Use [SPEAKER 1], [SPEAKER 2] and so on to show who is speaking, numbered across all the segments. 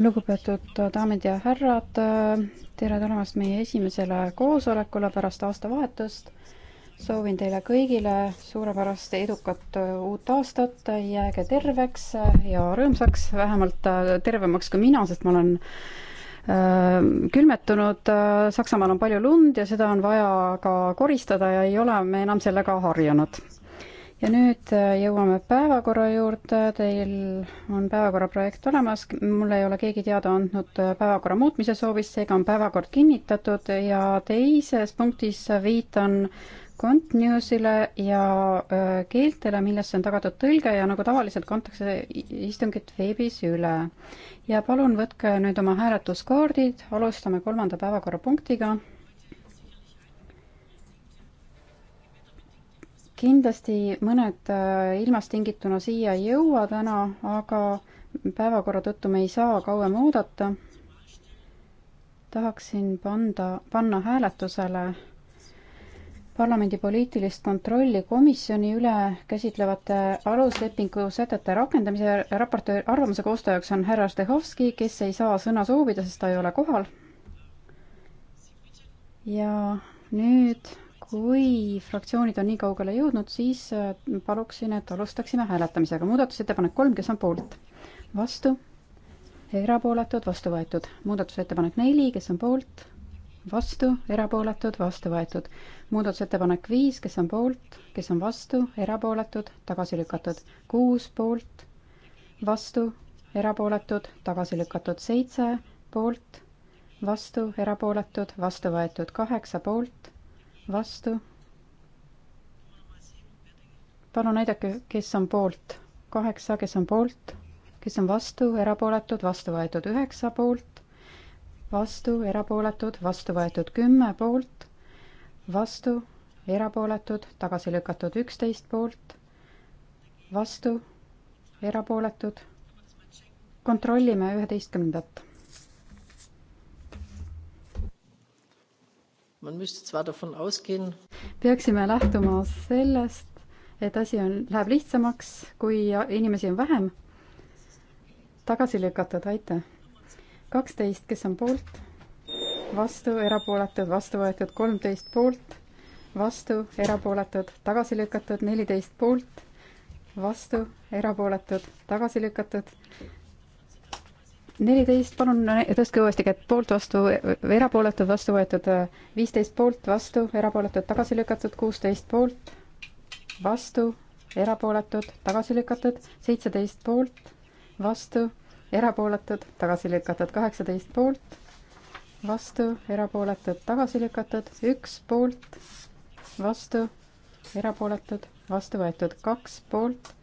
[SPEAKER 1] lugupeetud daamid ja härrad, tere tulemast meie esimesele koosolekule pärast aastavahetust. soovin teile kõigile suurepärast edukat uut aastat, jääge terveks ja rõõmsaks, vähemalt tervemaks kui mina, sest ma olen äh, külmetunud, Saksamaal on palju lund ja seda on vaja ka koristada ja ei ole me enam sellega harjunud ja nüüd äh, jõuame päevakorra juurde, teil on päevakorra projekt olemas, mulle ei ole keegi teada andnud äh, päevakorra muutmise soovist, seega on päevakord kinnitatud ja teises punktis viitan Contnewsile ja äh, keeltele, millesse on tagatud tõlge ja nagu tavaliselt kantakse istungit veebis üle. ja palun võtke nüüd oma hääletuskaardid, alustame kolmanda päevakorrapunktiga kindlasti mõned äh, ilmast tingituna siia ei jõua täna, aga päevakorra tõttu me ei saa kauem oodata. tahaksin panda, panna hääletusele parlamendi poliitilist kontrolli komisjoni üle käsitlevate aluslepingu sätete rakendamise raporti arvamuse koostajaks on härra Štehovski, kes ei saa sõna soovida, sest ta ei ole kohal. ja nüüd kui fraktsioonid on nii kaugele jõudnud, siis äh, paluksin, et alustaksime hääletamisega. muudatusettepanek kolm, kes on poolt? vastu? erapooletud, vastu võetud. muudatusettepanek neli, kes on poolt? vastu, erapooletud, vastu võetud. muudatusettepanek viis, kes on poolt, kes on vastu, erapooletud, tagasi lükatud. kuus poolt, vastu, erapooletud, tagasi lükatud. seitse poolt, vastu, erapooletud, vastu võetud. kaheksa poolt, vastu. palun näidake, kes on poolt. kaheksa, kes on poolt, kes on vastu, erapooletud, vastu võetud üheksa poolt, vastu, erapooletud, vastu võetud kümme poolt, vastu, erapooletud, tagasi lükatud üksteist poolt, vastu, erapooletud. kontrollime üheteistkümnendat peaksime lähtuma sellest, et asi on, läheb lihtsamaks, kui inimesi on vähem. tagasi lükatud, aitäh. kaksteist, kes on poolt, vastu, erapooletud, vastu võetud, kolmteist poolt, vastu, erapooletud, tagasi lükatud, neliteist poolt, vastu, erapooletud, tagasi lükatud, neliteist, palun tõstke uuesti kätt poolt vastu, erapooletud vastu võetud, viisteist poolt vastu, erapooletud tagasi lükatud, kuusteist poolt vastu, erapooletud tagasi lükatud, seitseteist poolt vastu, erapooletud tagasi lükatud, kaheksateist poolt vastu, erapooletud tagasi lükatud, üks poolt vastu, erapooletud vastu võetud, kaks poolt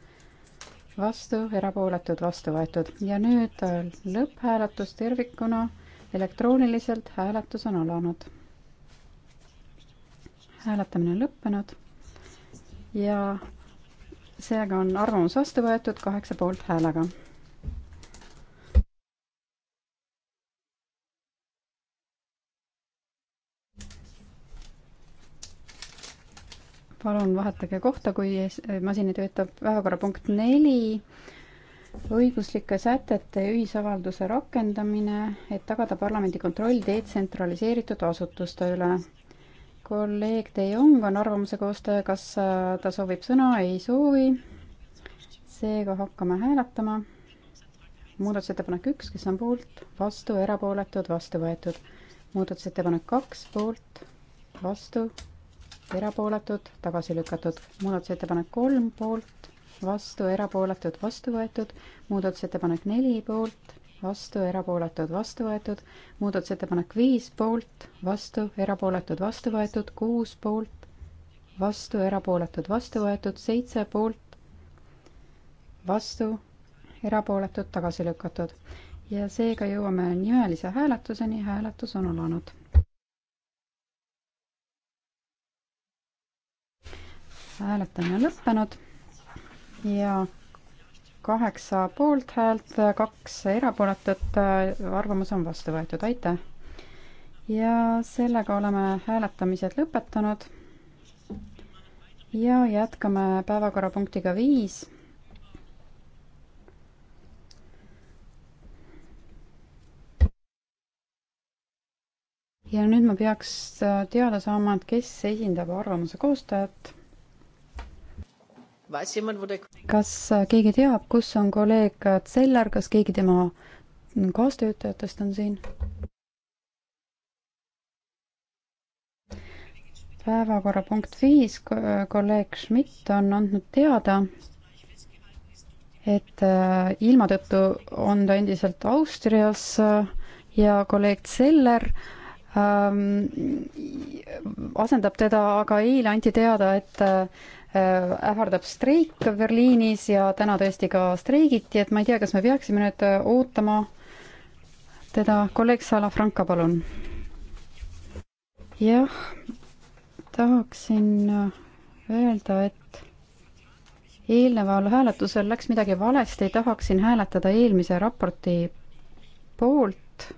[SPEAKER 1] vastu, erapooletud, vastu võetud ja nüüd äh, lõpphääletus tervikuna elektrooniliselt, hääletus on alanud. hääletamine on lõppenud ja seega on arvamus vastu võetud kaheksa poolthäälega palun vahetage kohta, kui masin ei tööta. päevakorrapunkt neli, õiguslike sätete ühisavalduse rakendamine, et tagada parlamendi kontroll detsentraliseeritud asutuste üle. kolleeg De Jong on arvamuse koostaja, kas äh, ta soovib sõna, ei soovi. seega hakkame hääletama. muudatusettepanek üks, kes on poolt, vastu, erapooletud, vastu võetud. muudatusettepanek kaks, poolt, vastu erapooletud, tagasi lükatud. muudatusettepanek kolm poolt, vastu, erapooletud, vastu võetud. muudatusettepanek neli poolt, vastu, erapooletud, vastu võetud. muudatusettepanek viis poolt, vastu, erapooletud, vastu võetud. kuus poolt, vastu, erapooletud, vastu võetud. seitse poolt, vastu, erapooletud, tagasi lükatud. ja seega jõuame nimelise hääletuseni. hääletus on alanud hääletamine on lõppenud ja kaheksa poolthäält, kaks erapooletut, arvamus on vastu võetud, aitäh! ja sellega oleme hääletamised lõpetanud ja jätkame päevakorrapunktiga viis ja nüüd ma peaks äh, teada saama, et kes esindab arvamuse koostajat
[SPEAKER 2] kas
[SPEAKER 1] keegi teab, kus on kolleeg Zeller, kas keegi tema kaastöötajatest on siin? päevakorrapunkt viis, kolleeg Schmidt on andnud teada, et äh, ilma tõttu on ta endiselt Austrias äh, ja kolleeg Zeller ähm, asendab teda, aga eile anti teada, et äh, Äh, ähvardab streik Berliinis ja täna tõesti ka streigiti, et ma ei tea, kas me peaksime nüüd äh, ootama teda. kolleeg Salafranca, palun. jah, tahaksin äh, öelda, et eelneval hääletusel läks midagi valesti, tahaksin hääletada eelmise raporti poolt,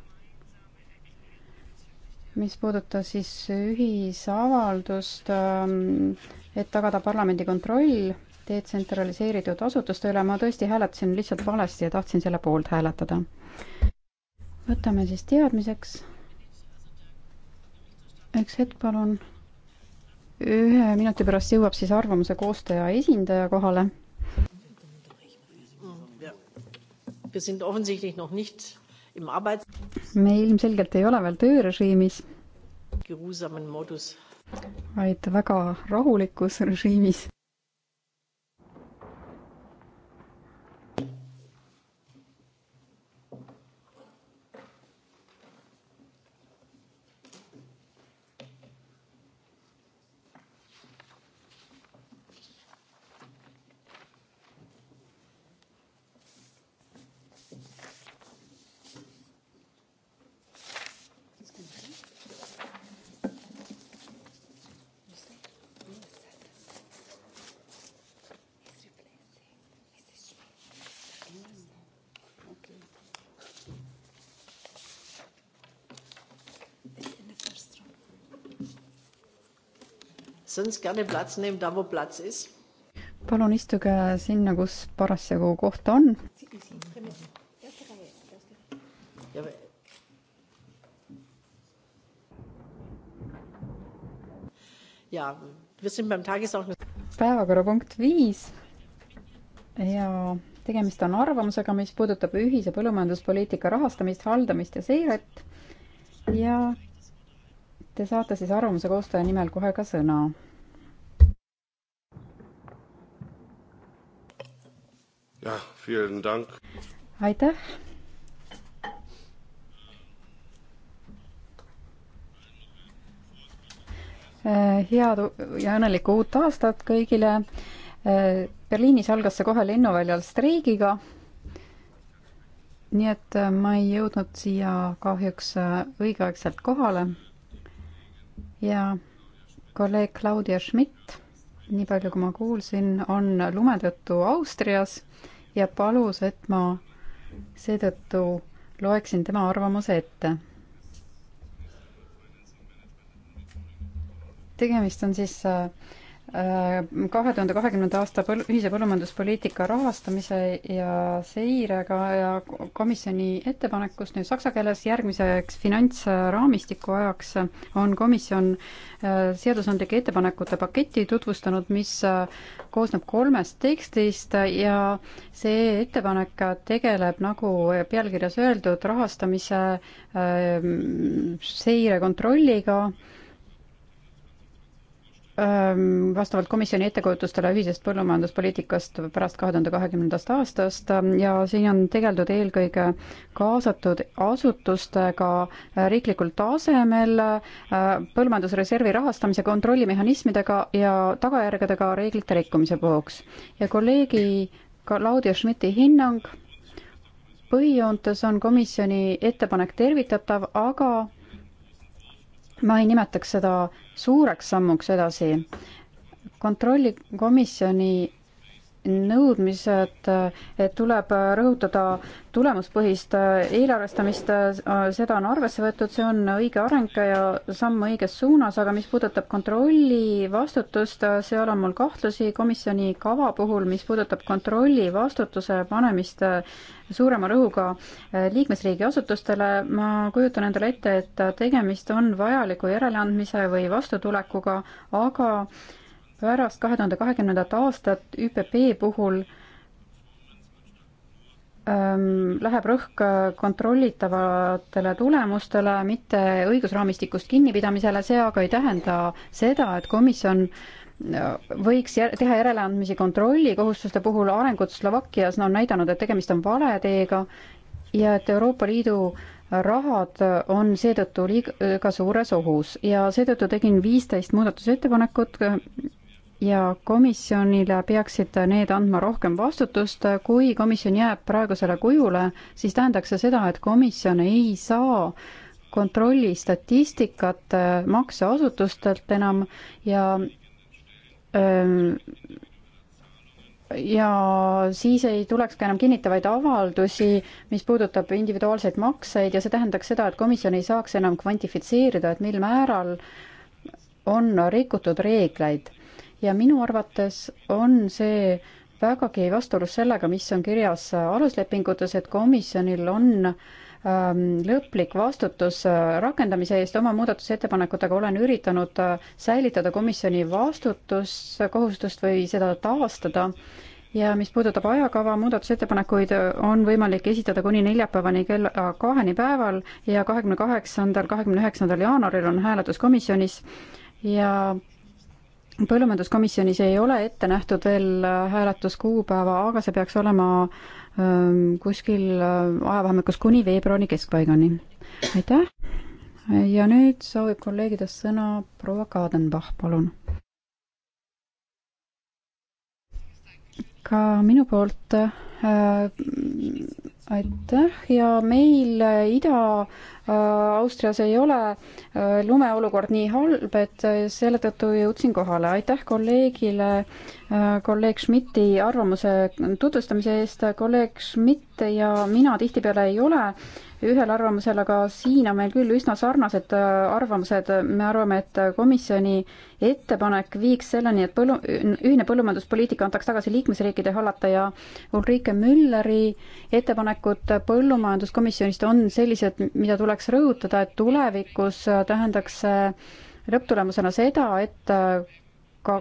[SPEAKER 1] mis puudutas siis ühisavaldust ähm, et tagada parlamendi kontroll detsentraliseeritud asutuste üle, ma tõesti hääletasin lihtsalt valesti ja tahtsin selle poolt hääletada. võtame siis teadmiseks. üks hetk, palun. ühe minuti pärast jõuab siis arvamuse koostaja esindaja kohale. me ilmselgelt ei ole veel töörežiimis.
[SPEAKER 2] Jerusalemma modus
[SPEAKER 1] vaid väga rahulikus režiimis.
[SPEAKER 2] sonst gerne Platz nehmen, da wo Platz ist.
[SPEAKER 1] palun istuge sinna, kus parasjagu kohta on. ja, päevakorrapunkt viis ja tegemist on arvamusega, mis puudutab ühise põllumajanduspoliitika rahastamist, haldamist ja seiret. ja te saate siis arvamuse koostaja nimel kohe ka sõna aitäh. Äh, head ja õnnelikku uut aastat kõigile. Äh, Berliinis algas see kohe lennuväljal streigiga. nii et äh, ma ei jõudnud siia kahjuks õigeaegselt kohale. ja kolleeg Claudia Schmidt, nii palju kui ma kuulsin, on lume tõttu Austrias ja palus, et ma seetõttu loeksin tema arvamuse ette. tegemist on siis äh, kahe tuhande kahekümnenda aasta põl-, ühise põllumajanduspoliitika rahastamise ja seirega ja komisjoni ettepanekust nüüd saksa keeles järgmiseks finantsraamistiku ajaks on komisjon äh, seadusandlike ettepanekute paketi tutvustanud, mis äh, koosneb kolmest tekstist ja see ettepanek tegeleb, nagu pealkirjas öeldud, rahastamise seirekontrolliga äh, vastavalt komisjoni ettekujutustele ühisest põllumajanduspoliitikast pärast kahe tuhande kahekümnendast aastast ähm, ja siin on tegeldud eelkõige kaasatud asutustega riiklikul tasemel, äh, põllumajandusreservi rahastamise kontrollimehhanismidega ja tagajärgedega reeglite rikkumise puhuks. ja kolleegi Claudia Schmidti hinnang põhijoontes on komisjoni ettepanek tervitatav, aga ma ei nimetaks seda suureks sammuks edasi. kontrollikomisjoni nõudmised, et tuleb rõhutada tulemuspõhist eelarvestamist, seda on arvesse võetud, see on õige areng ja samm õiges suunas, aga mis puudutab kontrolli vastutust, seal on mul kahtlusi komisjoni kava puhul, mis puudutab kontrolli vastutuse panemist suurema rõhuga liikmesriigi asutustele, ma kujutan endale ette, et tegemist on vajaliku järeleandmise või vastutulekuga, aga äh, pärast kahe tuhande kahekümnendat aastat ÜPP puhul ähm, läheb rõhk kontrollitavatele tulemustele, mitte õigusraamistikust kinnipidamisele, see aga ei tähenda seda, et komisjon äh, võiks jär, teha järeleandmisi kontrollikohustuste puhul, arengud Slovakkias on näidanud, et tegemist on vale teega ja et Euroopa Liidu rahad on seetõttu liiga äh, suures ohus ja seetõttu tegin viisteist muudatusettepanekut, ja komisjonile peaksid need andma rohkem vastutust, kui komisjon jääb praegusele kujule, siis tähendaks see seda, et komisjon ei saa kontrolli statistikat äh, makseasutustelt enam ja ähm, ja siis ei tulekski enam kinnitavaid avaldusi, mis puudutab individuaalseid makseid ja see tähendaks seda, et komisjon ei saaks enam kvantifitseerida, et mil määral on rikutud reegleid ja minu arvates on see vägagi vastuolus sellega, mis on kirjas aluslepingutes, et komisjonil on ähm, lõplik vastutus äh, rakendamise eest, oma muudatusettepanekutega olen üritanud äh, säilitada komisjoni vastutuskohustust või seda taastada ja mis puudutab ajakava, muudatusettepanekuid äh, on võimalik esitada kuni neljapäevani kella kaheni päeval ja kahekümne kaheksandal, kahekümne üheksandal jaanuaril on hääletus komisjonis ja põllumajanduskomisjonis ei ole ette nähtud veel hääletuskuupäeva, aga see peaks olema ähm, kuskil äh, ajavahemikus kuni veebruari keskpaigani. aitäh! ja nüüd soovib kolleegidest sõna proua Kadenbach, palun. ka minu poolt äh, aitäh ja meil Ida-Austrias äh, ei ole äh, lumeolukord nii halb, et selle tõttu jõudsin kohale. aitäh kolleegile, kolleeg Schmidti arvamuse tutvustamise eest. kolleeg Schmidt ja mina tihtipeale ei ole äh, ühel arvamusel, aga siin on meil küll üsna sarnased äh, arvamused, me arvame, et komisjoni ettepanek viiks selleni, et põllu-, ühine põllumajanduspoliitika antaks tagasi liikmesriikide hallata ja Ulrike Mülleri ettepanekud põllumajanduskomisjonist on sellised, mida tuleks rõhutada, et tulevikus tähendaks see lõpptulemusena seda, et ka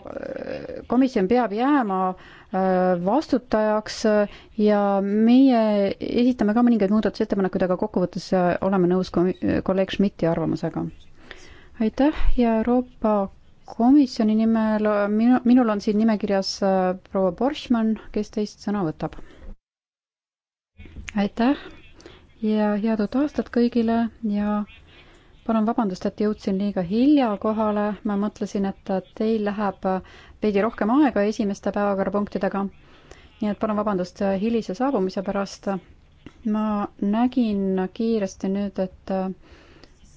[SPEAKER 1] komisjon peab jääma äh, vastutajaks äh, ja meie esitame ka mõningaid muudatusettepanekuid, aga kokkuvõttes äh, oleme nõus kolleeg Schmidti arvamusega. aitäh ja Euroopa Komisjoni nimel, minu, minul on siin nimekirjas proua Borschmann, kes teist sõna võtab. aitäh ja head uut aastat kõigile ja palun vabandust, et jõudsin liiga hilja kohale, ma mõtlesin, et teil läheb veidi rohkem aega esimeste päevakorrapunktidega. nii et palun vabandust hilise saabumise pärast. ma nägin kiiresti nüüd, et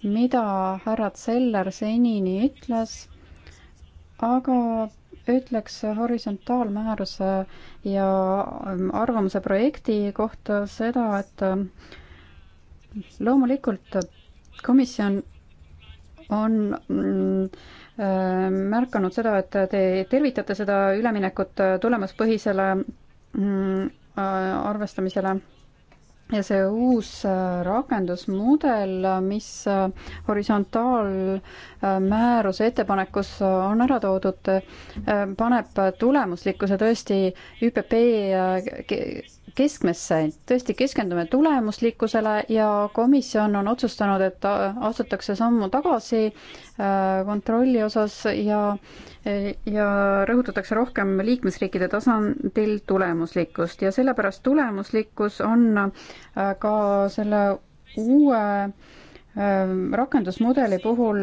[SPEAKER 1] mida härra Zeller senini ütles, aga ütleks horisontaalmääruse ja arvamuse projekti kohta seda, et loomulikult komisjon on mm, äh, märganud seda, et te tervitate seda üleminekut tulemuspõhisele mm, äh, arvestamisele ja see uus äh, rakendusmudel, mis horisontaalmääruse ettepanekus on ära toodud, paneb tulemuslikkuse tõesti ÜPP keskmesse, tõesti keskendume tulemuslikkusele ja komisjon on otsustanud, et astutakse sammu tagasi äh, kontrolli osas ja ja rõhutatakse rohkem liikmesriikide tasandil tulemuslikkust ja sellepärast tulemuslikkus on äh, ka selle uue rakendusmudeli puhul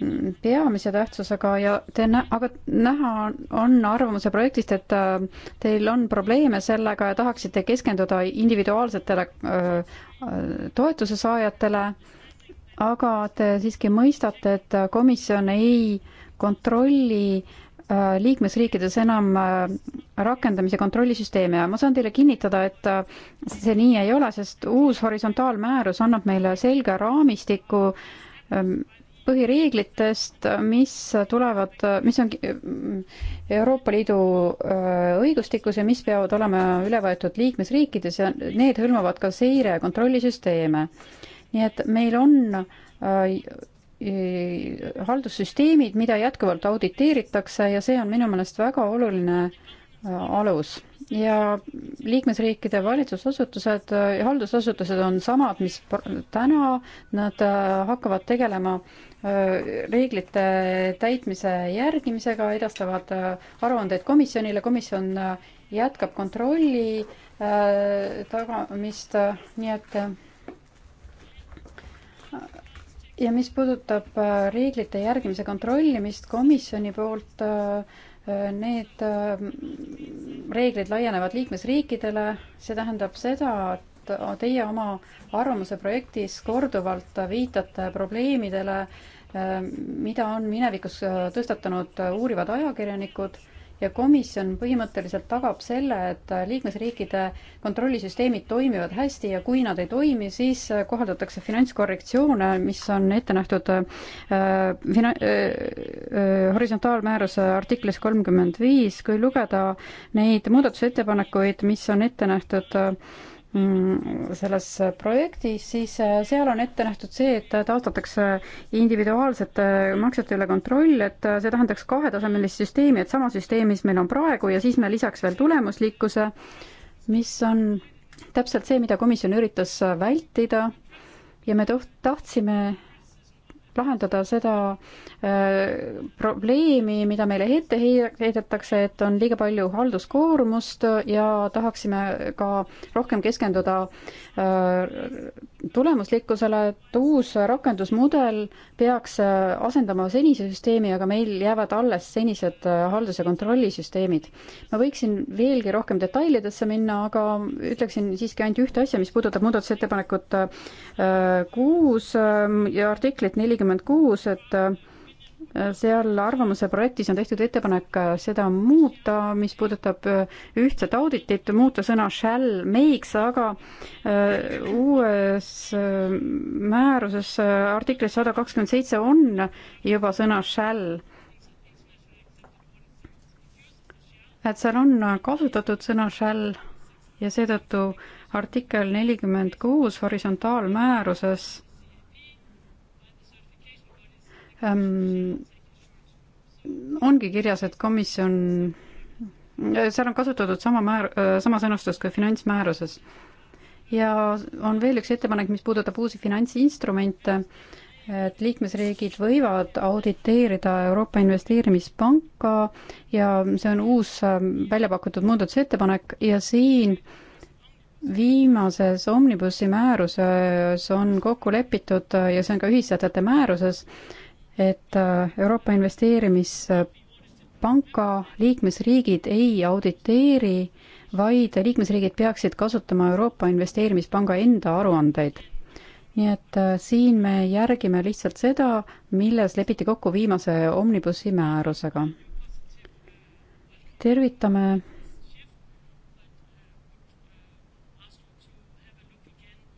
[SPEAKER 1] mm, peamise tähtsusega ja te nä-, aga näha on, on arvamuse projektist, et äh, teil on probleeme sellega ja tahaksite keskenduda individuaalsetele äh, toetuse saajatele, aga te siiski mõistate, et komisjon ei kontrolli Äh, liikmesriikides enam äh, rakendamise kontrollisüsteeme ja ma saan teile kinnitada, et äh, see nii ei ole, sest uus horisontaalmäärus annab meile selge raamistiku ähm, põhireeglitest, mis tulevad, mis on Euroopa Liidu õigustikus ja mis peavad olema üle võetud liikmesriikides ja need hõlmavad ka seire- ja kontrollisüsteeme. nii et meil on Eh, haldussüsteemid, mida jätkuvalt auditeeritakse ja see on minu meelest väga oluline eh, alus ja liikmesriikide valitsusasutused ja eh, haldusasutused on samad, mis täna, nad hakkavad tegelema reeglite täitmise järgimisega, edastavad aruandeid komisjonile, komisjon jätkab kontrolli tagamist, nii et ja mis puudutab äh, reeglite järgimise kontrollimist komisjoni poolt, äh, äh, need reeglid laienevad liikmesriikidele, see tähendab seda, et teie oma arvamuse projektis korduvalt viitate probleemidele, mida on minevikus tõstatanud uurivad ajakirjanikud ja komisjon põhimõtteliselt tagab selle, et liikmesriikide kontrollisüsteemid toimivad hästi ja kui nad ei toimi, siis kohaldatakse finantskorrektsioone, mis on ette nähtud äh, fina- äh,, äh horisontaalmääruse artiklis kolmkümmend viis, kui lugeda neid muudatusettepanekuid, mis on ette nähtud äh, Mm, selles projektis, siis äh, seal on ette nähtud see, et taastatakse individuaalsete äh, maksete üle kontroll, et äh, see tähendaks kahetasemelist süsteemi, et sama süsteem, mis meil on praegu ja siis me lisaks veel tulemuslikkuse, mis on täpselt see, mida komisjon üritas vältida ja me toht-, tahtsime lahendada seda äh, probleemi, mida meile ette heidetakse, et on liiga palju halduskoormust ja tahaksime ka rohkem keskenduda äh, tulemuslikkusele, et uus rakendusmudel peaks äh, asendama senise süsteemi, aga meil jäävad alles senised äh, haldus- ja kontrollisüsteemid. ma võiksin veelgi rohkem detailidesse minna, aga ütleksin siiski ainult ühte asja, mis puudutab muudatusettepanekut äh, kuus äh, ja artiklit nelikümmend nelikümmend kuus, et äh, seal arvamuse projektis on tehtud ettepanek äh, seda muuta, mis puudutab äh, ühtset auditit, muuta sõna shall makes, aga uues määruses artiklis sada kakskümmend seitse on juba sõna shall et seal on kasutatud sõna shall ja seetõttu artikkel nelikümmend kuus horisontaalmääruses ähm, ongi kirjas, et komisjon, äh, seal on kasutatud sama määr, äh, sama sõnastust kui finantsmääruses. ja on veel üks ettepanek, mis puudutab uusi finantsinstrumente, et liikmesriigid võivad auditeerida Euroopa Investeerimispanka ja see on uus ähm, välja pakutud muudatusettepanek ja siin viimases Omnibussi määruses on kokku lepitud äh, ja see on ka ühissätete määruses, et äh, Euroopa Investeerimispanka liikmesriigid ei auditeeri, vaid liikmesriigid peaksid kasutama Euroopa Investeerimispanga enda aruandeid. nii et äh, siin me järgime lihtsalt seda, milles lepiti kokku viimase Omnibussi määrusega. tervitame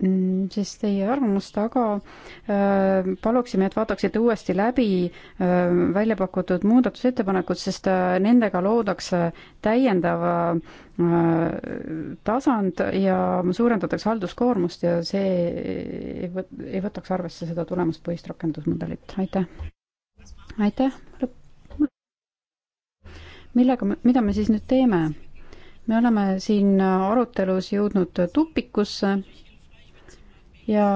[SPEAKER 1] Mm, siis teie arvamust, aga äh, paluksime, et vaataksite uuesti läbi äh, välja pakutud muudatusettepanekud, sest äh, nendega loodakse täiendav tasand ja suurendatakse halduskoormust ja see ei võt-, ei võtaks arvesse seda tulemuspõhist rakendusmudelit, aitäh. aitäh. millega me, mida me siis nüüd teeme? me oleme siin arutelus jõudnud tupikusse ja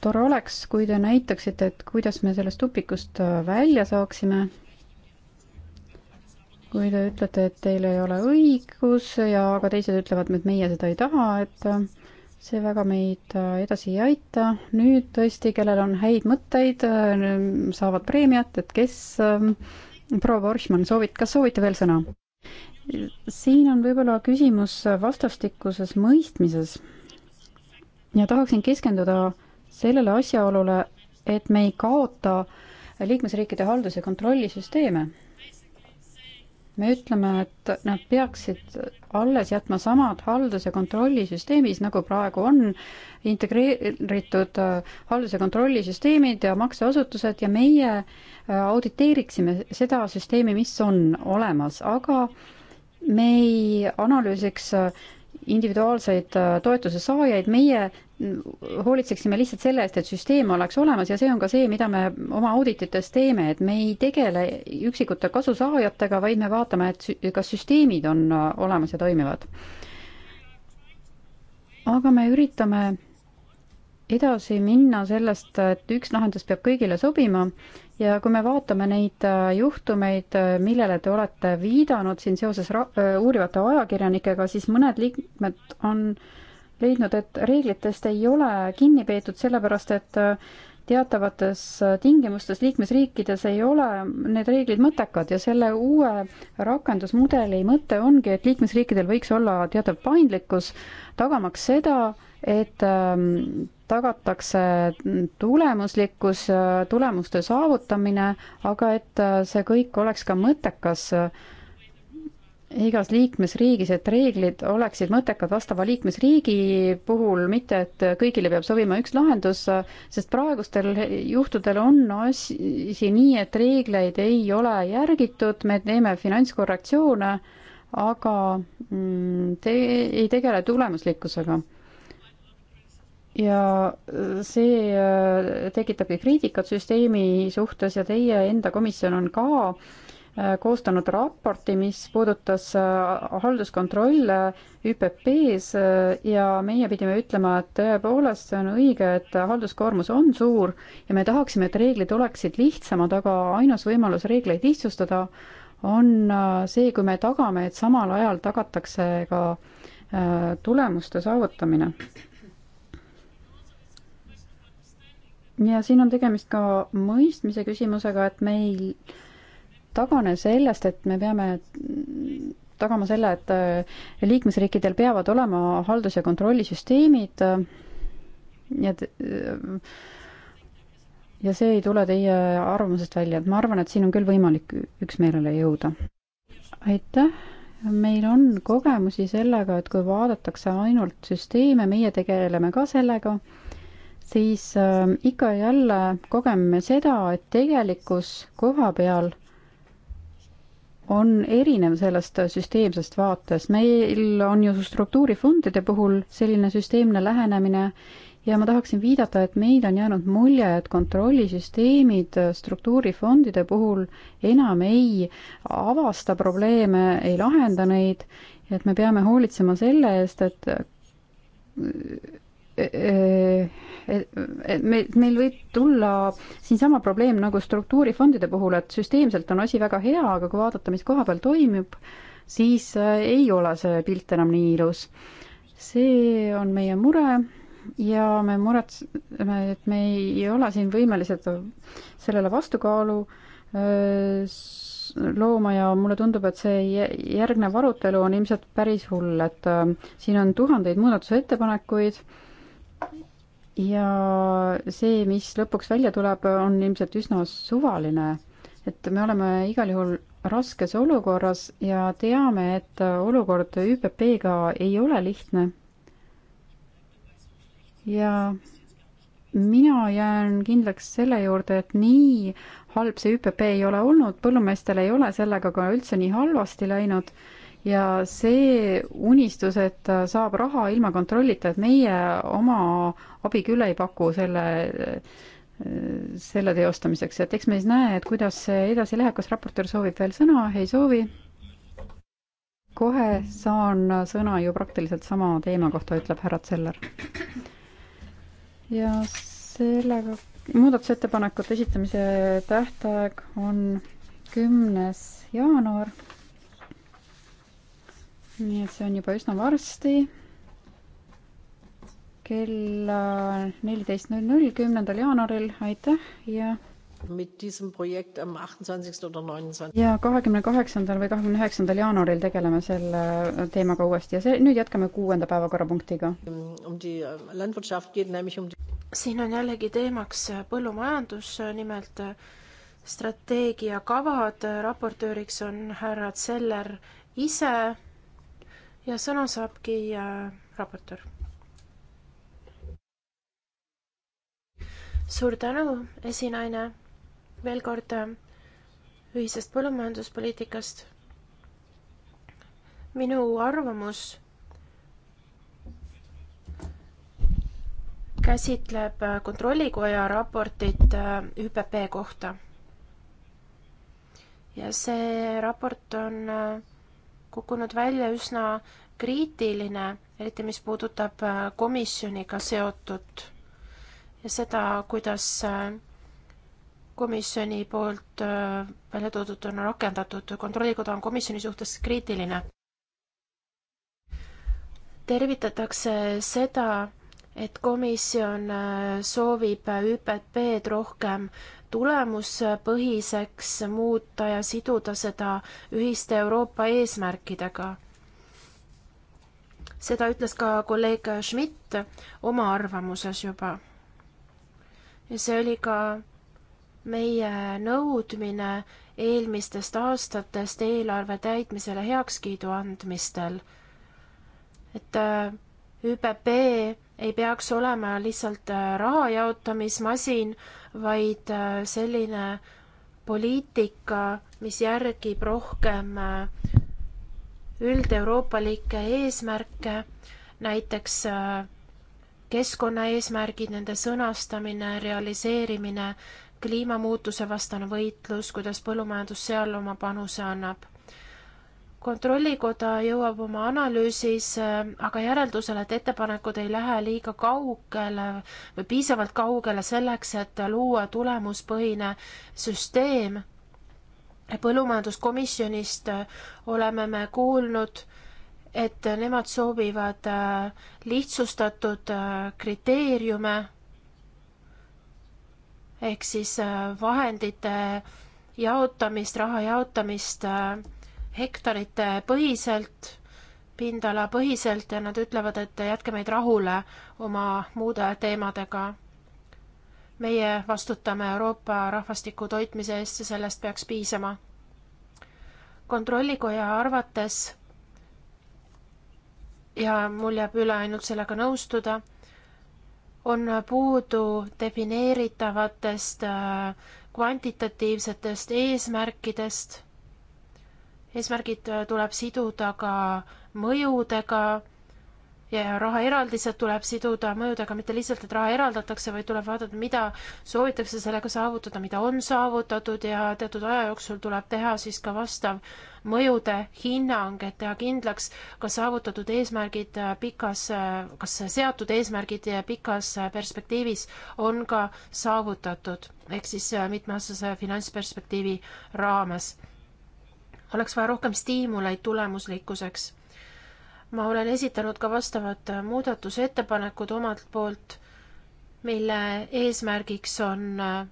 [SPEAKER 1] tore oleks, kui te näitaksite, et kuidas me sellest tupikust äh, välja saaksime. kui te ütlete, et teil ei ole õigus ja ka teised ütlevad, et meie seda ei taha, et äh, see väga meid äh, edasi ei aita. nüüd tõesti, kellel on häid mõtteid, saavad preemiat, et kes, proua Borchmann, soovid, kas soovite veel sõna? siin on võib-olla küsimus vastastikuses mõistmises ja tahaksin keskenduda sellele asjaolule, et me ei kaota liikmesriikide haldus- ja kontrollisüsteeme. me ütleme, et nad peaksid alles jätma samad haldus- ja kontrollisüsteemis, nagu praegu on, integreeritud äh, haldus- ja kontrollisüsteemid ja makseasutused ja meie äh, auditeeriksime seda süsteemi, mis on olemas, aga me ei analüüsiks äh, individuaalseid äh, toetuse saajaid, meie hoolitseksime lihtsalt selle eest, et süsteem oleks olemas ja see on ka see, mida me oma auditites teeme, et me ei tegele üksikute kasusaajatega, vaid me vaatame, et kas süsteemid on äh, olemas ja toimivad. aga me üritame edasi minna sellest, et üks lahendus peab kõigile sobima ja kui me vaatame neid äh, juhtumeid, äh, millele te olete viidanud siin seoses äh, uurivate ajakirjanikega, siis mõned liikmed on leidnud, et reeglitest ei ole kinni peetud, sellepärast et teatavates tingimustes liikmesriikides ei ole need reeglid mõttekad ja selle uue rakendusmudeli mõte ongi, et liikmesriikidel võiks olla teatav paindlikkus, tagamaks seda, et ähm, tagatakse tulemuslikkus, äh, tulemuste saavutamine, aga et äh, see kõik oleks ka mõttekas äh, igas liikmesriigis, et reeglid oleksid mõttekad vastava liikmesriigi puhul, mitte et kõigile peab sobima üks lahendus, sest praegustel juhtudel on asi nii, et reegleid ei ole järgitud, me teeme finantskorrektsioone, aga mm, te ei tegele tulemuslikkusega ja äh, see äh, tekitabki kriitikat süsteemi suhtes ja teie enda komisjon on ka äh, koostanud raporti, mis puudutas halduskontrolle ÜPP-s ja meie pidime ütlema, et tõepoolest see on õige, et halduskoormus on suur ja me tahaksime, et reeglid oleksid lihtsamad, aga ainus võimalus reegleid lihtsustada on see, kui me tagame, et samal ajal tagatakse ka tulemuste saavutamine ja siin on tegemist ka mõistmise küsimusega, et meil tagane sellest, et me peame tagama selle, et äh, liikmesriikidel peavad olema haldus- ja kontrollisüsteemid äh, ja äh, ja see ei tule teie arvamusest välja, et ma arvan, et siin on küll võimalik üksmeelele jõuda. aitäh, meil on kogemusi sellega, et kui vaadatakse ainult süsteeme, meie tegeleme ka sellega siis äh, ikka ja jälle kogeme seda, et tegelikkus koha peal on erinev sellest süsteemsest vaatest. meil on ju struktuurifondide puhul selline süsteemne lähenemine ja ma tahaksin viidata, et meil on jäänud mulje, et kontrollisüsteemid struktuurifondide puhul enam ei avasta probleeme, ei lahenda neid, et me peame hoolitsema selle eest, et Äh, äh, et meil, meil võib tulla siinsama probleem nagu struktuurifondide puhul, et süsteemselt on asi väga hea, aga kui vaadata, mis koha peal toimub, siis äh, ei ole see pilt enam nii ilus. see on meie mure ja me muretseme, et me ei ole siin võimelised sellele vastukaalu looma ja mulle tundub, et see järgnev arutelu on ilmselt päris hull, et siin on tuhandeid muudatusettepanekuid ja see, mis lõpuks välja tuleb, on ilmselt üsna suvaline. et me oleme igal juhul raskes olukorras ja teame, et olukord ÜPP-ga ei ole lihtne. ja mina jään kindlaks selle juurde, et nii halb see ÜPP ei ole olnud, põllumeestel ei ole sellega ka üldse nii halvasti läinud ja see unistus, et saab raha ilma kontrollita, et meie oma abi küll ei paku selle selle teostamiseks, et eks me siis näe, et kuidas see edasi läheb, kas raportöör soovib veel sõna, ei soovi? kohe saan sõna ju praktiliselt sama teema kohta, ütleb härra Zeller. ja sellega muudatusettepanekute esitamise tähtaeg on kümnes jaanuar nii et see on juba üsna varsti. kella neliteist null null, kümnendal jaanuaril, aitäh ja ja kahekümne kaheksandal või kahekümne üheksandal jaanuaril tegeleme selle teemaga uuesti ja see, nüüd jätkame kuuenda päevakorrapunktiga.
[SPEAKER 2] Um
[SPEAKER 3] äh, um siin on jällegi teemaks äh, põllumajandus, nimelt äh, strateegiakavad, raportööriks on härra Zeller ise ja sõna saabki äh, raportöör. suur tänu, esinaine, veel kord äh, ühisest põllumajanduspoliitikast. minu arvamus käsitleb äh, Kontrollikoja raportit äh, ÜPP kohta. ja see raport on kukkunud välja üsna kriitiline, eriti mis puudutab äh, komisjoniga seotut ja seda, kuidas äh, komisjoni poolt äh, välja toodud on rakendatud, kontrollikoda on komisjoni suhtes kriitiline. tervitatakse seda, et komisjon soovib ÜPP-d rohkem tulemuspõhiseks muuta ja siduda seda ühiste Euroopa eesmärkidega. seda ütles ka kolleeg Schmidt oma arvamuses juba. ja see oli ka meie nõudmine eelmistest aastatest eelarve täitmisele heakskiidu andmistel. et äh, ÜPP ei peaks olema lihtsalt äh, raha jaotamismasin, vaid äh, selline poliitika, mis järgib rohkem äh, üldeuroopalikku eesmärke, näiteks äh, keskkonnaeesmärgid, nende sõnastamine, realiseerimine, kliimamuutuse vastane võitlus, kuidas põllumajandus seal oma panuse annab kontrollikoda jõuab oma analüüsis äh, aga järeldusele, et ettepanekud ei lähe liiga kaugele või piisavalt kaugele selleks, et luua tulemuspõhine süsteem. põllumajanduskomisjonist äh, oleme me kuulnud, et nemad soovivad äh, lihtsustatud kriteeriume ehk siis vahendite jaotamist, raha jaotamist hektarite põhiselt, pindalapõhiselt ja nad ütlevad, et jätke meid rahule oma muude teemadega. meie vastutame Euroopa rahvastiku toitmise eest ja sellest peaks piisama. kontrollikoja arvates ja mul jääb üle ainult sellega nõustuda, on puudu defineeritavatest äh, kvantitatiivsetest eesmärkidest eesmärgid äh, tuleb siduda ka mõjudega ja rahaeraldised tuleb siduda mõjudega, mitte lihtsalt, et raha eraldatakse, vaid tuleb vaadata, mida soovitakse sellega saavutada, mida on saavutatud ja teatud aja jooksul tuleb teha siis ka vastav mõjude hinnang, et teha kindlaks, kas saavutatud eesmärgid äh, pikas, äh, kas seatud eesmärgid pikas perspektiivis on ka saavutatud, ehk siis mitmeaastase finantsperspektiivi raames oleks vaja rohkem stiimuleid tulemuslikkuseks. ma olen esitanud ka vastavad muudatusettepanekud omalt poolt, mille eesmärgiks on äh,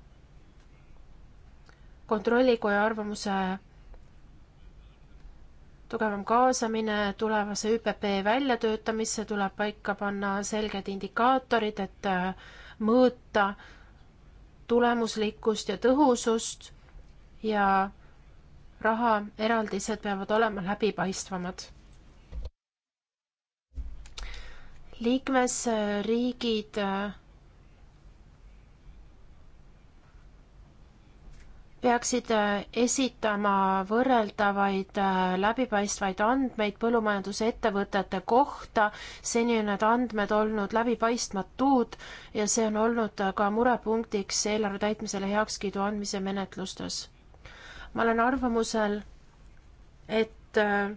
[SPEAKER 3] kontrollikoja arvamuse tugevam kaasamine tulevase ÜPP väljatöötamisse, tuleb paika panna selged indikaatorid, et äh, mõõta tulemuslikkust ja tõhusust ja rahaeraldised peavad olema läbipaistvamad. liikmesriigid äh, peaksid äh, esitama võrreldavaid äh, läbipaistvaid andmeid põllumajandusettevõtete kohta. seni on need andmed olnud läbipaistmatud ja see on olnud ka murepunktiks eelarve täitmisele heakskiidu andmise menetlustes ma olen arvamusel, et äh,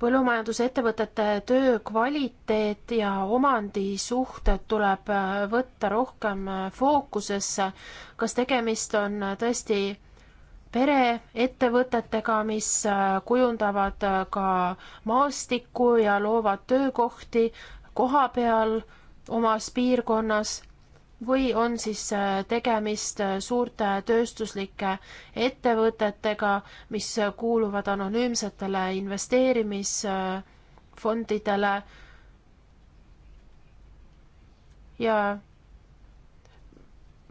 [SPEAKER 3] põllumajandusettevõtete töö kvaliteet ja omandisuhted tuleb äh, võtta rohkem äh, fookusesse. kas tegemist on tõesti pereettevõtetega, mis kujundavad ka maastikku ja loovad töökohti koha peal omas piirkonnas või on siis äh, tegemist äh, suurte tööstuslike ettevõtetega, mis kuuluvad anonüümsetele investeerimisfondidele ja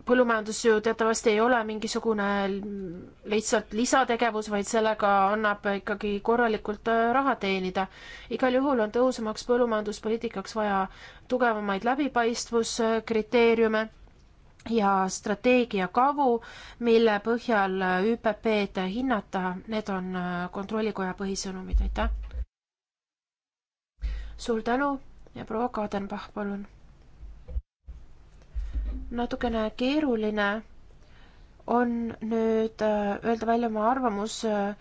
[SPEAKER 3] põllumajandus ju teatavasti ei ole mingisugune lihtsalt lisategevus, vaid sellega annab ikkagi korralikult äh, raha teenida. igal juhul on tõhusamaks põllumajanduspoliitikaks vaja tugevamaid läbipaistvuskriteeriume ja strateegiakavu, mille põhjal äh, ÜPP-d hinnata, need on äh, Kontrollikoja põhisõnumid, aitäh! suur tänu ja proua Kadenbach, palun! natukene keeruline on nüüd äh, öelda välja oma arvamus äh,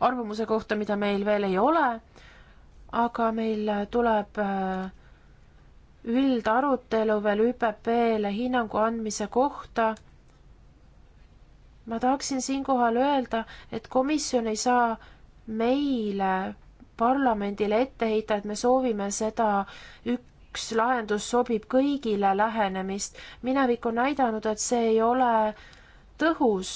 [SPEAKER 3] arvamuse kohta, mida meil veel ei ole, aga meil äh, tuleb üldarutelu veel ÜPP-le hinnangu andmise kohta. ma tahaksin siinkohal öelda, et komisjon ei saa meile, parlamendile ette heita, et me soovime seda ük-, üks lahendus sobib kõigile lähenemist. minevik on näidanud, et see ei ole tõhus.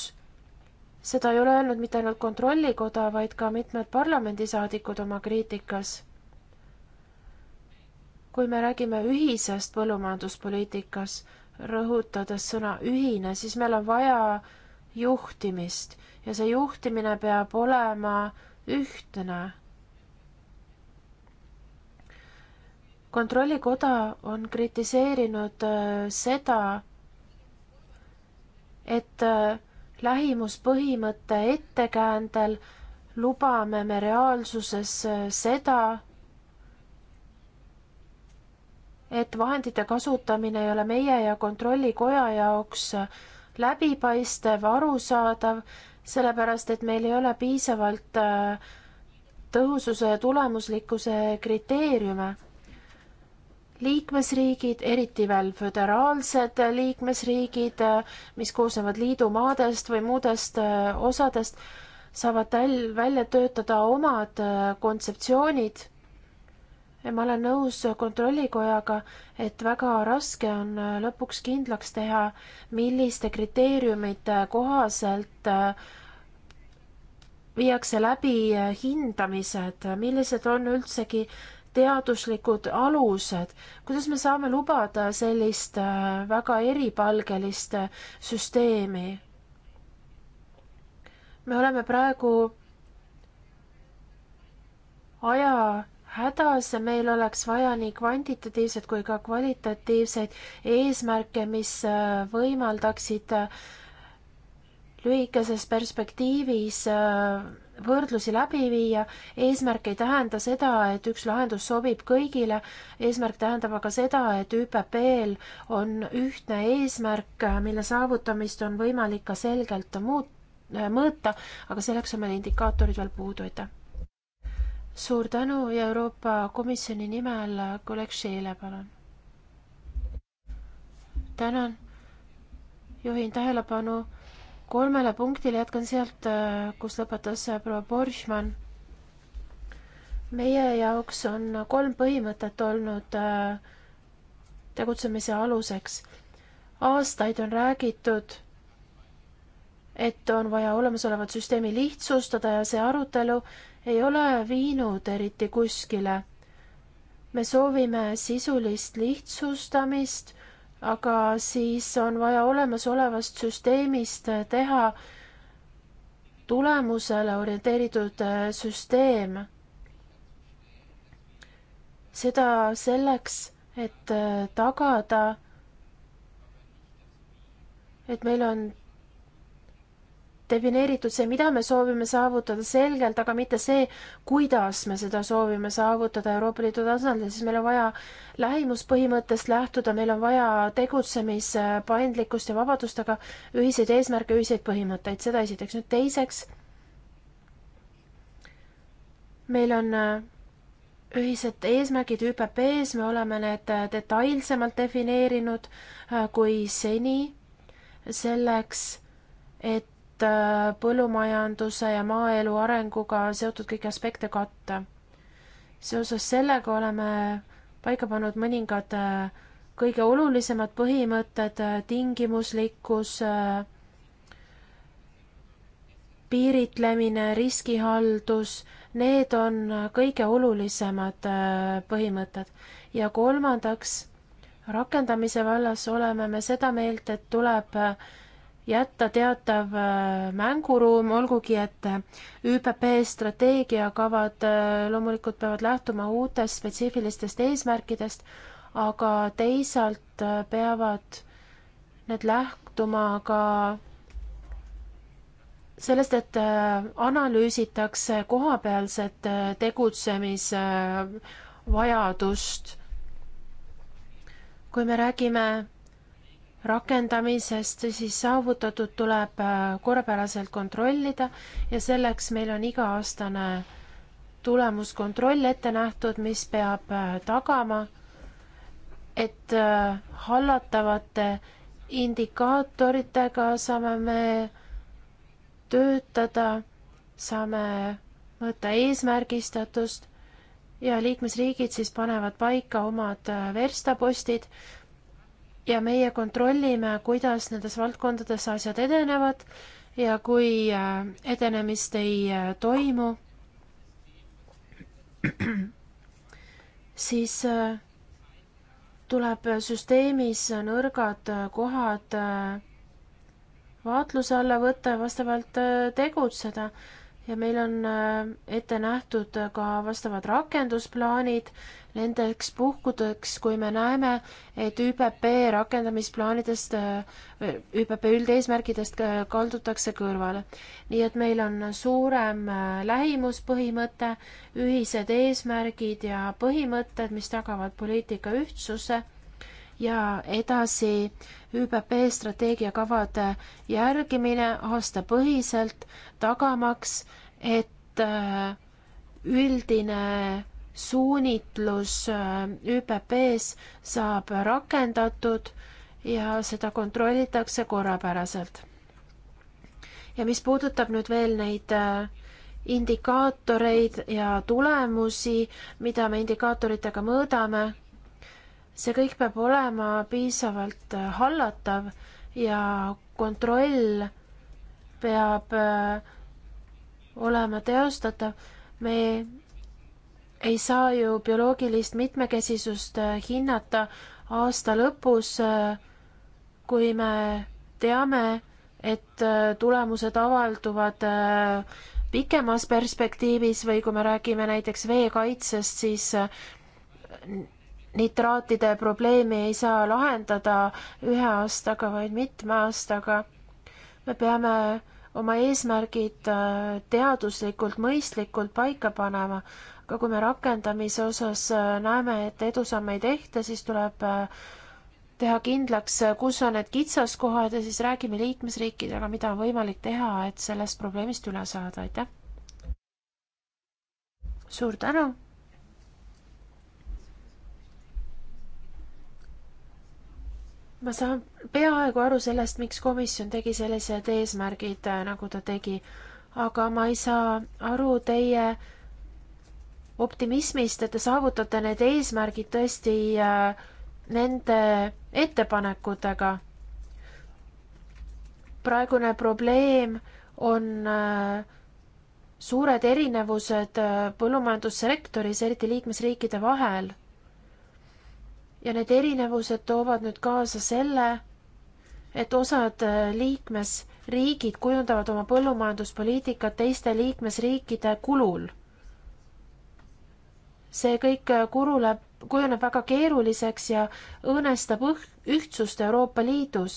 [SPEAKER 3] seda ei ole öelnud mitte ainult Kontrollikoda, vaid ka mitmed parlamendisaadikud oma kriitikas. kui me räägime ühisest põllumajanduspoliitikas, rõhutades sõna ühine, siis meil on vaja juhtimist ja see juhtimine peab olema ühtne kontrollikoda on kritiseerinud äh, seda, et äh, lähimuspõhimõtte ettekäändel lubame me reaalsuses äh, seda, et vahendite kasutamine ei ole meie ja kontrollikoja jaoks läbipaistev, arusaadav, sellepärast et meil ei ole piisavalt tõhususe ja tulemuslikkuse kriteeriume liikmesriigid, eriti veel föderaalsed liikmesriigid, mis koosnevad liidumaadest või muudest äh, osadest, saavad väl-, välja töötada omad äh, kontseptsioonid. ja ma olen nõus Kontrollikojaga, et väga raske on äh, lõpuks kindlaks teha, milliste kriteeriumite kohaselt viiakse läbi hindamised, millised on üldsegi teaduslikud alused, kuidas me saame lubada sellist äh, väga eripalgelist äh, süsteemi? me oleme praegu ajahädas ja meil oleks vaja nii kvantitatiivseid kui ka kvalitatiivseid eesmärke, mis äh, võimaldaksid lühikeses perspektiivis võrdlusi läbi viia, eesmärk ei tähenda seda, et üks lahendus sobib kõigile, eesmärk tähendab aga seda, et ÜPP-l on ühtne eesmärk, mille saavutamist on võimalik ka selgelt muut-, mõõta, aga selleks on meil indikaatorid veel puudu, aitäh. suur tänu ja Euroopa Komisjoni nimel kolleeg Sheele, palun. tänan, juhin tähelepanu kolmele punktile, jätkan sealt, äh, kus lõpetas äh, proua Borchmann. meie jaoks on kolm põhimõtet olnud äh, tegutsemise aluseks. aastaid on räägitud, et on vaja olemasolevat süsteemi lihtsustada ja see arutelu ei ole viinud eriti kuskile. me soovime sisulist lihtsustamist aga siis on vaja olemasolevast süsteemist teha tulemusele orienteeritud äh, süsteem. seda selleks, et äh, tagada, et meil on defineeritud see, mida me soovime saavutada selgelt, aga mitte see, kuidas me seda soovime saavutada Euroopa Liidu tasandil, siis meil on vaja lähimuspõhimõttest lähtuda, meil on vaja tegutsemispaindlikkust ja vabadust, aga ühiseid eesmärke, ühiseid põhimõtteid, seda esiteks. nüüd teiseks, meil on äh, ühised eesmärgid ÜPP-s, me oleme need äh, detailsemalt defineerinud äh, kui seni, selleks et Äh, põllumajanduse ja maaelu arenguga seotud kõiki aspekte katta. seoses sellega oleme paika pannud mõningad äh, kõige olulisemad põhimõtted, äh, tingimuslikkus, piiritlemine, riskihaldus, need on kõige olulisemad põhimõtted. ja kolmandaks, rakendamise vallas oleme me seda meelt, et tuleb jätta teatav äh, mänguruum, olgugi et äh, ÜPP strateegiakavad äh, loomulikult peavad lähtuma uutest spetsiifilistest eesmärkidest, aga teisalt peavad need lähtuma ka sellest, et analüüsitakse kohapealset tegutsemisvajadust. kui me räägime rakendamisest, siis saavutatud tuleb äh, korrapäraselt kontrollida ja selleks meil on iga-aastane tulemuskontroll ette nähtud, mis peab äh, tagama, et äh, hallatavate indikaatoritega saame me töötada, saame mõõta eesmärgistatust ja liikmesriigid siis panevad paika omad verstapostid, ja meie kontrollime, kuidas nendes valdkondades asjad edenevad ja kui äh, edenemist ei äh, toimu, siis äh, tuleb süsteemis nõrgad kohad vaatluse alla võtta ja vastavalt tegutseda ja meil on äh, ette nähtud ka vastavad rakendusplaanid nendeks puhkudeks, kui me näeme, et ÜPP rakendamisplaanidest, äh, ÜPP üldeesmärgidest äh, kaldutakse kõrvale. nii et meil on suurem lähimuspõhimõte, ühised eesmärgid ja põhimõtted, mis tagavad poliitika ühtsuse ja edasi ÜPP strateegiakavade järgimine aastapõhiselt, tagamaks, et äh, üldine suunitlus äh, ÜPP-s saab rakendatud ja seda kontrollitakse korrapäraselt. ja mis puudutab nüüd veel neid äh, indikaatoreid ja tulemusi, mida me indikaatoritega mõõdame see kõik peab olema piisavalt äh, hallatav ja kontroll peab äh, olema teostatav. me ei saa ju bioloogilist mitmekesisust äh, hinnata aasta lõpus, kui me teame, et tulemused avalduvad pikemas perspektiivis või kui me räägime näiteks veekaitsest, siis nitraatide probleemi ei saa lahendada ühe aastaga, vaid mitme aastaga. me peame oma eesmärgid äh, teaduslikult, mõistlikult paika panema, aga kui me rakendamise osas äh, näeme, et edusamme ei tehta, siis tuleb äh, teha kindlaks, kus on need kitsaskohad ja siis räägime liikmesriikidega, mida on võimalik teha, et sellest probleemist üle saada, aitäh! suur tänu! ma saan peaaegu aru sellest, miks komisjon tegi sellised eesmärgid, äh, nagu ta tegi, aga ma ei saa aru teie optimismist, et te saavutate need eesmärgid tõesti äh, nende ettepanekutega. praegune probleem on äh, suured erinevused äh, põllumajandussektoris, eriti liikmesriikide vahel ja need erinevused toovad nüüd kaasa selle, et osad äh, liikmesriigid kujundavad oma põllumajanduspoliitikat teiste liikmesriikide kulul. see kõik äh, kuruleb, kujuneb väga keeruliseks ja õõnestab ühtsust Euroopa Liidus.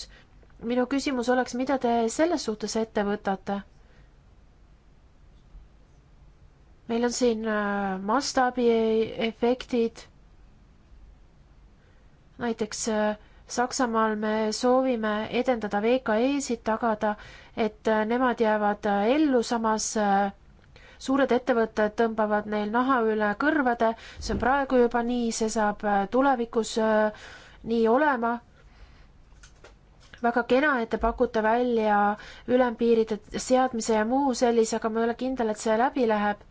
[SPEAKER 3] minu küsimus oleks, mida te selles suhtes ette võtate? meil on siin äh, mastaabiefektid e-, näiteks äh, Saksamaal me soovime edendada VKE-sid, tagada, et äh, nemad jäävad äh, ellu, samas suured ettevõtted tõmbavad neil naha üle kõrvade, see on praegu juba nii, see saab tulevikus nii olema. väga kena, et te pakute välja ülempiiride seadmise ja muu sellise, aga ma ei ole kindel, et see läbi läheb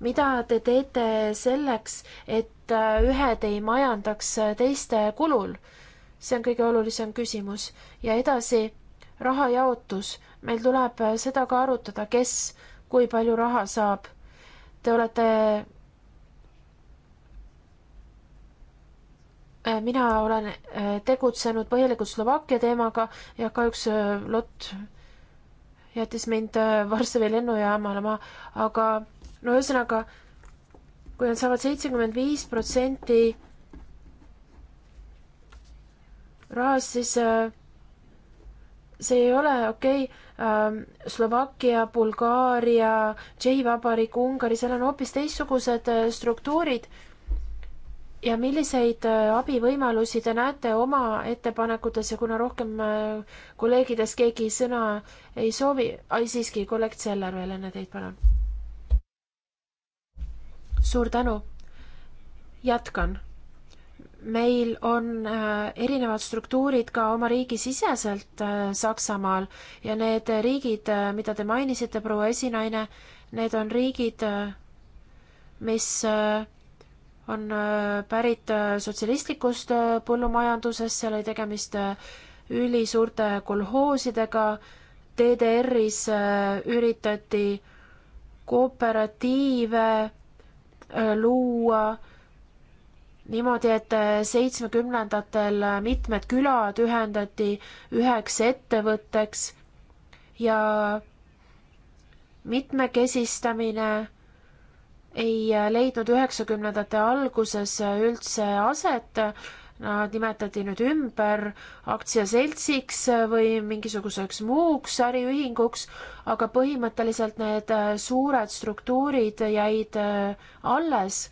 [SPEAKER 3] mida te teete selleks, et äh, ühed ei majandaks äh, teiste kulul? see on kõige olulisem küsimus. ja edasi, rahajaotus. meil tuleb äh, seda ka arutada, kes kui palju raha saab. Te olete mina olen tegutsenud põhjalikult Slovakkia teemaga ja kahjuks Lott jättis mind Varssavi lennujaamale maha, aga no ühesõnaga, kui nad saavad seitsekümmend viis protsenti rahast, siis äh, see ei ole okei okay.. Ähm, Slovakkia, Bulgaaria, Tšehhi Vabariik, Ungari, seal on hoopis teistsugused äh, struktuurid. ja milliseid äh, abivõimalusi te näete oma ettepanekutes ja kuna rohkem kolleegidest keegi sõna ei soovi, ai siiski, kolleeg Seller veel enne teid, palun suur tänu. jätkan. meil on äh, erinevad struktuurid ka oma riigi siseselt äh, Saksamaal ja need riigid, äh, mida te mainisite, proua esinaine, need on riigid, mis on pärit sotsialistlikust põllumajandusest, seal oli tegemist ülisuurte kolhoosidega, DDR-is üritati kooperatiive luua niimoodi, et seitsmekümnendatel mitmed külad ühendati üheks ettevõtteks ja mitmekesistamine ei leidnud üheksakümnendate alguses üldse aset, Nad nimetati nüüd ümber aktsiaseltsiks või mingisuguseks muuks äriühinguks, aga põhimõtteliselt need äh, suured struktuurid jäid äh, alles.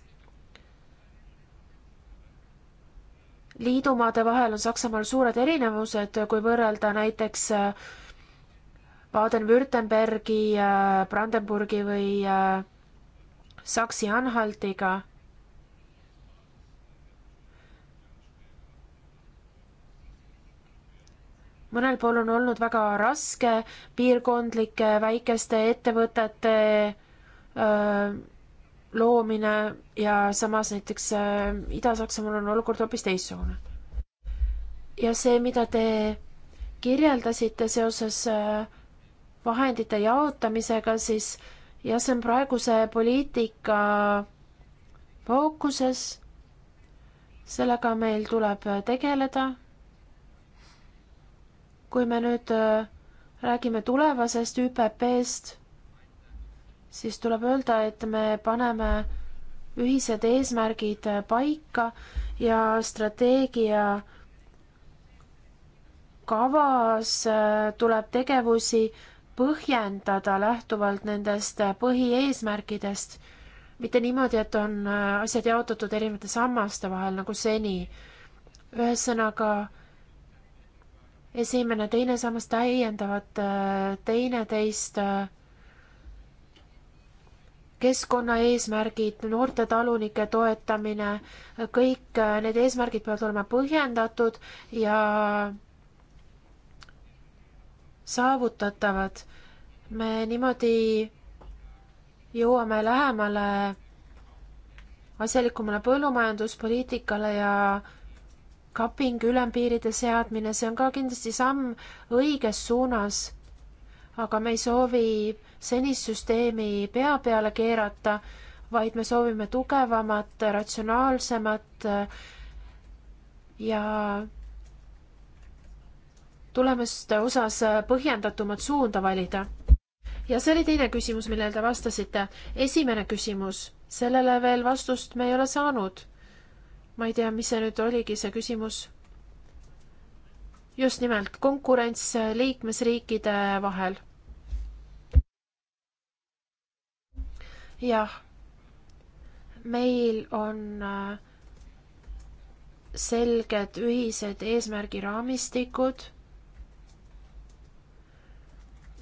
[SPEAKER 3] liidumaade vahel on Saksamaal suured erinevused, kui võrrelda näiteks äh, Baden-Württembergi, Brandenburgi või Saksi-Anhaltiga mõnel pool on olnud väga raske piirkondlike väikeste ettevõtete öö, loomine ja samas näiteks Ida-Saksamaal on olukord hoopis teistsugune. ja see, mida te kirjeldasite seoses vahendite jaotamisega, siis jah, see on praeguse poliitika fookuses. sellega meil tuleb tegeleda kui me nüüd äh, räägime tulevasest ÜPP-st, siis tuleb öelda, et me paneme ühised eesmärgid äh, paika ja strateegia kavas äh, tuleb tegevusi põhjendada lähtuvalt nendest põhieesmärkidest, mitte niimoodi, et on asjad jaotatud erinevate sammaste vahel nagu seni. ühesõnaga esimene, teine sammas täiendavad äh, teineteist äh, keskkonnaeesmärgid, noorte talunike toetamine, äh, kõik need eesmärgid peavad olema põhjendatud ja saavutatavad. me niimoodi jõuame lähemale asjalikumale põllumajanduspoliitikale ja kaping, ülempiiride seadmine, see on ka kindlasti samm õiges suunas. aga me ei soovi senist süsteemi pea peale keerata, vaid me soovime tugevamat, ratsionaalsemat ja tulemuste osas põhjendatumat suunda valida. ja see oli teine küsimus, millele te vastasite. esimene küsimus, sellele veel vastust me ei ole saanud ma ei tea, mis see nüüd oligi, see küsimus. just nimelt konkurents liikmesriikide vahel. jah, meil on äh, selged ühised eesmärgiraamistikud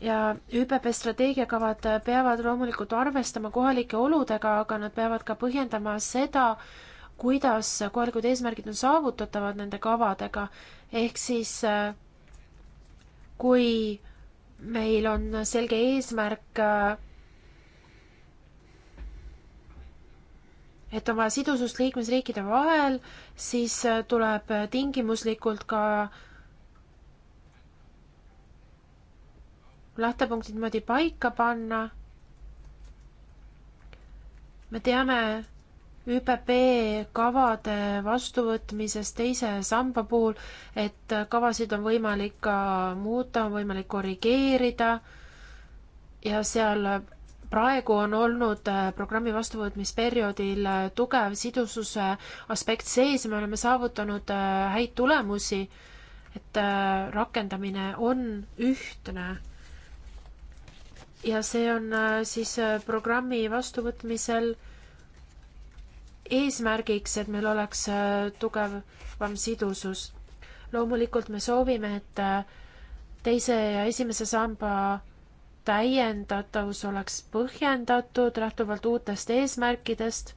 [SPEAKER 3] ja ÜPP strateegiakavad peavad loomulikult arvestama kohalike oludega, aga nad peavad ka põhjendama seda, kuidas kohalikud eesmärgid on saavutatavad nende kavadega, ehk siis äh, kui meil on selge eesmärk, äh, et on vaja sidusust liikmesriikide vahel, siis äh, tuleb tingimuslikult ka lähtepunktid moodi paika panna. me teame, ÜPP kavade vastuvõtmises teise samba puhul, et kavasid on võimalik ka muuta, on võimalik korrigeerida ja seal praegu on olnud äh, programmi vastuvõtmisperioodil äh, tugev sidususe aspekt sees ja me oleme saavutanud äh, häid tulemusi, et rakendamine on ühtne. ja see on siis programmi vastuvõtmisel eesmärgiks, et meil oleks äh, tugevam sidusus. loomulikult me soovime, et äh, teise ja esimese samba täiendatavus oleks põhjendatud lähtuvalt uutest eesmärkidest.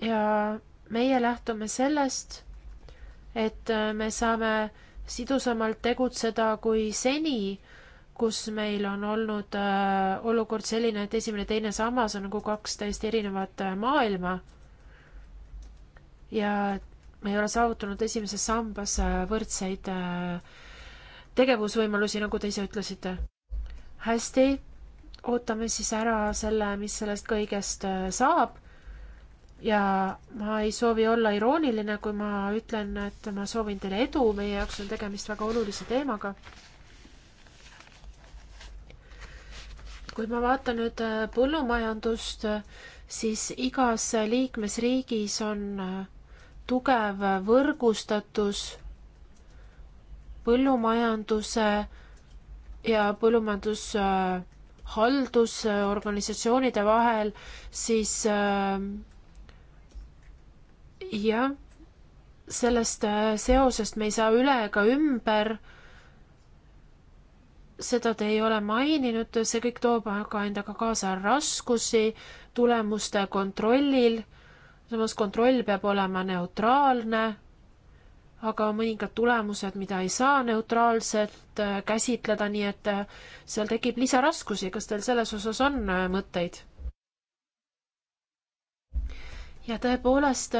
[SPEAKER 3] ja meie lähtume sellest, et äh, me saame sidusamalt tegutseda kui seni kus meil on olnud äh, olukord selline, et esimene ja teine sammas on nagu kaks täiesti erinevat äh, maailma. ja me ei ole saavutanud esimeses sambas äh, võrdseid äh, tegevusvõimalusi, nagu te ise ütlesite. hästi, ootame siis ära selle, mis sellest kõigest äh, saab ja ma ei soovi olla irooniline, kui ma ütlen, et ma soovin teile edu, meie jaoks on tegemist väga olulise teemaga kui ma vaatan nüüd äh, põllumajandust, siis igas liikmesriigis on äh, tugev võrgustatus põllumajanduse ja põllumajandushaldusorganisatsioonide äh, vahel, siis jah, sellest seosest me ei saa üle ega ümber seda te ei ole maininud, see kõik toob aga endaga kaasa raskusi tulemuste kontrollil. samas kontroll peab olema neutraalne, aga mõningad tulemused, mida ei saa neutraalselt äh, käsitleda, nii et äh, seal tekib lisaraskusi. kas teil selles osas on äh, mõtteid? ja tõepoolest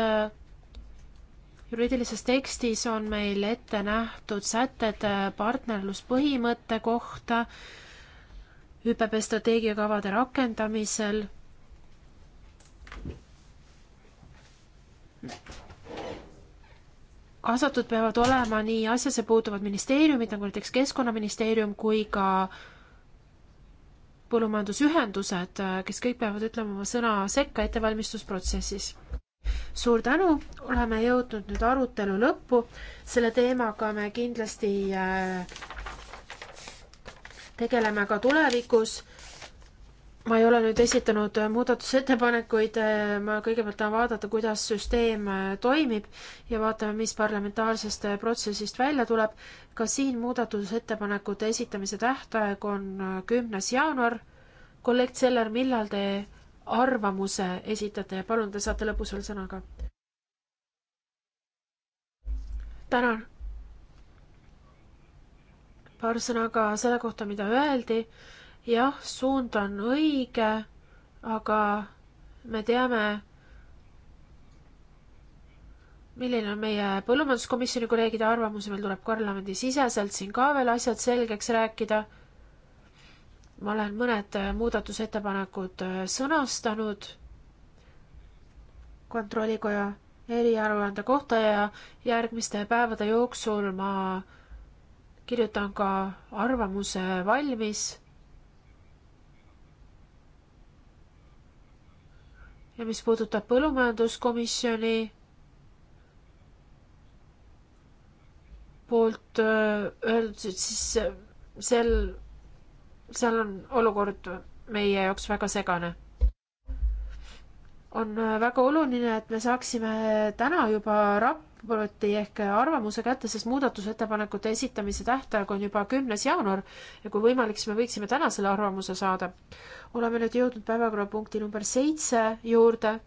[SPEAKER 3] juriidilises tekstis on meil ette nähtud sätted äh, partnerluspõhimõtte kohta ÜPP strateegiakavade rakendamisel. kaasatud peavad olema nii asjasse puutuvad ministeeriumid nagu näiteks Keskkonnaministeerium kui ka põllumajandusühendused, äh, kes kõik peavad ütlema oma sõna sekka ettevalmistusprotsessis suur tänu, oleme jõudnud nüüd arutelu lõppu. selle teemaga me kindlasti äh, tegeleme ka tulevikus. ma ei ole nüüd esitanud muudatusettepanekuid, äh, ma kõigepealt tahan vaadata, kuidas süsteem äh, toimib ja vaatame, mis parlamentaarsest protsessist välja tuleb. ka siin muudatusettepanekute esitamise tähtaeg on kümnes jaanuar. kolleeg Seller, millal te arvamuse esitate ja palun, te saate lõpus veel sõna ka. tänan. paar sõna ka selle kohta, mida öeldi. jah, suund on õige, aga me teame, milline on meie põllumajanduskomisjoni kolleegide arvamus ja meil tuleb parlamendisiseselt siin ka veel asjad selgeks rääkida ma olen mõned äh, muudatusettepanekud äh, sõnastanud kontrollikoja eriaruande kohta ja järgmiste päevade jooksul ma kirjutan ka arvamuse valmis. ja mis puudutab põllumajanduskomisjoni poolt äh, öeldud, siis sel seal on olukord meie jaoks väga segane. on äh, väga oluline, et me saaksime täna juba raporti ehk arvamuse kätte, sest muudatusettepanekute esitamise tähtaeg on juba kümnes jaanuar ja kui võimalik, siis me võiksime täna selle arvamuse saada. oleme nüüd jõudnud päevakorrapunkti number seitse juurde.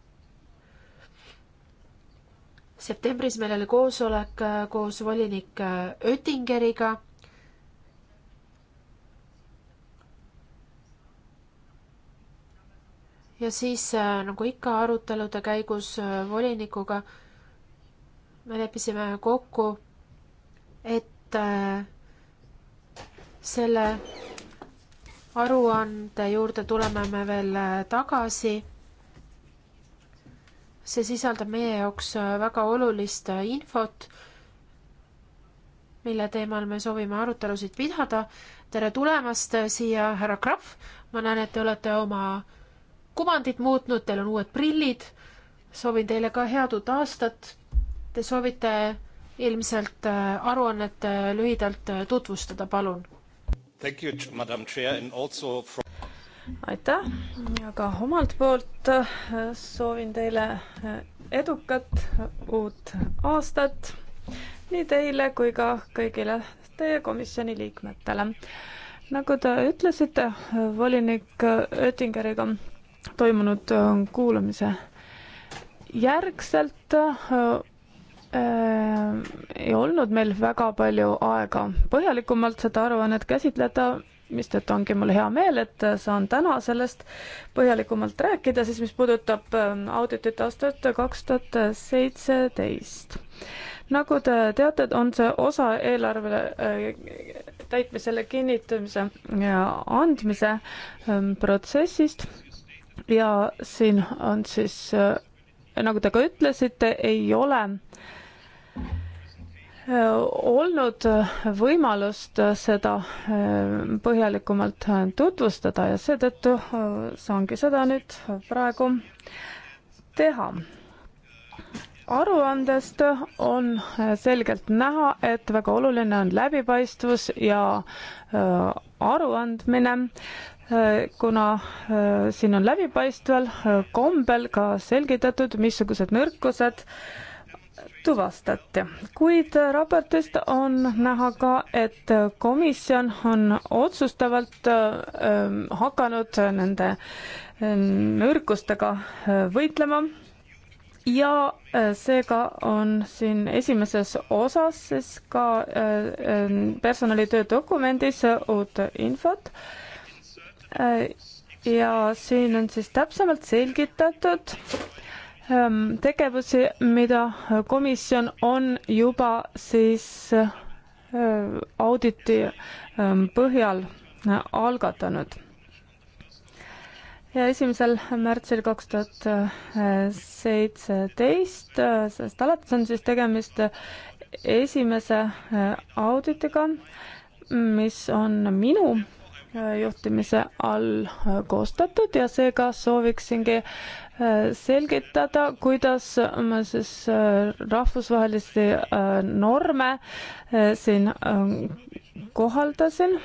[SPEAKER 3] septembris meil oli koosolek äh, koos volinik äh, Oettingeriga ja siis äh, nagu ikka arutelude käigus äh, volinikuga me leppisime kokku, et äh, selle aruande juurde tuleme me veel tagasi. see sisaldab meie jaoks väga olulist infot, mille teemal me soovime arutelusid pidada. tere tulemast siia, härra Krahv. ma näen, et te olete oma kuvandit muutnud, teil on uued prillid. soovin teile ka head uut aastat. Te soovite ilmselt äh, aruannet äh, lühidalt äh, tutvustada, palun. aitäh, aga omalt poolt
[SPEAKER 4] soovin teile edukat uut aastat nii teile kui ka kõigile teie komisjoni liikmetele nagu te ütlesite, volinik Oettingeriga toimunud äh, kuulamise järgselt äh, ei olnud meil väga palju aega põhjalikumalt seda aruannet käsitleda, mistõttu ongi mul hea meel, et saan täna sellest põhjalikumalt rääkida, siis mis puudutab ähm, auditit aastat kaks tuhat seitseteist. nagu te teate, on see osa eelarve äh, täitmisele kinnitamise ja andmise ähm, protsessist ja siin on siis, äh, nagu te ka ütlesite, ei ole äh, olnud äh, võimalust seda põhjalikumalt tutvustada ja seetõttu saangi seda nüüd praegu teha. aruandest on selgelt näha, et väga oluline on läbipaistvus ja aruandmine kuna äh, siin on läbipaistval äh, kombel ka selgitatud, missugused nõrkused tuvastati, kuid äh, raportist on näha ka, et komisjon on otsustavalt ähm, hakanud nende nõrkustega võitlema ja seega on siin esimeses osas siis ka personalitöö dokumendis uut infot ja siin on siis täpsemalt selgitatud ähm, tegevusi, mida komisjon on juba siis äh, auditi ähm, põhjal äh, algatanud. ja esimesel märtsil kaks tuhat seitseteist, äh, sest alates on siis tegemist esimese auditiga, mis on minu juhtimise all äh, koostatud ja seega sooviksingi äh, selgitada, kuidas me siis äh, rahvusvahelisi norme siin kohaldasin.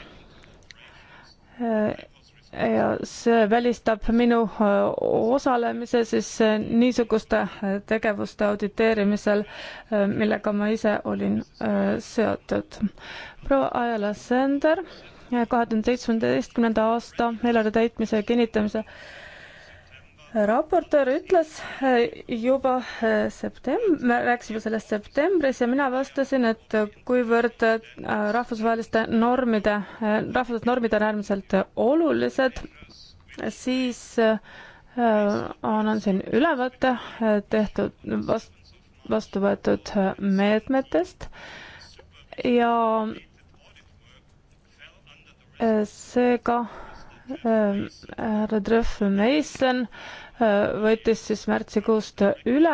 [SPEAKER 4] ja see välistab minu osalemise siis niisuguste tegevuste auditeerimisel, millega ma ise olin seotud. proua Ajala Sender kahe tuhande seitsmeteistkümnenda aasta eelarve täitmise kinnitamise raportöör ütles eh, juba eh, septem-, me rääkisime sellest septembris ja mina vastasin, et kuivõrd eh, rahvusvaheliste normide, rahvusvahelised normid on äärmiselt olulised, siis annan siin ülevaate tehtud, vast-, vastu võetud meetmetest ja Eh, seega eh, härra Trüffel-Meissen eh, võttis siis märtsikuust üle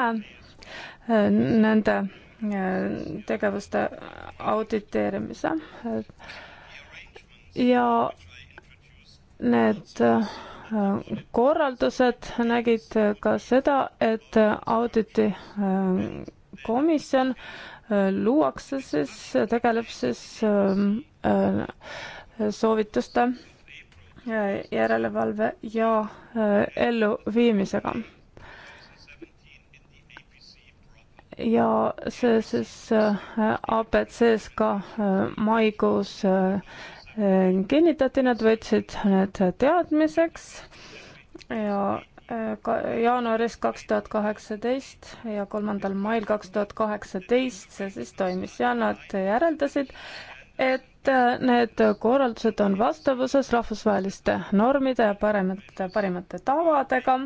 [SPEAKER 4] nende tegevuste auditeerimise ja need korraldused nägid ka seda, et auditi komisjon luuakse siis, tegeleb siis soovituste äh, järelevalve ja äh, elluviimisega. ja see siis äh, APC-s ka maikuus kinnitati, nad võtsid need teadmiseks ja ka jaanuaris kaks tuhat kaheksateist ja kolmandal mail kaks tuhat kaheksateist see siis toimis ja nad järeldasid, et et äh, need korraldused on vastavuses rahvusvaheliste normide ja paremate, parimate tavadega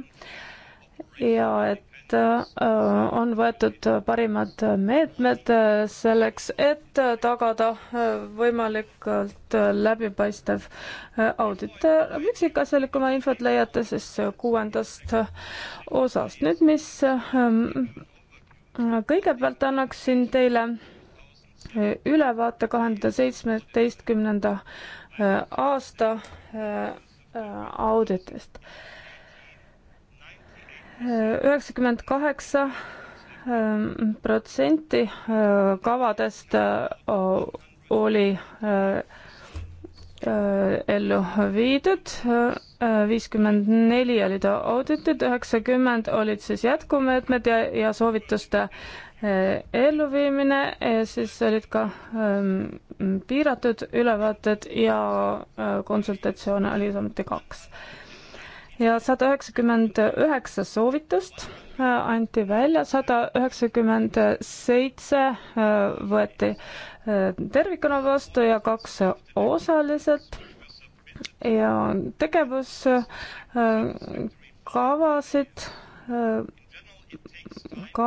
[SPEAKER 4] ja et äh, on võetud parimad meetmed äh, selleks, et tagada võimalikult läbipaistev audit. üksikasjalikuma infot leiate siis kuuendast osast. nüüd, mis kõigepealt annaksin teile ülevaate kahe tuhande seitsmeteistkümnenda äh, aasta äh, äh, auditist. üheksakümmend kaheksa ähm, protsenti kavadest oli ellu viidud, viiskümmend neli olid auditid, üheksakümmend olid siis jätkumeetmed ja, ja soovituste Eh, elluviimine ja eh, siis olid ka ehm, piiratud ülevaated ja eh, konsultatsioone oli samuti kaks. ja sada üheksakümmend üheksa soovitust anti välja, sada üheksakümmend seitse võeti tervikuna vastu ja kaks osaliselt ja tegevuskavasid ka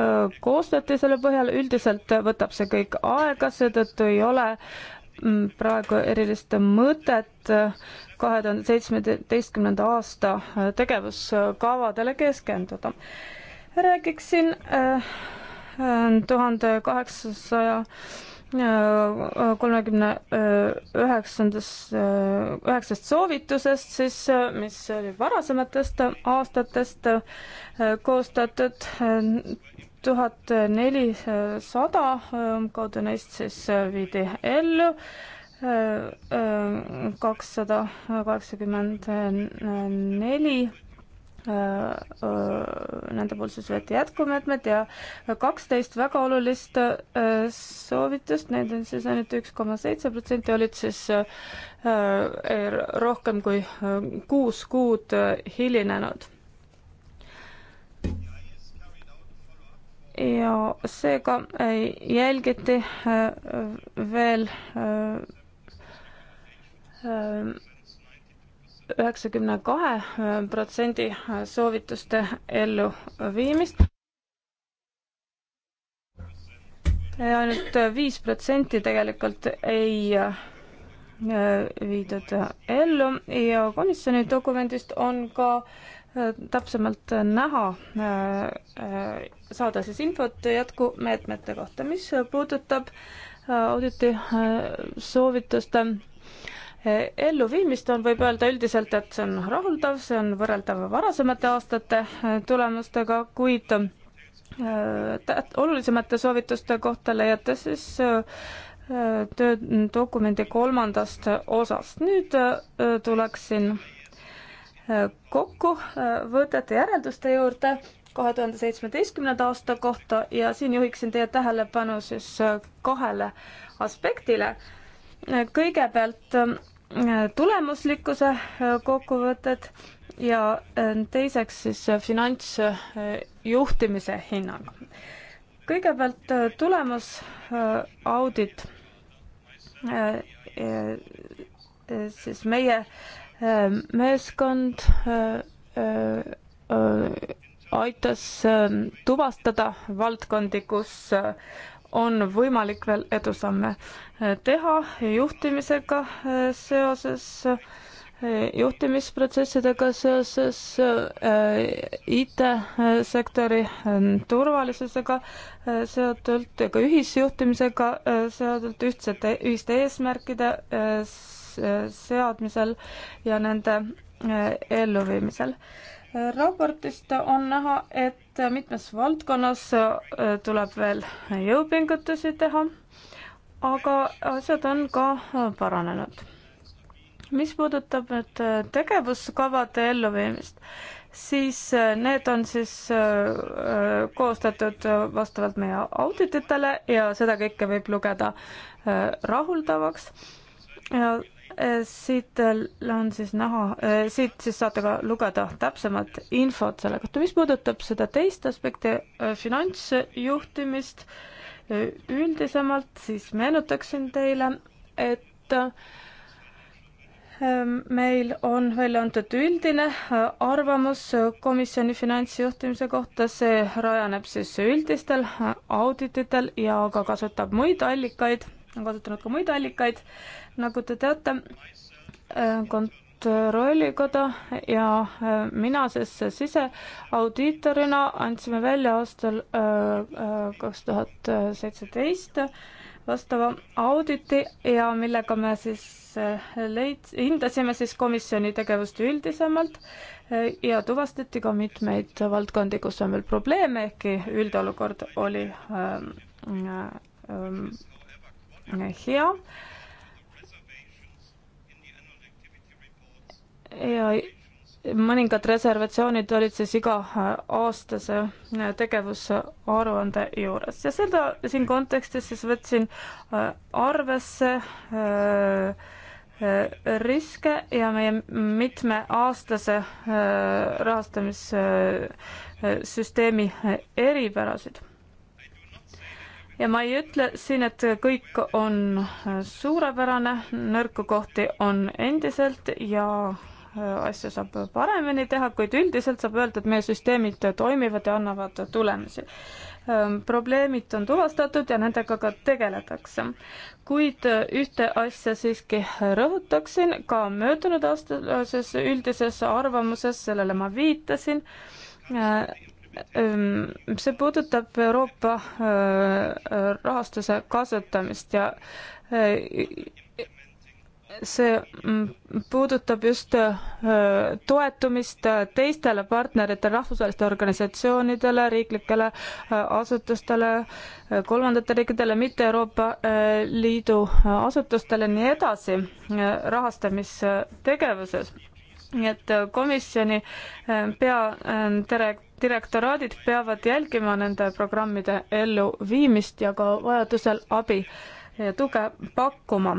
[SPEAKER 4] äh, koostati selle põhjal, üldiselt võtab see kõik aega, seetõttu ei ole mm, praegu erilist mõtet äh, kahe tuhande seitsmeteistkümnenda aasta äh, tegevuskavadele keskenduda. räägiksin tuhande kaheksasaja kolmekümne äh, üheksandas, äh, üheksast soovitusest siis, äh, mis oli varasematest aastatest koostatud, tuhat nelisada kaudu neist siis viidi ellu kakssada kaheksakümmend neli Äh, äh, nendepoolses võeti jätkumeetmed ja kaksteist väga olulist äh, soovitust, neid on siis ainult üks koma seitse protsenti, olid siis rohkem kui kuus kuud hilinenud. ja seega jälgiti veel üheksakümne kahe protsendi soovituste elluviimist. ja ainult viis protsenti tegelikult ei äh, viidud ellu ja komisjoni dokumendist on ka äh, täpsemalt näha, äh, saada siis infot jätkumeetmete kohta, mis puudutab auditi soovituste elluviimist on, võib öelda üldiselt, et see on rahuldav, see on võrreldav varasemate aastate äh, tulemustega, kuid äh, täht-, olulisemate soovituste kohta leiate siis äh, töödokumendi kolmandast osast. nüüd tuleksin kokkuvõtete järelduste juurde kahe tuhande seitsmeteistkümnenda aasta kohta ja siin juhiksin teie tähelepanu siis kahele aspektile kõigepealt tulemuslikkuse äh, kokkuvõtted ja äh, teiseks siis äh, finantsjuhtimise hinnang. kõigepealt tulemusaudit siis meie meeskond aitas tuvastada valdkondi, kus on võimalik veel edusamme eh, teha juhtimisega eh, seoses, eh, juhtimisprotsessidega seoses, IT-sektori turvalisusega seotult, ka ühisjuhtimisega seotult, ühtsete, ühiste eesmärkide seadmisel ja nende elluviimisel raportist on näha, et mitmes valdkonnas äh, tuleb veel jõupingutusi teha, aga asjad on ka paranenud. mis puudutab nüüd äh, tegevuskavade elluviimist, siis äh, need on siis koostatud vastavalt meie audititele ja seda kõike võib lugeda rahuldavaks ja Eh, siit eh, on siis näha, eh, siit siis saate ka lugeda täpsemat infot selle kohta, mis puudutab seda teist aspekti, finantsjuhtimist üldisemalt, siis meenutaksin teile, et meil on välja antud üldine arvamus komisjoni finantsjuhtimise kohta, see rajaneb siis üldistel audititel ja ka kasutab muid allikaid, on kasutanud ka muid allikaid nagu te teate, äh, kontrollikoda ja äh, mina siis siseaudiitorina andsime välja aastal äh, kaks tuhat seitseteist vastava auditi ja millega me siis leid-, hindasime siis komisjoni tegevust üldisemalt ja tuvastati ka mitmeid valdkondi, kus on veel probleeme, ehkki üldolukord oli ähm, ähm, hea äh, ja mõningad reservatsioonid olid siis iga-aastase äh, äh, tegevusaruande juures ja seda siin kontekstis siis võtsin äh, arvesse riske ja meie mitmeaastase rahastamissüsteemi eripärasid. ja ma ei ütle siin, et kõik on suurepärane, nõrku kohti on endiselt ja asju saab paremini teha, kuid üldiselt saab öelda, et meie süsteemid toimivad ja annavad tulemusi. Ehm, probleemid on tuvastatud ja nendega ka tegeletakse. kuid eh, ühte asja siiski rõhutaksin, ka möödunud aastases üldises arvamuses, sellele ma viitasin, eh, ehm, see puudutab Euroopa eh, rahastuse kasutamist ja see mm, puudutab just äh, toetumist äh, teistele partneritele, rahvusvahelistele organisatsioonidele, riiklikele äh, asutustele, kolmandatele riikidele, mitte Euroopa Liidu asutustele, nii edasi rahastamistegevuses. nii et komisjoni peadirek-, direktoraadid peavad jälgima nende programmide elluviimist ja ka vajadusel abi ja tuge pakkuma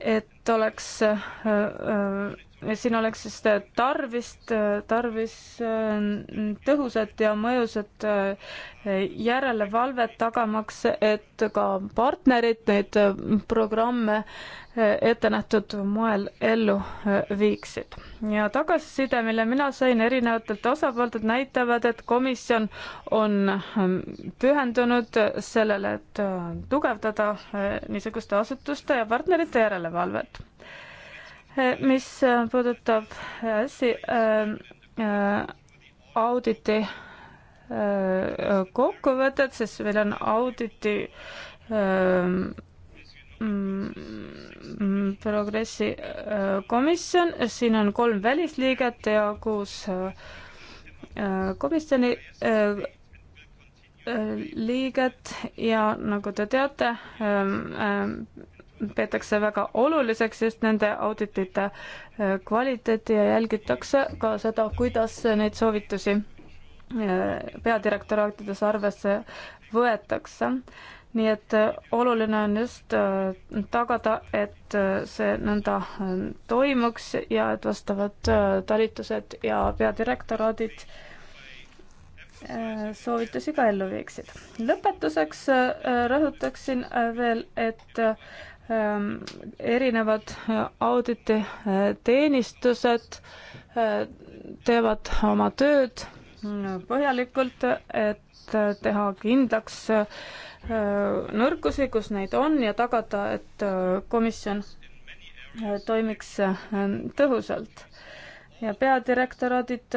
[SPEAKER 4] et oleks äh, äh, siin oleks siis tarvist, tarvis äh, tõhusat ja mõjusat äh, järelevalvet, tagamaks, et ka partnerid neid äh, programme ette nähtud moel ellu viiksid. ja tagasiside, mille mina sain erinevatelt osapooltelt, näitavad, et komisjon on ähm, pühendunud sellele, et tugevdada niisuguste asutuste ja partnerite järelevalvet mis äh, puudutab hästi äh, ähm, äh, auditi kokkuvõtet, sest meil on auditi ähm, mm, mm, progressi komisjon, siin on kolm välisliiget ja kuus komisjoni liiget ja nagu te teate, ähm, peetakse väga oluliseks just nende auditite äh, kvaliteeti ja jälgitakse ka seda, kuidas neid soovitusi äh, peadirektoraatides arvesse võetakse. nii et äh, oluline on just tagada, et see nõnda toimuks ja et vastavad talitused ja peadirektoraadid soovitusi ka ellu viiksid. lõpetuseks rõhutaksin veel, et Ähm, erinevad äh, audititeenistused äh, äh, teevad oma tööd mm, põhjalikult, et teha kindlaks nõrkusi, kus neid on ja tagada, et komisjon toimiks tõhusalt. ja peadirektoraadid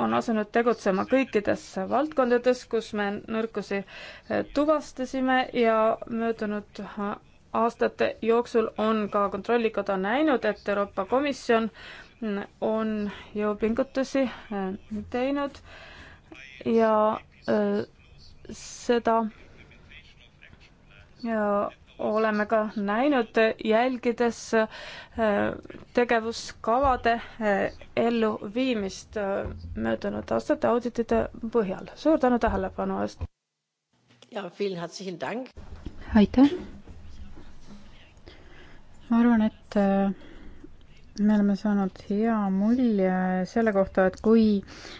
[SPEAKER 4] on asunud tegutsema kõikides valdkondades, kus me nõrkusi eh, tuvastasime ja möödunud aastate jooksul on ka Kontrollikoda näinud, et Euroopa Komisjon mm, on jõupingutusi eh, teinud ja eh, seda ja oleme ka näinud, jälgides äh, tegevuskavade äh, elluviimist äh, möödunud aastate auditite põhjal. suur tänu tähelepanu eest! aitäh!
[SPEAKER 1] ma arvan, et me oleme saanud hea mulje selle kohta, et kui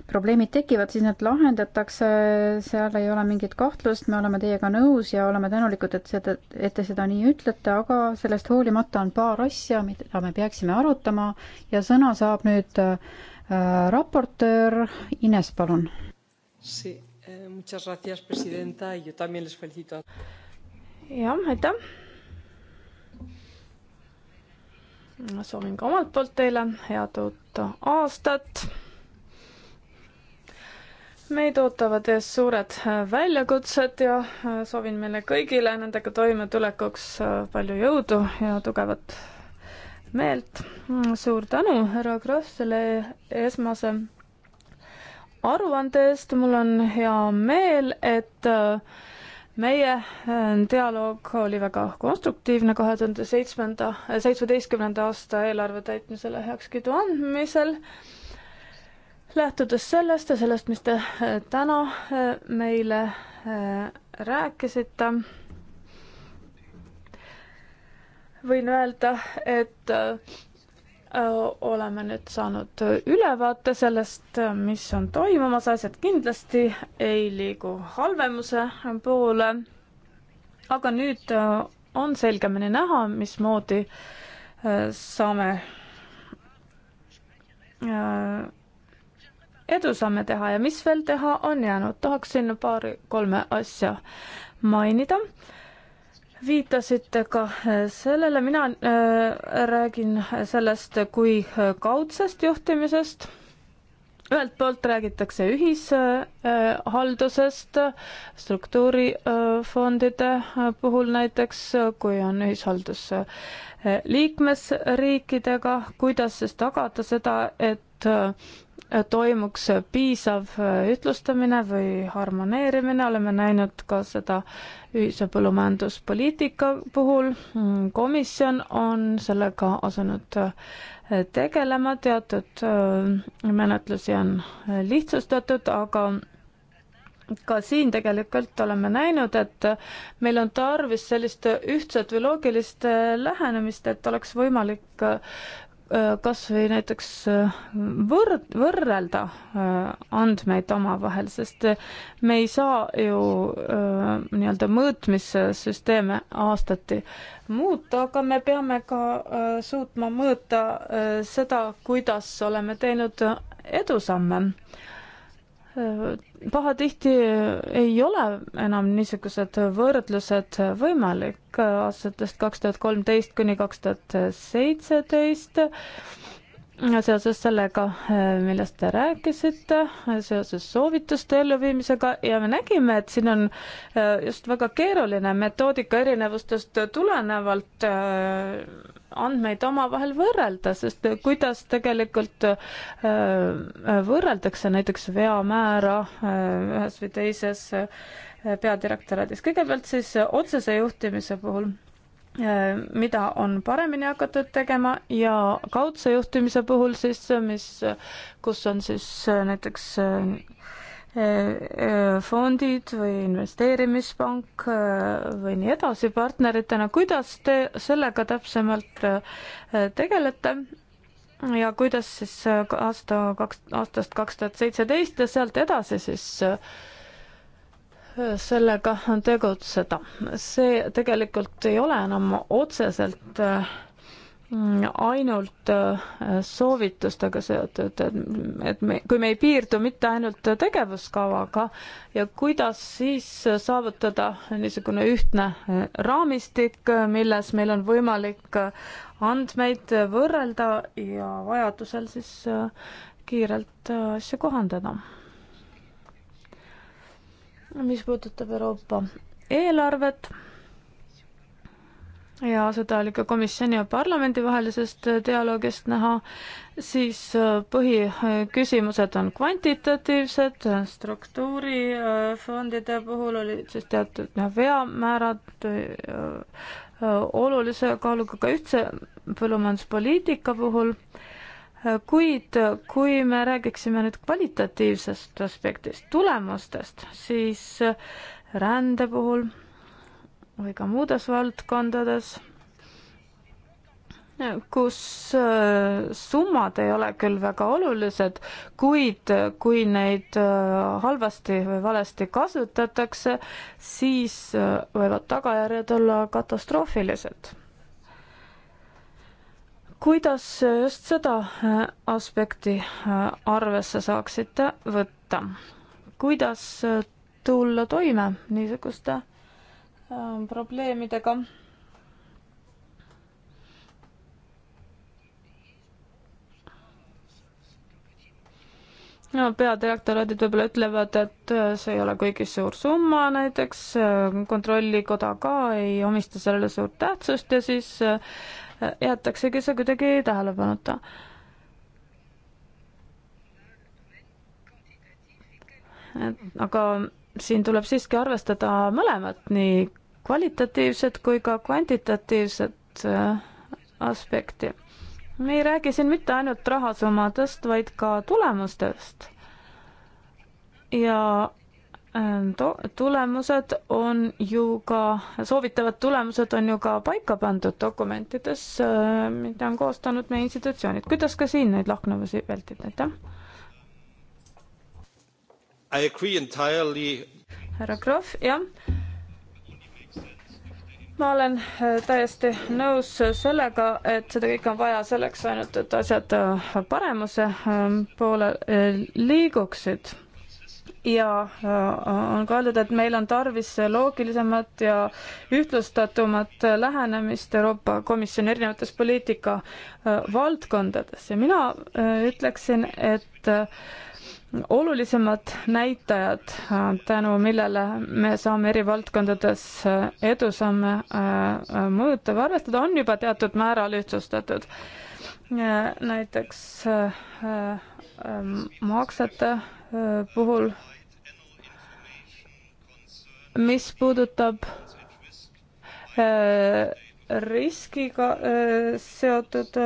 [SPEAKER 1] probleemid tekivad, siis need lahendatakse, seal ei ole mingit kahtlust, me oleme teiega nõus ja oleme tänulikud, et seda, et te seda nii ütlete, aga sellest hoolimata on paar asja, mida me peaksime arutama ja sõna saab nüüd äh, raportöör Ines, palun.
[SPEAKER 2] Eh,
[SPEAKER 4] jah, aitäh soovin ka omalt poolt teile head uut aastat. meid ootavad ees suured väljakutsed ja soovin meile kõigile nendega toimetulekuks palju jõudu ja tugevat meelt. suur tänu, härra Kross, selle esmase aruande eest. mul on hea meel, et äh, meie äh, dialoog oli väga konstruktiivne kahe tuhande seitsmenda, äh, seitsmeteistkümnenda aasta eelarve täitmisele heakskiidu andmisel. lähtudes sellest ja sellest, mis te äh, täna meile rääkisite, võin öelda, et oleme nüüd saanud ülevaate sellest, mis on toimumas, asjad kindlasti ei liigu halvemuse poole. aga nüüd on selgemini näha, mismoodi saame, edu saame teha ja mis veel teha on jäänud. tahaksin paari-kolme asja mainida viitasite ka äh, sellele, mina äh, räägin sellest kui äh, kaudsest juhtimisest. ühelt poolt räägitakse ühishaldusest äh, struktuurifondide äh, puhul näiteks, kui on ühishaldus äh, liikmesriikidega, kuidas siis tagada seda, et toimuks piisav äh, ütlustamine või harmoneerimine, oleme näinud ka seda ühise põllumajanduspoliitika puhul. Mm, komisjon on sellega asunud äh, tegelema, teatud äh, menetlusi on lihtsustatud, aga ka siin tegelikult oleme näinud, et meil on tarvis sellist ühtset või loogilist lähenemist, et oleks võimalik Äh, kas või näiteks äh, võrd-, võrrelda äh, andmeid omavahel, sest me ei saa ju nii-öelda mõõtmissüsteeme aastati muuta, aga me peame ka suutma mõõta seda, kuidas oleme teinud edusamme pahatihti ei ole enam niisugused võrdlused võimalik aastatest kaks tuhat kolmteist kuni kaks tuhat seitseteist seoses sellega, millest te rääkisite, seoses soovituste elluviimisega ja me nägime, et siin on äh, just väga keeruline metoodika erinevustest tulenevalt äh, andmeid omavahel võrrelda, sest kuidas tegelikult äh, äh, võrreldakse näiteks veamäära äh, ühes või teises peadirektoraadis. kõigepealt siis otsese juhtimise puhul mida on paremini hakatud tegema ja kaudse juhtimise puhul siis, mis, kus on siis näiteks fondid või investeerimispank äh, või nii edasi partneritena, kuidas te sellega täpsemalt äh, tegelete ja kuidas siis äh, aasta kaks, aastast kaks tuhat seitseteist ja sealt edasi siis sellega tegutseda? see tegelikult ei ole enam otseselt äh, Mm, ainult äh, soovitustega seotud, et, et me, kui me ei piirdu mitte ainult tegevuskavaga ja kuidas siis saavutada niisugune ühtne äh, raamistik, milles meil on võimalik äh, andmeid võrrelda ja vajadusel siis kiirelt asju kohandada. mis puudutab Euroopa eelarvet ja seda oli ka komisjoni ja parlamendi vahelisest dialoogist näha, siis äh, põhiküsimused on kvantitatiivsed, struktuurifondide puhul olid siis teatud noh, veamäärad äh, äh, olulise kaaluga ka ühtse põllumajanduspoliitika puhul, kuid kui me räägiksime nüüd kvalitatiivsest aspektist, tulemustest, siis rände puhul või ka muudes valdkondades, kus äh, summad ei ole küll väga olulised, kuid äh, kui neid äh, halvasti või valesti kasutatakse, siis võivad tagajärjed olla katastroofilised kuidas just seda aspekti arvesse saaksite võtta? kuidas tulla toime niisuguste Ähm, probleemidega. no peadirektoraadid võib-olla ütlevad, et äh, see ei ole kuigi suur summa näiteks, äh, kontrollikoda ka ei omista sellele suurt tähtsust ja siis äh, jäetaksegi see kuidagi tähelepanuta aga siin tuleb siiski arvestada mõlemat, nii kvalitatiivset kui ka kvantitatiivset äh, aspekti. me ei räägi siin mitte ainult rahasummadest, vaid ka tulemustest. ja ähm, to-, tulemused on ju ka, soovitavad tulemused on ju ka paika pandud dokumentides, äh, mida on koostanud meie institutsioonid. kuidas ka siin neid lahknevusi vältida, aitäh? härra Krohv, jah. ma olen äh, täiesti nõus sellega, et seda kõike on vaja selleks ainult, et asjad äh, paremuse ähm, poole äh, liiguksid ja on ka öeldud, et meil on tarvis loogilisemat ja ühtlustatumat lähenemist Euroopa Komisjoni erinevates poliitika valdkondades ja mina ütleksin, et olulisemad näitajad, äh, tänu millele me saame eri valdkondades äh, edusamme äh, mõõtava arvestada, on juba teatud määral ühtlustatud. näiteks maksete puhul, mis puudutab riskiga seotud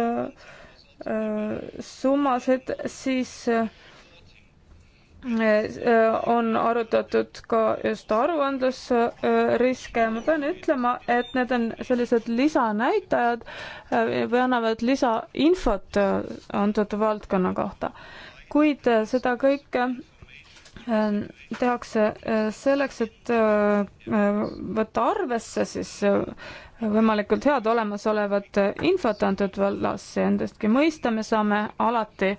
[SPEAKER 4] summasid, siis äh, Äh, äh, on arutatud ka just aruandlusriske. ma pean ütlema, et need on sellised lisanäitajad äh, või annavad lisainfot antud valdkonna kohta. kuid seda kõike tehakse selleks, et võtta arvesse siis võimalikult head olemasolevat infot antud vallas ja endastki mõista, me saame alati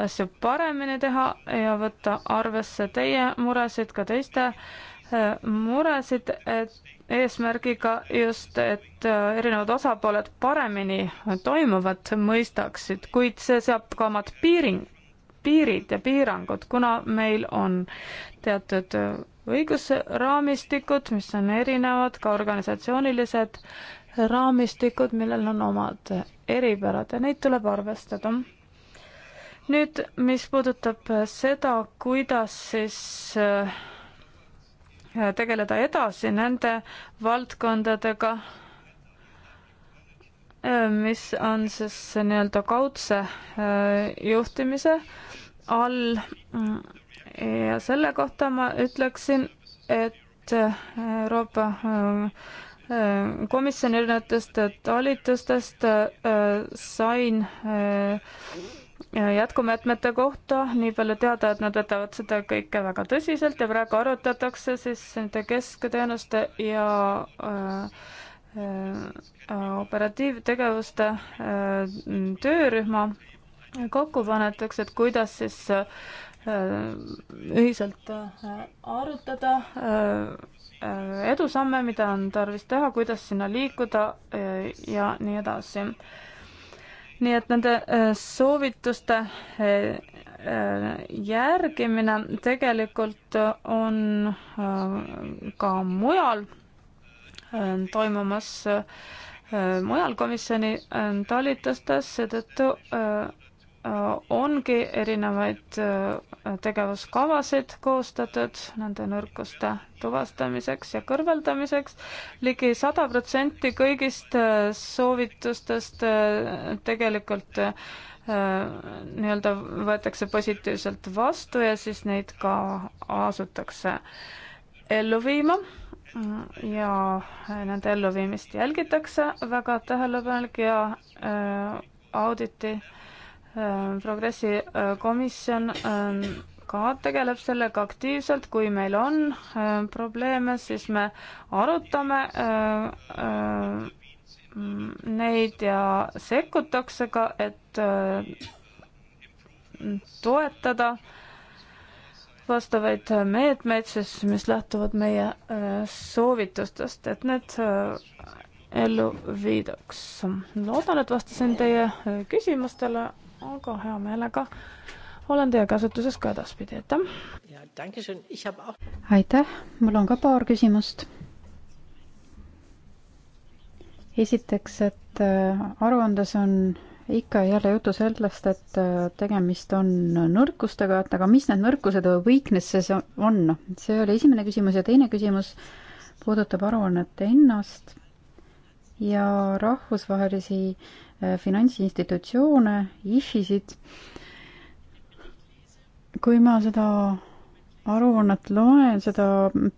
[SPEAKER 4] asju paremini teha ja võtta arvesse teie muresid, ka teiste äh, muresid, et eesmärgiga just, et äh, erinevad osapooled paremini toimuvat mõistaksid, kuid see seab ka omad piiring, piirid ja piirangud, kuna meil on teatud äh, õigusraamistikud, mis on erinevad, ka organisatsioonilised raamistikud, millel on omad eripärad ja neid tuleb arvestada. nüüd, mis puudutab seda, kuidas siis äh, tegeleda edasi nende valdkondadega, äh, mis on siis nii-öelda kaudse äh, juhtimise all mm, ja selle kohta ma ütleksin, et äh, Euroopa äh, komisjoni erinevatest talitustest äh, sain jätkumeetmete kohta nii palju teada, et nad võtavad seda kõike väga tõsiselt ja praegu arutatakse siis nende keskteenuste ja äh, operatiivtegevuste töörühma kokku panetakse, et kuidas siis Äh, ühiselt äh, arutada äh, edusamme, mida on tarvis teha, kuidas sinna liikuda ja nii edasi. nii et nende soovituste järgimine tegelikult on ka mujal toimumas mujal komisjoni talitustes, seetõttu Äh, ongi erinevaid äh, tegevuskavasid koostatud nende nõrkuste tuvastamiseks ja kõrvaldamiseks ligi. ligi sada protsenti kõigist äh, soovitustest tegelikult nii-öelda võetakse positiivselt vastu ja siis neid ka asutakse ellu viima mm, ja nende elluviimist jälgitakse väga tähelepanelik ja auditi äh, Ähm, progressi äh, komisjon ähm, ka tegeleb sellega aktiivselt, kui meil on ähm, probleeme, siis me arutame äh, äh, neid ja sekkutakse ka, et toetada vastavaid meetmeid siis, mis lähtuvad meie soovitustest, et need ellu viidaks. loodan, et vastasin teie küsimustele, aga hea meelega olen teie käsutuses ka edaspidi,
[SPEAKER 2] aitäh.
[SPEAKER 4] aitäh, mul on
[SPEAKER 1] ka paar küsimust. esiteks, et äh, aruandes on ikka ja jälle juttu sellest, et äh, tegemist on nõrkustega, et aga mis need nõrkused või weaknesses on? see oli esimene küsimus ja teine küsimus puudutab aruannet ennast ja rahvusvahelisi äh, Äh, finantsinstitutsioone, IFIsid. kui ma seda aruannet loen, seda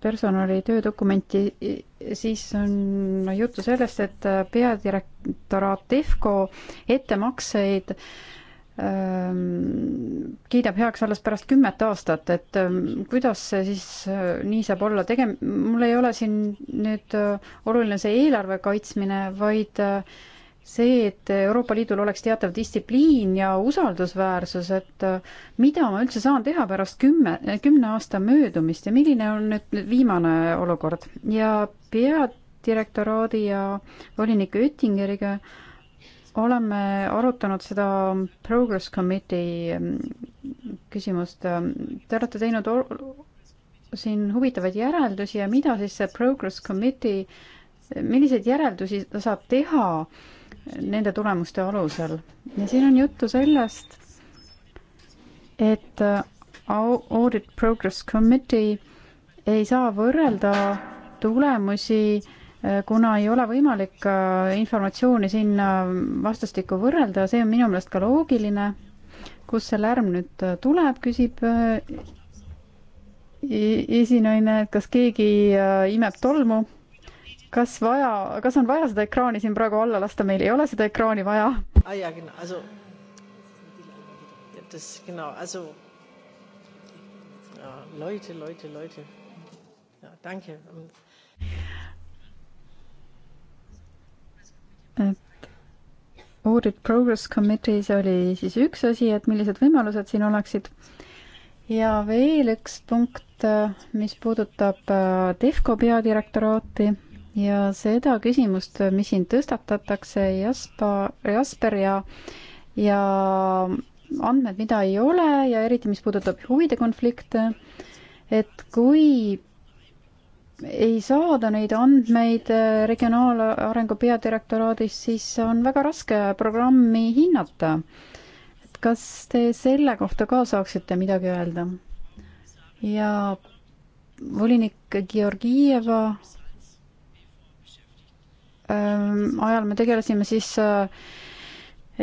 [SPEAKER 1] personali töödokumenti, siis on juttu sellest, et äh, peadirektoraat Defco ettemakseid ähm, kiidab heaks alles pärast kümmet aastat, et ähm, kuidas see siis äh, nii saab olla, tege-, mul ei ole siin nüüd oluline see eelarve kaitsmine, vaid äh, see, et Euroopa Liidul oleks teatav distsipliin ja usaldusväärsus, et äh, mida ma üldse saan teha pärast kümme, kümne aasta möödumist ja milline on nüüd viimane olukord ja peadirektoraadi ja volinik Oettingeriga oleme arutanud seda Progress Committee ähm, küsimust. Ähm, te olete teinud siin huvitavaid järeldusi ja mida siis see Progress Committee, milliseid järeldusi ta saab teha äh, nende tulemuste alusel. ja siin on juttu sellest, et äh, Audit Progress Committee ei saa võrrelda tulemusi, äh, kuna ei ole võimalik äh, informatsiooni sinna vastastikku võrrelda, see on minu meelest ka loogiline. kust see lärm nüüd tuleb, küsib esinaine, et kas keegi imeb tolmu kas vaja, kas on vaja seda ekraani siin praegu alla lasta, meil ei ole seda ekraani vaja.
[SPEAKER 2] Ah, ja, genau. also, das, genau, also, ja, Leute, Leute, Leute. Ja, danke.
[SPEAKER 1] et Audit Progress Committee's oli siis üks asi, et millised võimalused siin oleksid. ja veel üks punkt, mis puudutab äh, Defco peadirektoraati ja seda küsimust, mis siin tõstatatakse, Jasper, Jasper ja, ja andmed, mida ei ole ja eriti, mis puudutab huvide konflikte, et kui ei saada neid andmeid eh, Regionaalarengu peadirektoraadist, siis on väga raske programmi hinnata. et kas te selle kohta ka saaksite midagi öelda? ja volinik Georgieva ajal me tegelesime siis äh,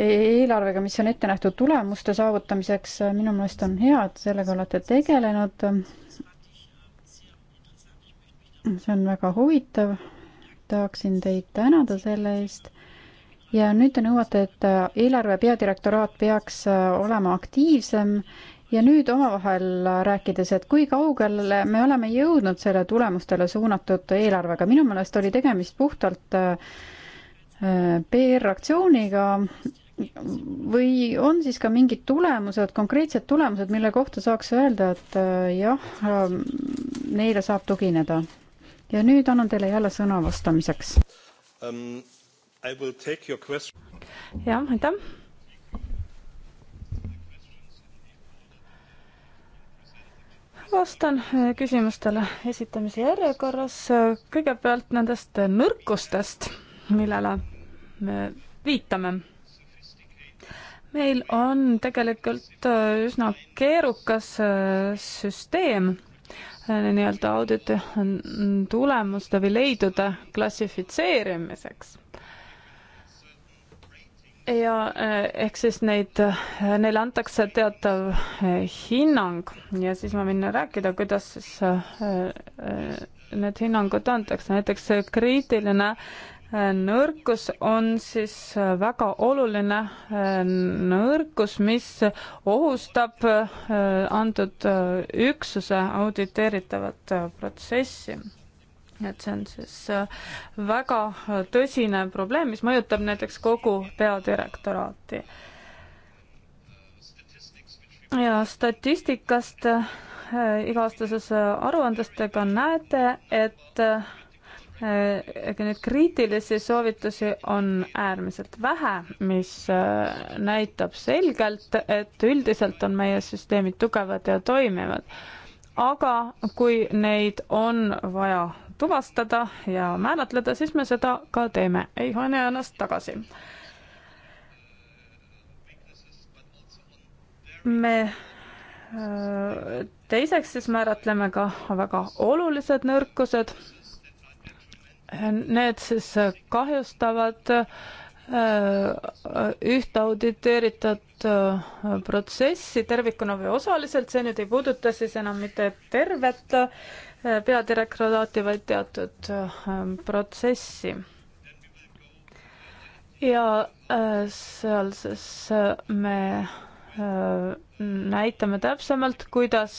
[SPEAKER 1] eelarvega, mis on ette nähtud tulemuste saavutamiseks, äh, minu meelest on hea, et sellega olete tegelenud. see on väga huvitav, tahaksin teid tänada selle eest ja nüüd te nõuate, et äh, eelarve peadirektoraat peaks olema aktiivsem ja nüüd omavahel rääkides, et kui kaugele me oleme jõudnud selle tulemustele suunatud eelarvega, minu meelest oli tegemist puhtalt äh, PR-aktsiooniga või on siis ka mingid tulemused, konkreetsed tulemused, mille kohta saaks öelda, et äh, jah, äh, neile saab tugineda? ja nüüd annan teile jälle sõna vastamiseks
[SPEAKER 3] um,.
[SPEAKER 4] jah, aitäh vastan äh, küsimustele esitamise järjekorras. kõigepealt nendest nõrkustest, millele me viitame. meil on tegelikult äh, üsna keerukas äh, süsteem nii-öelda auditi tulemuste või leidude klassifitseerimiseks ja eh, ehk siis neid, eh, neile antakse teatav eh, hinnang ja siis ma võin rääkida, kuidas siis need hinnangud antakse, näiteks kriitiline nõrkus on siis väga oluline nõrkus, mis ohustab antud üksuse auditeeritavat protsessi et see on siis äh, väga tõsine probleem, mis mõjutab näiteks kogu peadirektoraati. ja statistikast äh, iga-aastases äh, aruandestega näete, et ega neid kriitilisi soovitusi on äärmiselt vähe, mis näitab selgelt, et üldiselt on meie süsteemid tugevad ja toimivad. aga kui neid on vaja tuvastada ja määratleda, siis me seda ka teeme, ei hoia ennast tagasi. me äh, teiseks siis määratleme ka väga olulised nõrkused. Need siis kahjustavad äh, üht auditeeritud äh, protsessi tervikuna või osaliselt, see nüüd ei puuduta siis enam mitte tervet peadirektoraati, vaid teatud ähm, protsessi. ja äh, sealses äh, me äh, näitame täpsemalt, kuidas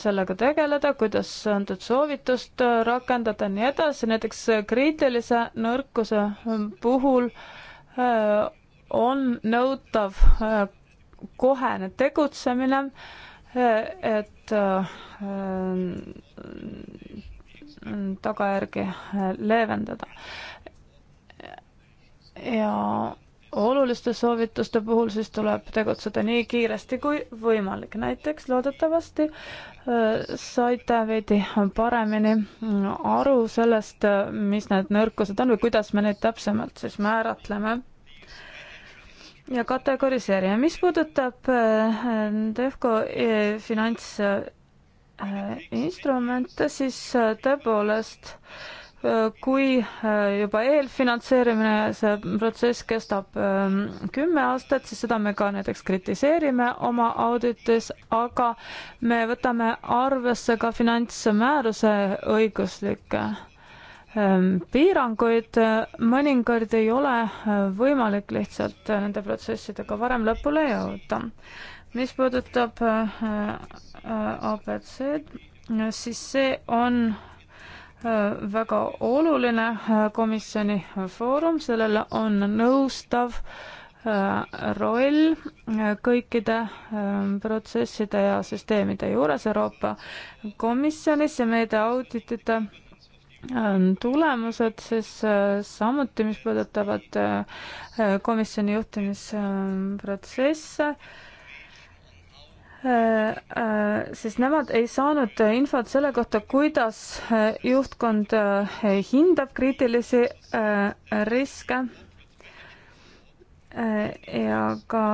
[SPEAKER 4] sellega tegeleda, kuidas antud soovitust rakendada, nii edasi, näiteks kriitilise nõrkuse puhul on nõutav kohene tegutsemine et äh, äh, tagajärgi leevendada. ja oluliste soovituste puhul siis tuleb tegutseda nii kiiresti kui võimalik. näiteks loodetavasti äh, saite veidi paremini aru sellest, mis need nõrkused on või kuidas me neid täpsemalt siis määratleme ja kategoriseerime. mis puudutab äh, Defco äh, finantsinstrumente, äh, siis tõepoolest kui juba eelfinantseerimine, see protsess kestab ähm, kümme aastat, siis seda me ka näiteks kritiseerime oma auditis, aga me võtame arvesse ka finantsmääruse õiguslikke Ähm, piiranguid, äh, mõnikord ei ole äh, võimalik lihtsalt äh, nende protsessidega varem lõpule jõuda. mis puudutab abc-d, siis see on väga oluline komisjoni foorum, sellel on nõustav roll kõikide protsesside ja süsteemide juures Euroopa Komisjonis ja meediaauditite tulemused siis äh, samuti, mis puudutavad äh, äh, komisjoni juhtimisprotsesse, siis nemad ei saanud infot selle kohta, kuidas juhtkond hindab kriitilisi riske ja ka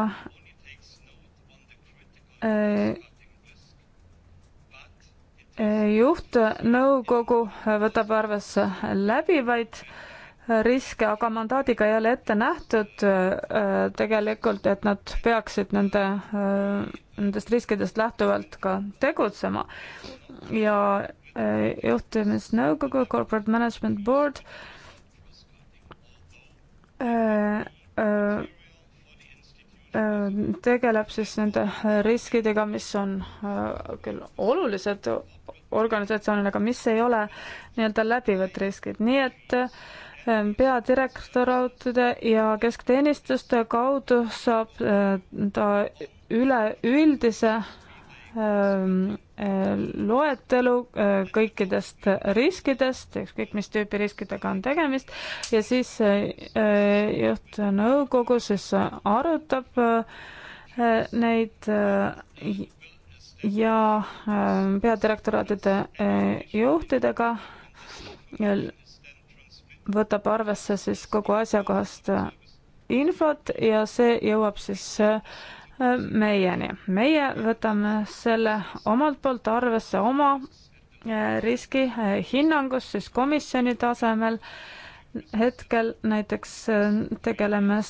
[SPEAKER 4] juhtnõukogu võtab arvesse läbivaid riske, aga mandaadiga ei ole ette nähtud äh, tegelikult, et nad peaksid nende, äh, nendest riskidest lähtuvalt ka tegutsema. ja äh, juhtimisnõukogu, Corporate Management Board, tegeleb siis nende riskidega, mis on äh, küll olulised organisatsioonile, aga mis ei ole nii-öelda läbivad riskid, nii et äh, peadirektoraatide ja keskteenistuste kaudu saab äh, ta üleüldise Ähm, äh, loetelu äh, kõikidest riskidest, ükskõik mis tüüpi riskidega on tegemist ja siis äh, juhtnõukogu siis arutab neid ja peadirektoraatide juhtidega võtab arvesse siis kogu asjakohast infot ja see jõuab siis äh, meieni. meie võtame selle omalt poolt arvesse oma eh, riskihinnangus eh, siis komisjoni tasemel. hetkel näiteks eh, tegeleme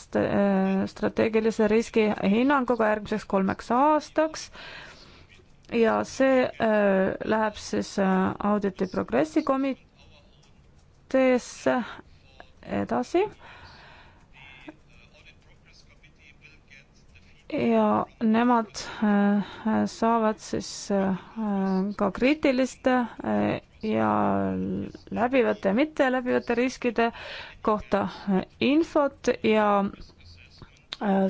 [SPEAKER 4] strateegilise riskihinnanguga järgmiseks kolmeks aastaks ja see läheb siis auditi progressi komiteesse edasi ja nemad äh, saavad siis äh, ka kriitiliste äh, ja läbivate ja mitteläbivate riskide kohta infot ja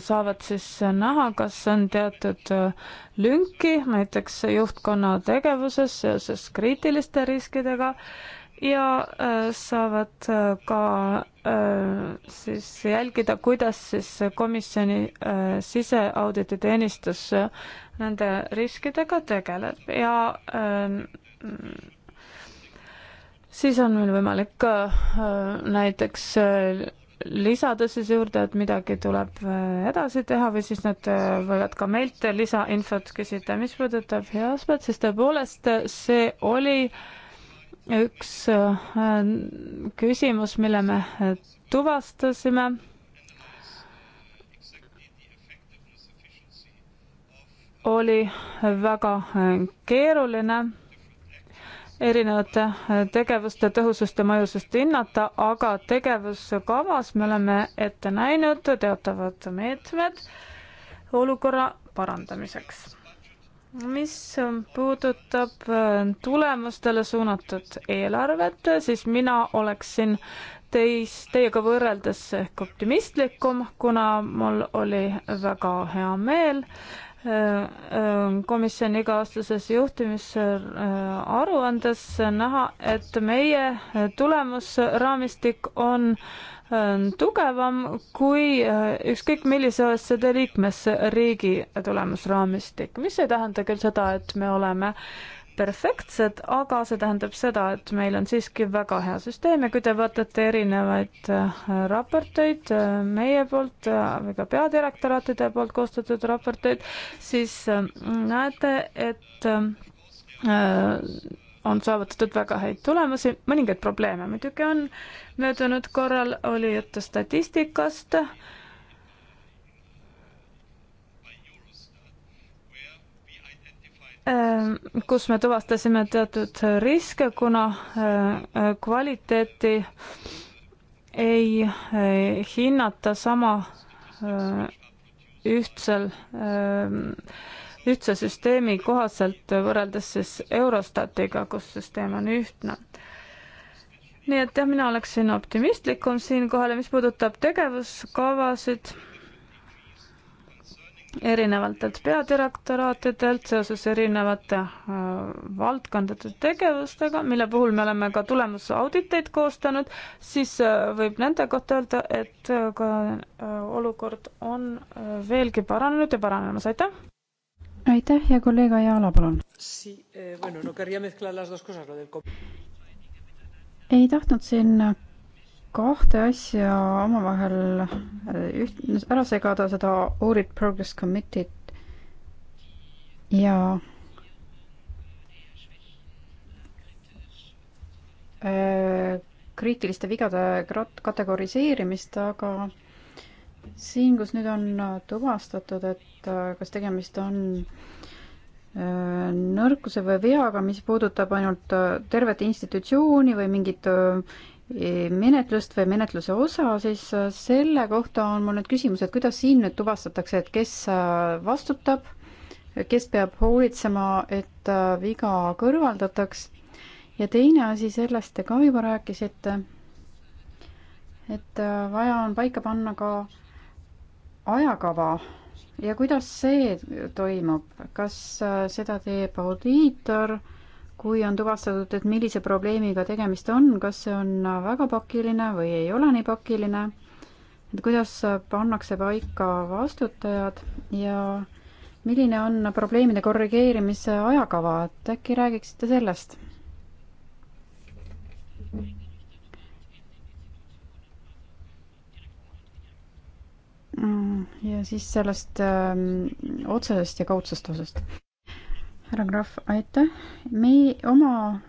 [SPEAKER 4] saavad siis näha, kas on teatud lünki näiteks juhtkonna tegevuses seoses kriitiliste riskidega ja äh, saavad äh, ka äh, siis jälgida, kuidas siis komisjoni siseauditi teenistus nende riskidega tegeleb ja siis on meil võimalik näiteks lisada siis juurde, et midagi tuleb edasi teha või siis nad võivad ka meilt lisainfot küsida. mis puudutab heaspäed, siis tõepoolest see oli äh, üks äh, küsimus, mille me tuvastasime, oli väga äh, keeruline erinevate äh, tegevuste tõhusust ja mõjusust hinnata, aga tegevuskavas me oleme ette näinud teatavad meetmed olukorra parandamiseks mis ähm, puudutab äh, tulemustele suunatud eelarvet, siis mina oleksin teis, teiega võrreldes ehk optimistlikum, kuna mul oli väga hea meel äh, äh, komisjoni iga-aastases juhtimisaruandes näha, et meie tulemusraamistik on äh, tugevam kui äh, ükskõik millise OECD liikmesriigi tulemusraamistik, mis ei tähenda küll seda, et me oleme perfektsed, aga see tähendab seda, et meil on siiski väga hea süsteem ja kui te vaatate erinevaid äh, raporteid äh, meie poolt või ka peadirektoraatide poolt koostatud raporteid, siis näete, et on saavutatud väga häid tulemusi, mõningaid probleeme muidugi on. möödunud korral oli juttu statistikast. Ehm, kus me tuvastasime teatud riske, kuna ehm, kvaliteeti ei eh, hinnata sama ehm, ühtsel äh, ühtse süsteemi kohaselt võrreldes siis Eurostatiga, kus süsteem on ühtne. nii et jah, mina oleksin optimistlikum siinkohal ja mis puudutab tegevuskavasid, erinevatelt peadirektoraatidelt seoses erinevate äh, valdkondade tegevustega, mille puhul me oleme ka tulemusauditeid koostanud, siis äh, võib nende kohta öelda, et äh, ka äh, olukord on äh, veelgi paranenud
[SPEAKER 1] ja paranemas, aitäh! aitäh, hea kolleeg Ajala, palun. Eh, ei tahtnud siin kahte asja omavahel eh, üht-, ära segada, seda Audit Progress Committee't ja eh, kriitiliste vigade kategoriseerimist, aga siin, kus nüüd on äh, tuvastatud, et äh, kas tegemist on äh, nõrkuse või veaga, mis puudutab ainult tervet institutsiooni või mingit e-, menetlust või menetluse osa, siis selle kohta on mul nüüd küsimus, et kuidas siin nüüd tuvastatakse, et kes vastutab, kes peab hoolitsema, et viga kõrvaldataks. ja teine asi, sellest te ka juba rääkisite, et vaja on paika panna ka ajakava ja kuidas see toimub, kas äh, seda teeb audiitor, kui on tuvastatud, et millise probleemiga tegemist on, kas see on äh, väga pakiline või ei ole nii pakiline, et kuidas äh, pannakse paika vastutajad ja milline on probleemide korrigeerimise ajakava, et äkki räägiksite sellest? Mm. ja siis sellest öö, ähm, otsesest ja kaudsest osast. härra Krahv, aitäh. me oma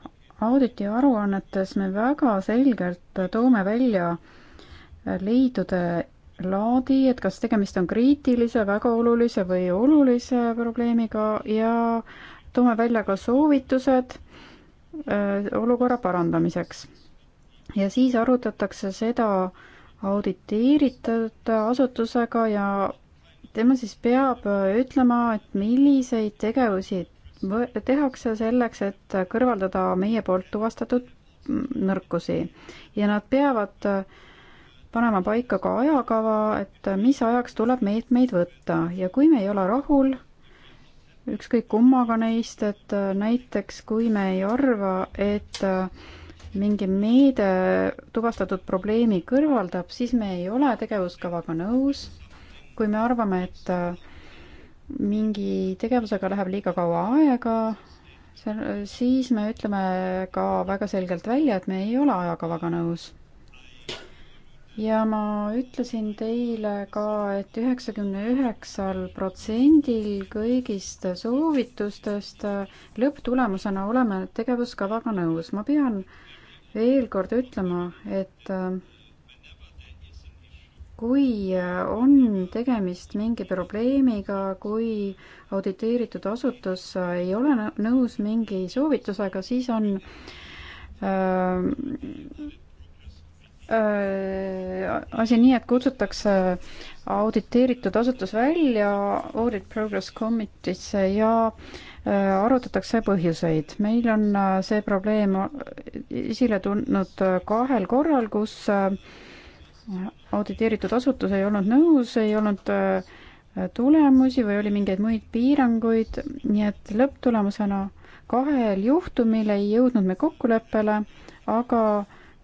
[SPEAKER 1] auditi aruannetes me väga selgelt toome välja leidude laadi, et kas tegemist on kriitilise, väga olulise või olulise probleemiga ja toome välja ka soovitused öö, äh, olukorra parandamiseks. ja siis arutatakse seda, auditeeritud asutusega ja tema siis peab ütlema, et milliseid tegevusi tehakse selleks, et kõrvaldada meie poolt tuvastatud nõrkusi ja nad peavad panema paika ka ajakava, et mis ajaks tuleb meetmeid võtta ja kui me ei ole rahul ükskõik kummaga neist, et näiteks kui me ei arva, et äh, mingi meede tuvastatud probleemi kõrvaldab, siis me ei ole tegevuskavaga nõus. kui me arvame, et äh, mingi tegevusega läheb liiga kaua aega, siis me ütleme ka väga selgelt välja, et me ei ole ajakavaga nõus. ja ma ütlesin teile ka et, et üheksakümne üheksal protsendil kõigist soovitustest äh, lõpptulemusena oleme tegevuskavaga nõus. ma pean äh, veel kord ütlema, et äh, kui äh, on tegemist mingi probleemiga, kui auditeeritud asutus äh, ei ole nõus mingi soovitusega, siis on äh, äh, asi nii, et kutsutakse auditeeritud asutus välja audit progress committee'sse ja äh, Äh, arutatakse põhjuseid. meil on äh, see probleem esile tulnud äh, kahel korral, kus auditeeritud asutus ei olnud nõus, ei olnud tulemusi või oli mingeid muid piiranguid, nii et lõpptulemusena kahel juhtumil ei jõudnud me kokkuleppele, aga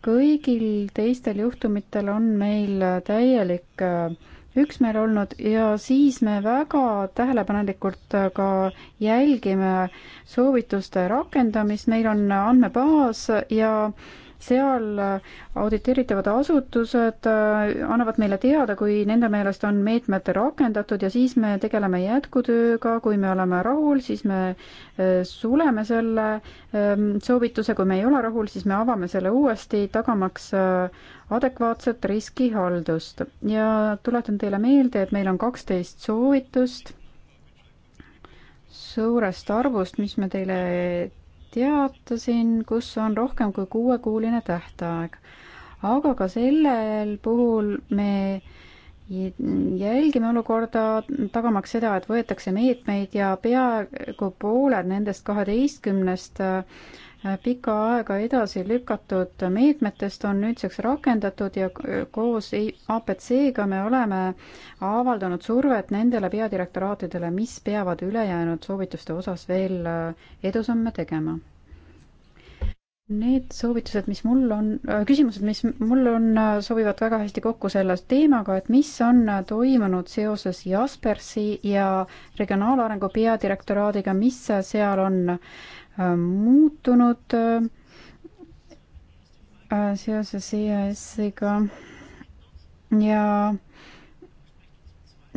[SPEAKER 1] kõigil teistel juhtumitel on meil täielik äh, üksmeel olnud ja siis me väga tähelepanelikult äh, ka jälgime soovituste rakendamist, meil on andmebaas ja äh, seal äh, auditeeritavad asutused äh, annavad meile teada, kui nende meelest on meetmed rakendatud ja siis me tegeleme jätkutööga, kui me oleme rahul, siis me äh, suleme selle ähm, soovituse, kui me ei ole rahul, siis me avame selle uuesti, tagamaks adekvaatset riskihaldust. ja tuletan teile meelde, et meil on kaksteist soovitust suurest arvust, mis me teile teatasin, kus on rohkem kui kuuekuuline tähtaeg. aga ka sellel puhul me jälgime olukorda, tagamaks seda, et võetakse meetmeid ja peaaegu pooled nendest kaheteistkümnest äh, pikka aega edasi lükatud meetmetest on nüüdseks rakendatud ja koos APC-ga me oleme avaldanud survet nendele peadirektoraatidele, mis peavad ülejäänud soovituste osas veel äh, edusamme tegema. Need soovitused, mis mul on, äh, küsimused, mis mul on, äh, sobivad väga hästi kokku selle teemaga, et mis on toimunud seoses Jaspersi ja Regionaalarengu peadirektoraadiga, mis seal on äh, Äh, muutunud äh, seoses EAS-iga ja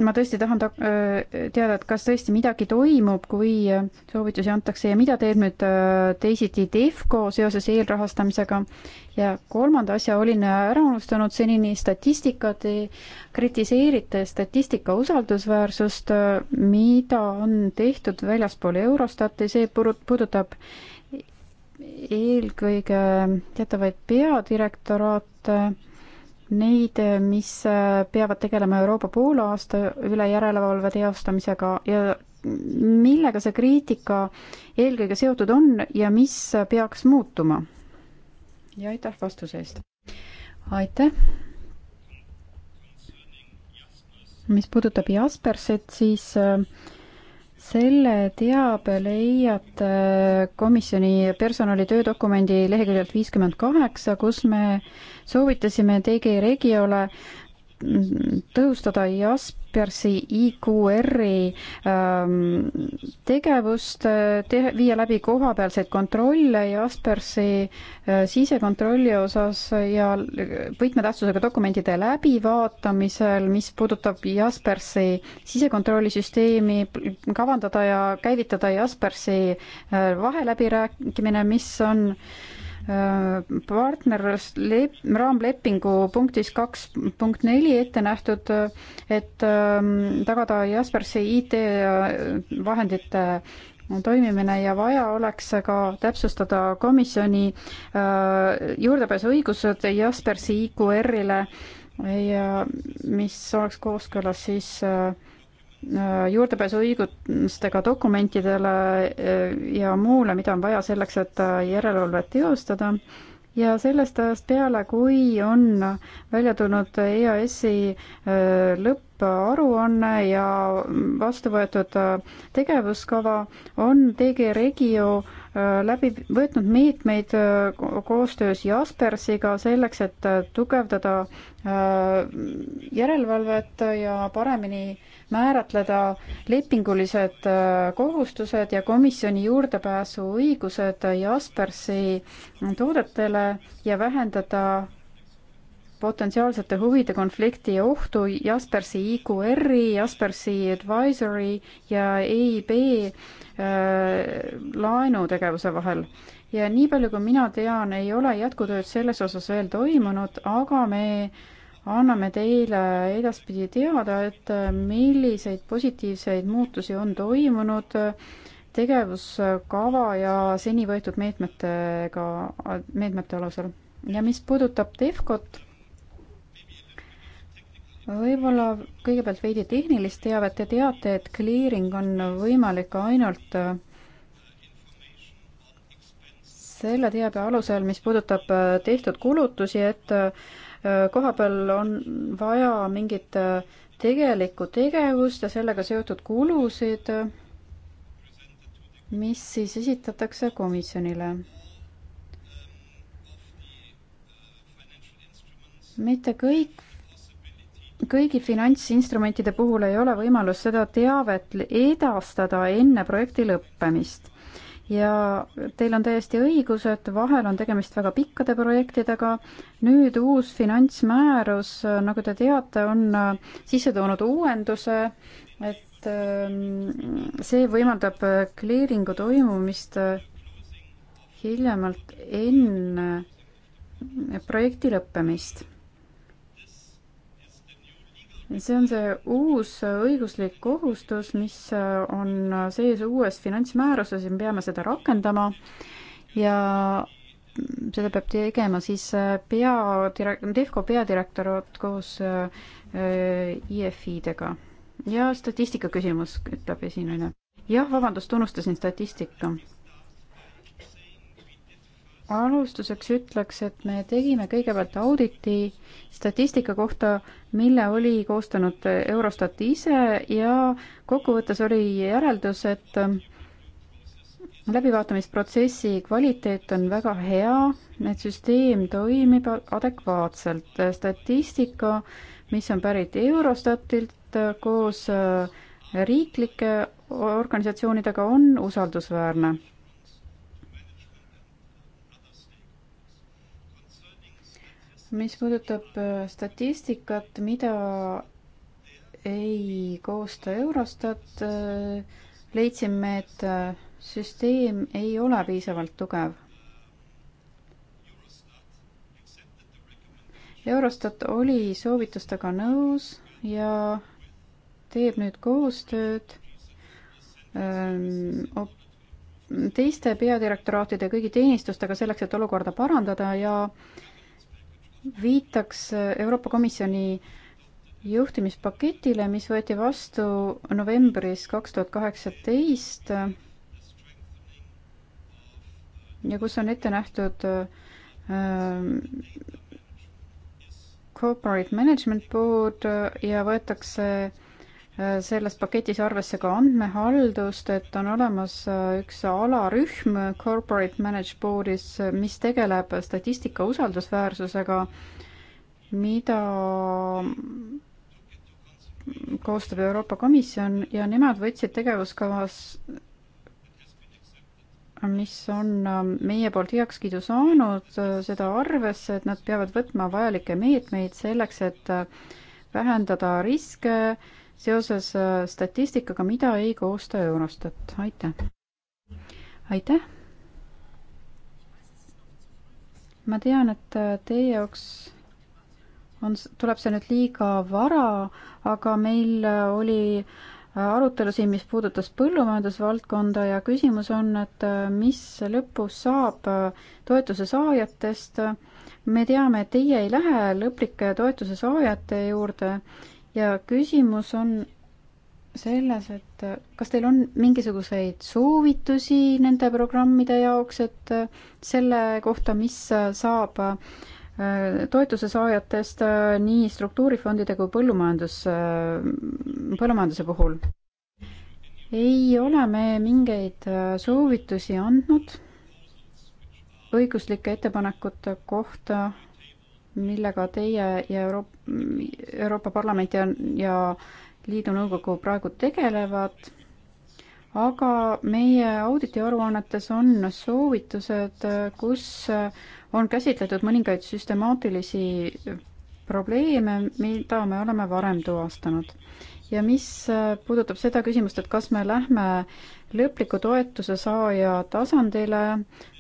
[SPEAKER 1] ma tõesti tahan ta-, teada, et kas tõesti midagi toimub, kui äh, soovitusi antakse ja mida teeb nüüd äh, teisiti DEFCO seoses eelrahastamisega ja kolmanda asja olin ära unustanud senini statistikat, kritiseerite statistika usaldusväärsust, äh, mida on tehtud väljaspool Eurostati, see puru-, puudutab eelkõige teatavaid peadirektoraate neid, mis äh, peavad tegelema Euroopa poolaasta üle järelevalve teostamisega ja millega see kriitika eelkõige seotud on ja mis peaks muutuma? ja aitäh vastuse eest! aitäh! mis puudutab Jaspersit, siis äh, selle teabe leiate äh, komisjoni personali töödokumendi leheküljelt viiskümmend kaheksa, kus me soovitasime DG Regiole äh, tõhustada Jaspersi IQR-i ähm, tegevust te, viia läbi kohapealseid kontrolle Jaspersi äh, sisekontrolli osas ja võtmetähtsusega dokumentide läbivaatamisel, mis puudutab Jaspersi sisekontrollisüsteemi, kavandada ja käivitada Jaspersi äh, vaheläbirääkimine, mis on äh, Äh, partnerlus lep-, raamlepingu punktis kaks punkt neli ette nähtud, et ähm, tagada Jaspersi IT-vahendite äh, toimimine ja vaja oleks ka täpsustada komisjoni äh, juurdepääsuõigused Jaspersi IQR-ile ja mis oleks kooskõlas siis äh, Äh, juurdepääsuõigustega dokumentidele äh, ja muule, mida on vaja selleks, et äh, järelevalvet teostada. ja sellest ajast peale, kui on välja tulnud EAS-i lõpparuanne ja vastu võetud tegevuskava, on TG Regio läbi võtnud meetmeid koostöös Jaspersiga selleks, et tugevdada Äh, järelevalvet ja paremini määratleda lepingulised äh, kohustused ja komisjoni juurdepääsuõigused Jaspersi toodetele ja vähendada potentsiaalsete huvide konflikti ohtu Jaspersi IQR-i, Jaspersi Advisory ja EIB äh, laenutegevuse vahel. ja nii palju, kui mina tean, ei ole jätkutööd selles osas veel toimunud, aga me äh, anname teile edaspidi teada, et äh, milliseid positiivseid muutusi on toimunud äh, tegevuskava ja seni võetud meetmetega, meetmete alusel. ja mis puudutab TEFCO-t, võib-olla kõigepealt veidi tehnilist teavet, te teate, et clearing on võimalik ainult äh, selle teabe alusel, mis puudutab tehtud kulutusi, et kohapeal on vaja mingit äh, tegelikku tegevust ja sellega seotud kulusid, mis siis esitatakse komisjonile. mitte kõik kõigi finantsinstrumentide puhul ei ole võimalus seda teavet edastada enne projekti lõppemist ja teil on täiesti õigus, et vahel on tegemist väga pikkade projektidega. nüüd uus finantsmäärus, nagu te teate, on äh, sisse toonud uuenduse, et ähm, see võimaldab äh, clearing'u toimumist äh, hiljemalt enne projekti lõppemist see on see uus õiguslik kohustus, mis äh, on sees uues finantsmääruses ja me peame seda rakendama ja seda peab tegema siis äh, peadirek-, Defco peadirektorat koos äh, IFI-dega. ja statistika küsimus, ütleb esimene. jah, vabandust, unustasin statistika alustuseks ütleks, et me tegime kõigepealt auditi statistika kohta, mille oli koostanud Eurostat ise ja kokkuvõttes oli järeldus, et läbivaatamisprotsessi kvaliteet on väga hea, et süsteem toimib adekvaatselt. statistika, mis on pärit Eurostatilt koos riiklike organisatsioonidega, on usaldusväärne mis puudutab äh, statistikat, mida ei koosta Eurostat, äh, leidsime, et äh, süsteem ei ole piisavalt tugev. Eurostat oli soovitustega nõus ja teeb nüüd koostööd ähm, teiste peadirektoraatide ja kõigi teenistustega selleks, et olukorda parandada ja äh, viitaks Euroopa Komisjoni juhtimispaketile, mis võeti vastu novembris kaks tuhat kaheksateist ja kus on ette nähtud ähm, corporate management board ja võetakse Äh, selles paketis arvesse ka andmehaldust, et on olemas äh, üks alarühm Corporate Manage Board'is, äh, mis tegeleb statistika usaldusväärsusega, mida koostab Euroopa Komisjon ja nemad võtsid tegevuskavas, mis on meie poolt heakskiidu saanud, seda arvesse, et nad peavad võtma vajalikke meetmeid selleks, et vähendada riske, seoses äh, statistikaga, mida ei koosta Eurostat, aitäh! aitäh! ma tean, et äh, teie jaoks on, tuleb see nüüd liiga vara, aga meil äh, oli arutelu siin, mis puudutas põllumajandusvaldkonda ja küsimus on, et mis lõpus saab toetuse saajatest. me teame, et teie ei lähe lõplike toetuse saajate juurde ja küsimus on selles, et kas teil on mingisuguseid soovitusi nende programmide jaoks, et selle kohta, mis saab äh, toetuse saajatest äh, nii struktuurifondide kui põllumajandus, äh, põllumajanduse puhul? ei ole me mingeid soovitusi andnud õiguslike ettepanekute kohta, millega teie ja Euroop-, Euroopa Parlament ja, ja liidu nõukogu praegu tegelevad, aga meie auditi aruannetes on soovitused, kus on käsitletud mõningaid süstemaatilisi probleeme, mida me oleme varem tuvastanud. ja mis puudutab seda küsimust, et kas me lähme äh, lõpliku toetuse saaja tasandile,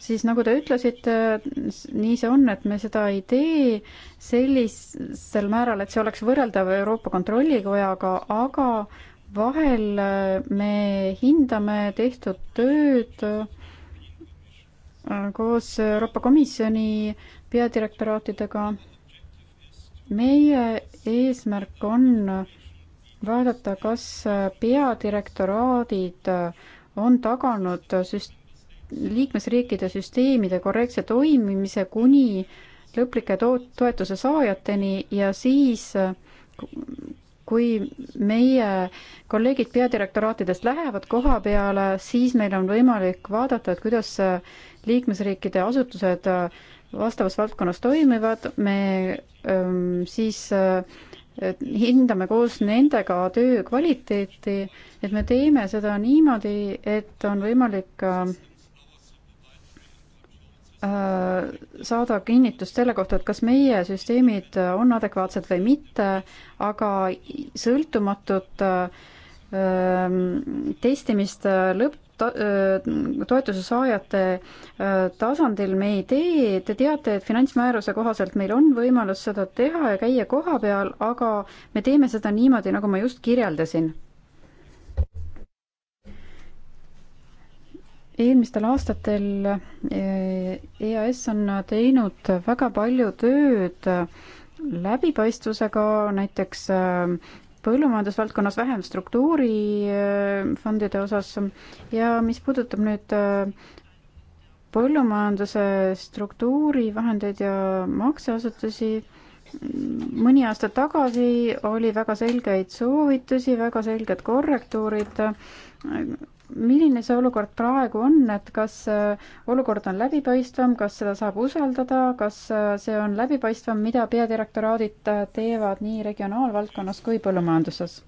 [SPEAKER 1] siis nagu te ütlesite, nii see on, et me seda ei tee sellisel määral, et see oleks võrreldav Euroopa Kontrollikojaga, aga vahel äh, me hindame tehtud tööd äh, koos Euroopa Komisjoni peadirektoraatidega. meie eesmärk on vaadata, kas äh, peadirektoraadid äh, on taganud süst-, liikmesriikide süsteemide korrektse toimimise kuni lõplike to-, toetuse saajateni ja siis kui meie kolleegid peadirektoraatidest lähevad koha peale, siis meil on võimalik vaadata, et kuidas liikmesriikide asutused vastavas valdkonnas toimivad, me öö, ähm, siis öö, äh, hindame koos nendega töö kvaliteeti, et me teeme seda niimoodi, et on võimalik äh, saada kinnitust selle kohta, et kas meie süsteemid on adekvaatsed või mitte, aga sõltumatut äh, testimist lõpp, ta, toetuse saajate tasandil me ei tee, te teate, et finantsmääruse kohaselt meil on võimalus seda teha ja käia koha peal, aga me teeme seda niimoodi, nagu ma just kirjeldasin. eelmistel aastatel EAS on teinud väga palju tööd läbipaistvusega, näiteks põllumajandusvaldkonnas, vähem struktuurifondide osas ja mis puudutab nüüd äh, põllumajanduse struktuurivahendeid ja makseasutusi, mõni aasta tagasi oli väga selgeid soovitusi, väga selged korrektuurid milline see olukord praegu on, et kas äh, olukord on läbipaistvam, kas seda saab usaldada, kas äh, see on läbipaistvam, mida peadirektoraadid äh, teevad nii regionaalvaldkonnas kui põllumajanduses?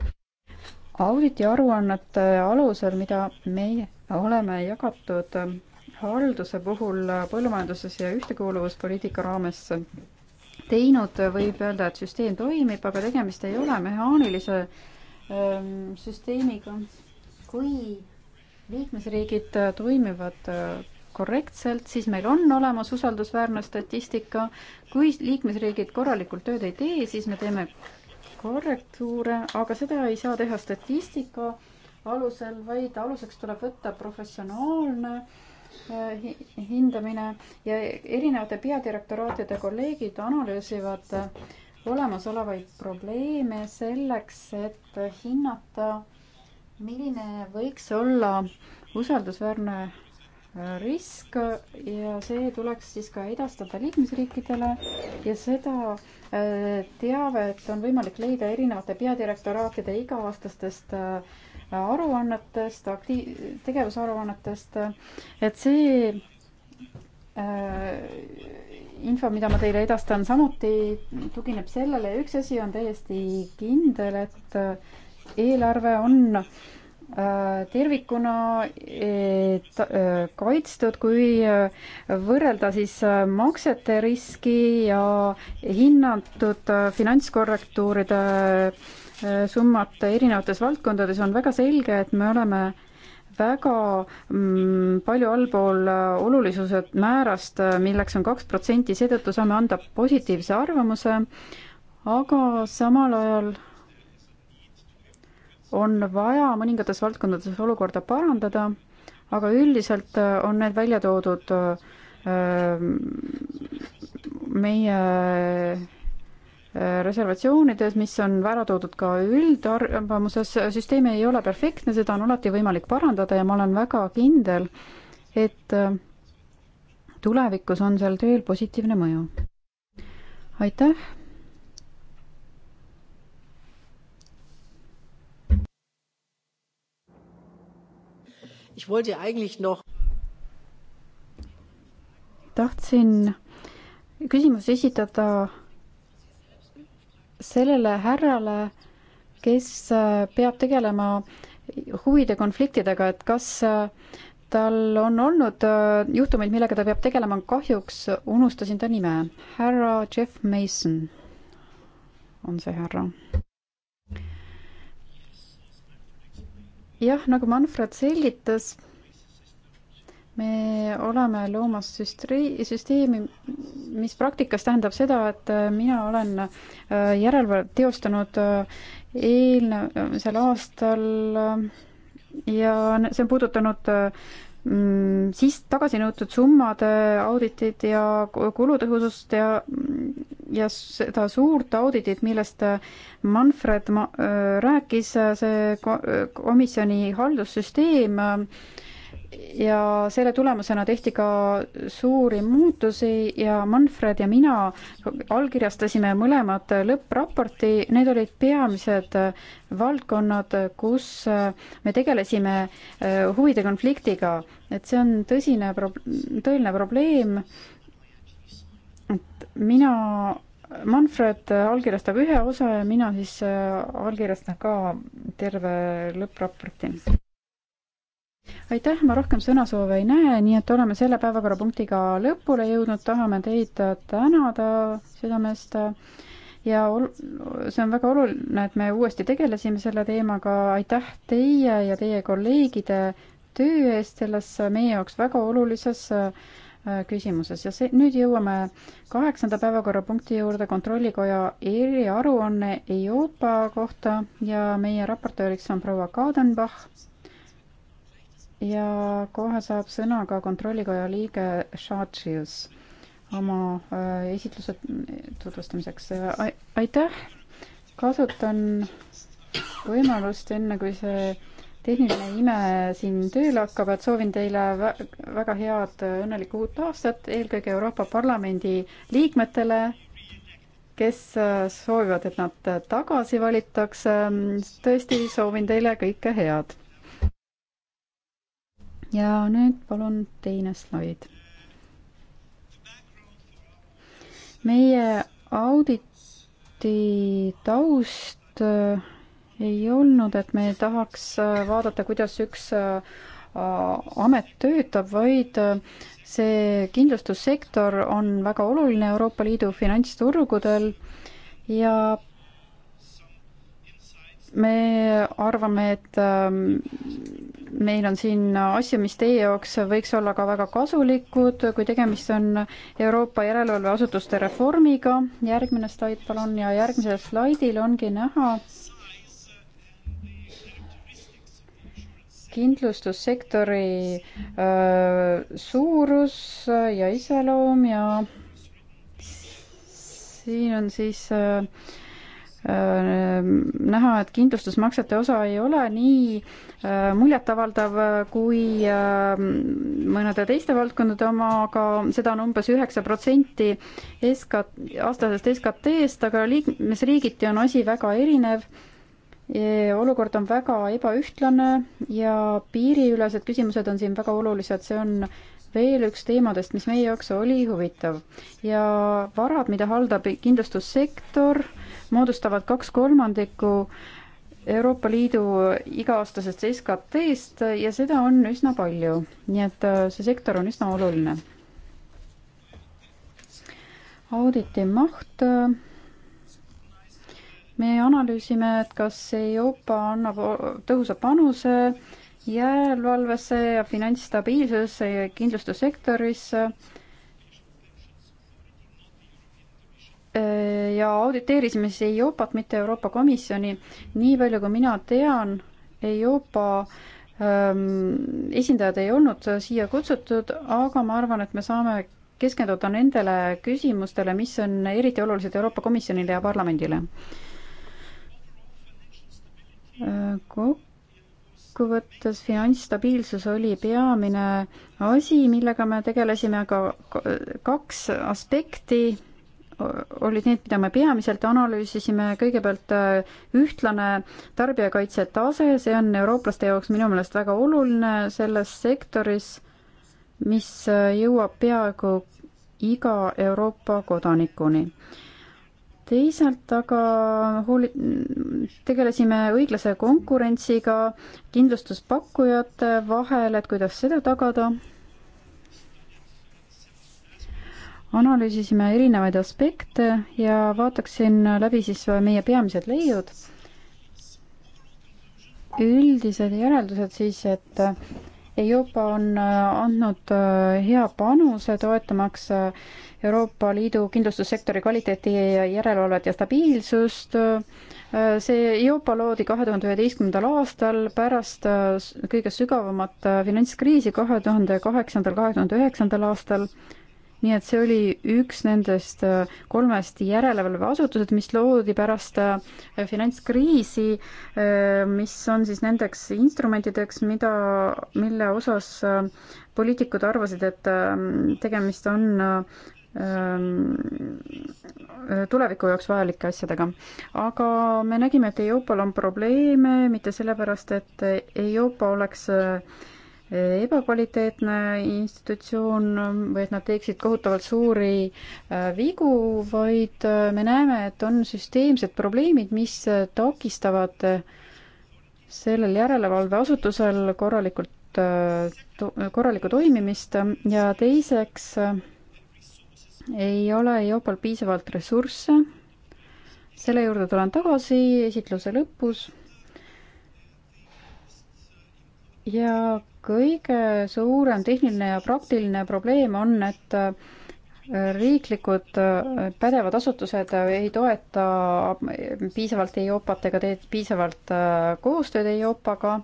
[SPEAKER 1] auditi aruannete alusel, mida meie oleme jagatud halduse puhul põllumajanduses ja ühtekuuluvuspoliitika raames teinud, võib öelda, et süsteem toimib, aga tegemist ei ole mehaanilise öö, ähm, süsteemiga. kui liikmesriigid äh, toimivad äh, korrektselt, siis meil on olemas usaldusväärne statistika. kui liikmesriigid korralikult tööd ei tee, siis me teeme korrektuure, aga seda ei saa teha statistika alusel, vaid aluseks tuleb võtta professionaalne äh, hindamine ja erinevate peadirektoraatide kolleegid analüüsivad olemasolevaid probleeme selleks, et hinnata milline võiks olla usaldusväärne äh, risk ja see tuleks siis ka edastada liikmesriikidele ja seda äh, teavet on võimalik leida erinevate peadirektoraatide iga-aastastest äh, aruannetest, aktiiv-, tegevusaruannetest, et see info, mida ma teile edastan, samuti tugineb sellele ja üks asi on täiesti kindel, et eelarve on äh, tervikuna eh, äh, kaitstud, kui äh, võrrelda siis maksete riski ja hinnatud finantskorrektuuride summat erinevates valdkondades, on väga selge, et me oleme väga mm, palju allpool olulisuse määrast, milleks on kaks protsenti, seetõttu saame anda positiivse arvamuse, aga samal ajal on vaja mõningates valdkondades olukorda parandada, aga üldiselt äh, on need välja toodud äh, meie äh, reservatsioonides, mis on ära toodud ka üldarvamuses, süsteem ei ole perfektne, seda on alati võimalik parandada ja ma olen väga kindel, et tulevikus on sel tööl positiivne mõju. aitäh, tahtsin küsimuse esitada sellele härrale, kes äh, peab tegelema huvide konfliktidega, et kas äh, tal on olnud äh, juhtumeid, millega ta peab tegelema, kahjuks unustasin ta nime. härra Jeff Mason on see härra. jah, nagu Manfred selgitas, me oleme loomas süstri-, süsteemi, mis praktikas tähendab seda, et äh, mina olen äh, järelevalvet teostanud äh, eelneval aastal ja see on puudutanud Mm, siis tagasi nõutud summade äh, auditit ja kulutõhusust ja, ja seda suurt auditit, millest äh, Manfred ma, äh, rääkis, äh, see komisjoni haldussüsteem äh, ja selle tulemusena tehti ka suuri muutusi ja Manfred ja mina allkirjastasime mõlemad lõppraporti, need olid peamised valdkonnad, kus me tegelesime äh, huvide konfliktiga, et see on tõsine pro-, tõeline probleem, et mina Manfred allkirjastab ühe osa ja mina siis äh, allkirjastan ka terve lõppraporti aitäh, ma rohkem sõnasoove ei näe, nii et oleme selle päevakorrapunktiga lõpule jõudnud, tahame teid tänada südamest ja ol-, see on väga oluline, et me uuesti tegelesime selle teemaga, aitäh teie ja teie kolleegide töö eest selles meie jaoks väga olulises äh, küsimuses ja see, nüüd jõuame kaheksanda päevakorrapunkti juurde, Kontrollikoja eriaruanne EIOPA kohta ja meie raportööriks on proua Kadenbach ja kohe saab sõna ka kontrollikoja liige Šatšius oma äh, esitluse tutvustamiseks. Äh, aitäh, kasutan võimalust, enne kui see tehniline ime siin tööle hakkab, et soovin teile väga head äh, õnnelikku uut aastat, eelkõige Euroopa Parlamendi liikmetele, kes soovivad, et nad tagasi valitaks. tõesti soovin teile kõike head ja nüüd palun teine slaid. meie auditi taust äh, ei olnud, et me tahaks äh, vaadata, kuidas üks äh, amet töötab, vaid see kindlustussektor on väga oluline Euroopa Liidu finantsturgudel ja me arvame, et ähm, meil on siin asju, mis teie jaoks võiks olla ka väga kasulikud, kui tegemist on Euroopa järelevalveasutuste reformiga. järgmine slaid palun ja järgmisel slaidil ongi näha kindlustussektori öö, äh, suurus ja iseloom ja siin on siis öö, äh, Äh, näha, et kindlustusmaksete osa ei ole nii äh, muljetavaldav kui äh, mõnede teiste valdkondade oma, aga seda on umbes üheksa protsenti SK, aastasest SKT-st, aga liikmesriigiti on asi väga erinev. olukord on väga ebaühtlane ja piiriülesed küsimused on siin väga olulised, see on veel üks teemadest, mis meie jaoks oli huvitav ja varad, mida haldab kindlustussektor äh,, moodustavad kaks kolmandikku Euroopa Liidu iga-aastasest SKT-st ja seda on üsna palju, nii et äh, see sektor on üsna oluline. auditi maht. Äh, me analüüsime, et kas Euroopa annab tõhusa panuse järelevalvesse ja finantsstabiilsusesse ja kindlustussektorisse Äh, ja auditeerisime siis EIOPA-t, mitte Euroopa Komisjoni. nii palju, kui mina tean, EIOPA ähm, esindajad ei olnud siia kutsutud, aga ma arvan, et me saame keskenduda nendele küsimustele, mis on eriti olulised Euroopa Komisjonile ja parlamendile. Äh, kokkuvõttes finantsstabiilsus oli peamine asi, millega me tegelesime, aga kaks aspekti olid need, mida me peamiselt analüüsisime, kõigepealt äh, ühtlane tarbijakaitse tase, see on eurooplaste jaoks minu meelest väga oluline selles sektoris, mis äh, jõuab peaaegu iga Euroopa kodanikuni. teisalt aga hooli-, tegelesime õiglase konkurentsiga kindlustuspakkujate vahel, et kuidas seda tagada analüüsisime erinevaid aspekte ja vaataksin läbi siis meie peamised leiud. üldised järeldused siis, et Euroopa on andnud äh, hea panuse toetamaks äh, Euroopa Liidu kindlustussektori kvaliteeti järelevalvet ja stabiilsust. Äh, see Euroopa loodi kahe tuhande üheteistkümnendal aastal pärast kõige sügavamat finantskriisi kahe tuhande kaheksandal, kahe tuhande üheksandal aastal nii et see oli üks nendest äh, kolmest järelevalveasutused, mis loodi pärast äh, finantskriisi, äh, mis on siis nendeks instrumentideks, mida, mille osas poliitikud arvasid, et ähm, tegemist on ähm, tuleviku jaoks vajalike asjadega. aga me nägime, et Euroopal on probleeme, mitte sellepärast, et Euroopa oleks äh, ebakvaliteetne institutsioon või et nad teeksid kohutavalt suuri äh, vigu, vaid äh, me näeme, et on süsteemsed probleemid, mis takistavad äh, sellel järelevalveasutusel korralikult, korralikku toimimist ja teiseks ei ole Euroopal piisavalt ressursse. selle juurde tulen tagasi esitluse lõpus ja kõige suurem tehniline ja praktiline probleem on, et äh, riiklikud äh, pädevad asutused äh, ei toeta piisavalt EIOPA-t ega tee piisavalt koostööd EIOPA-ga,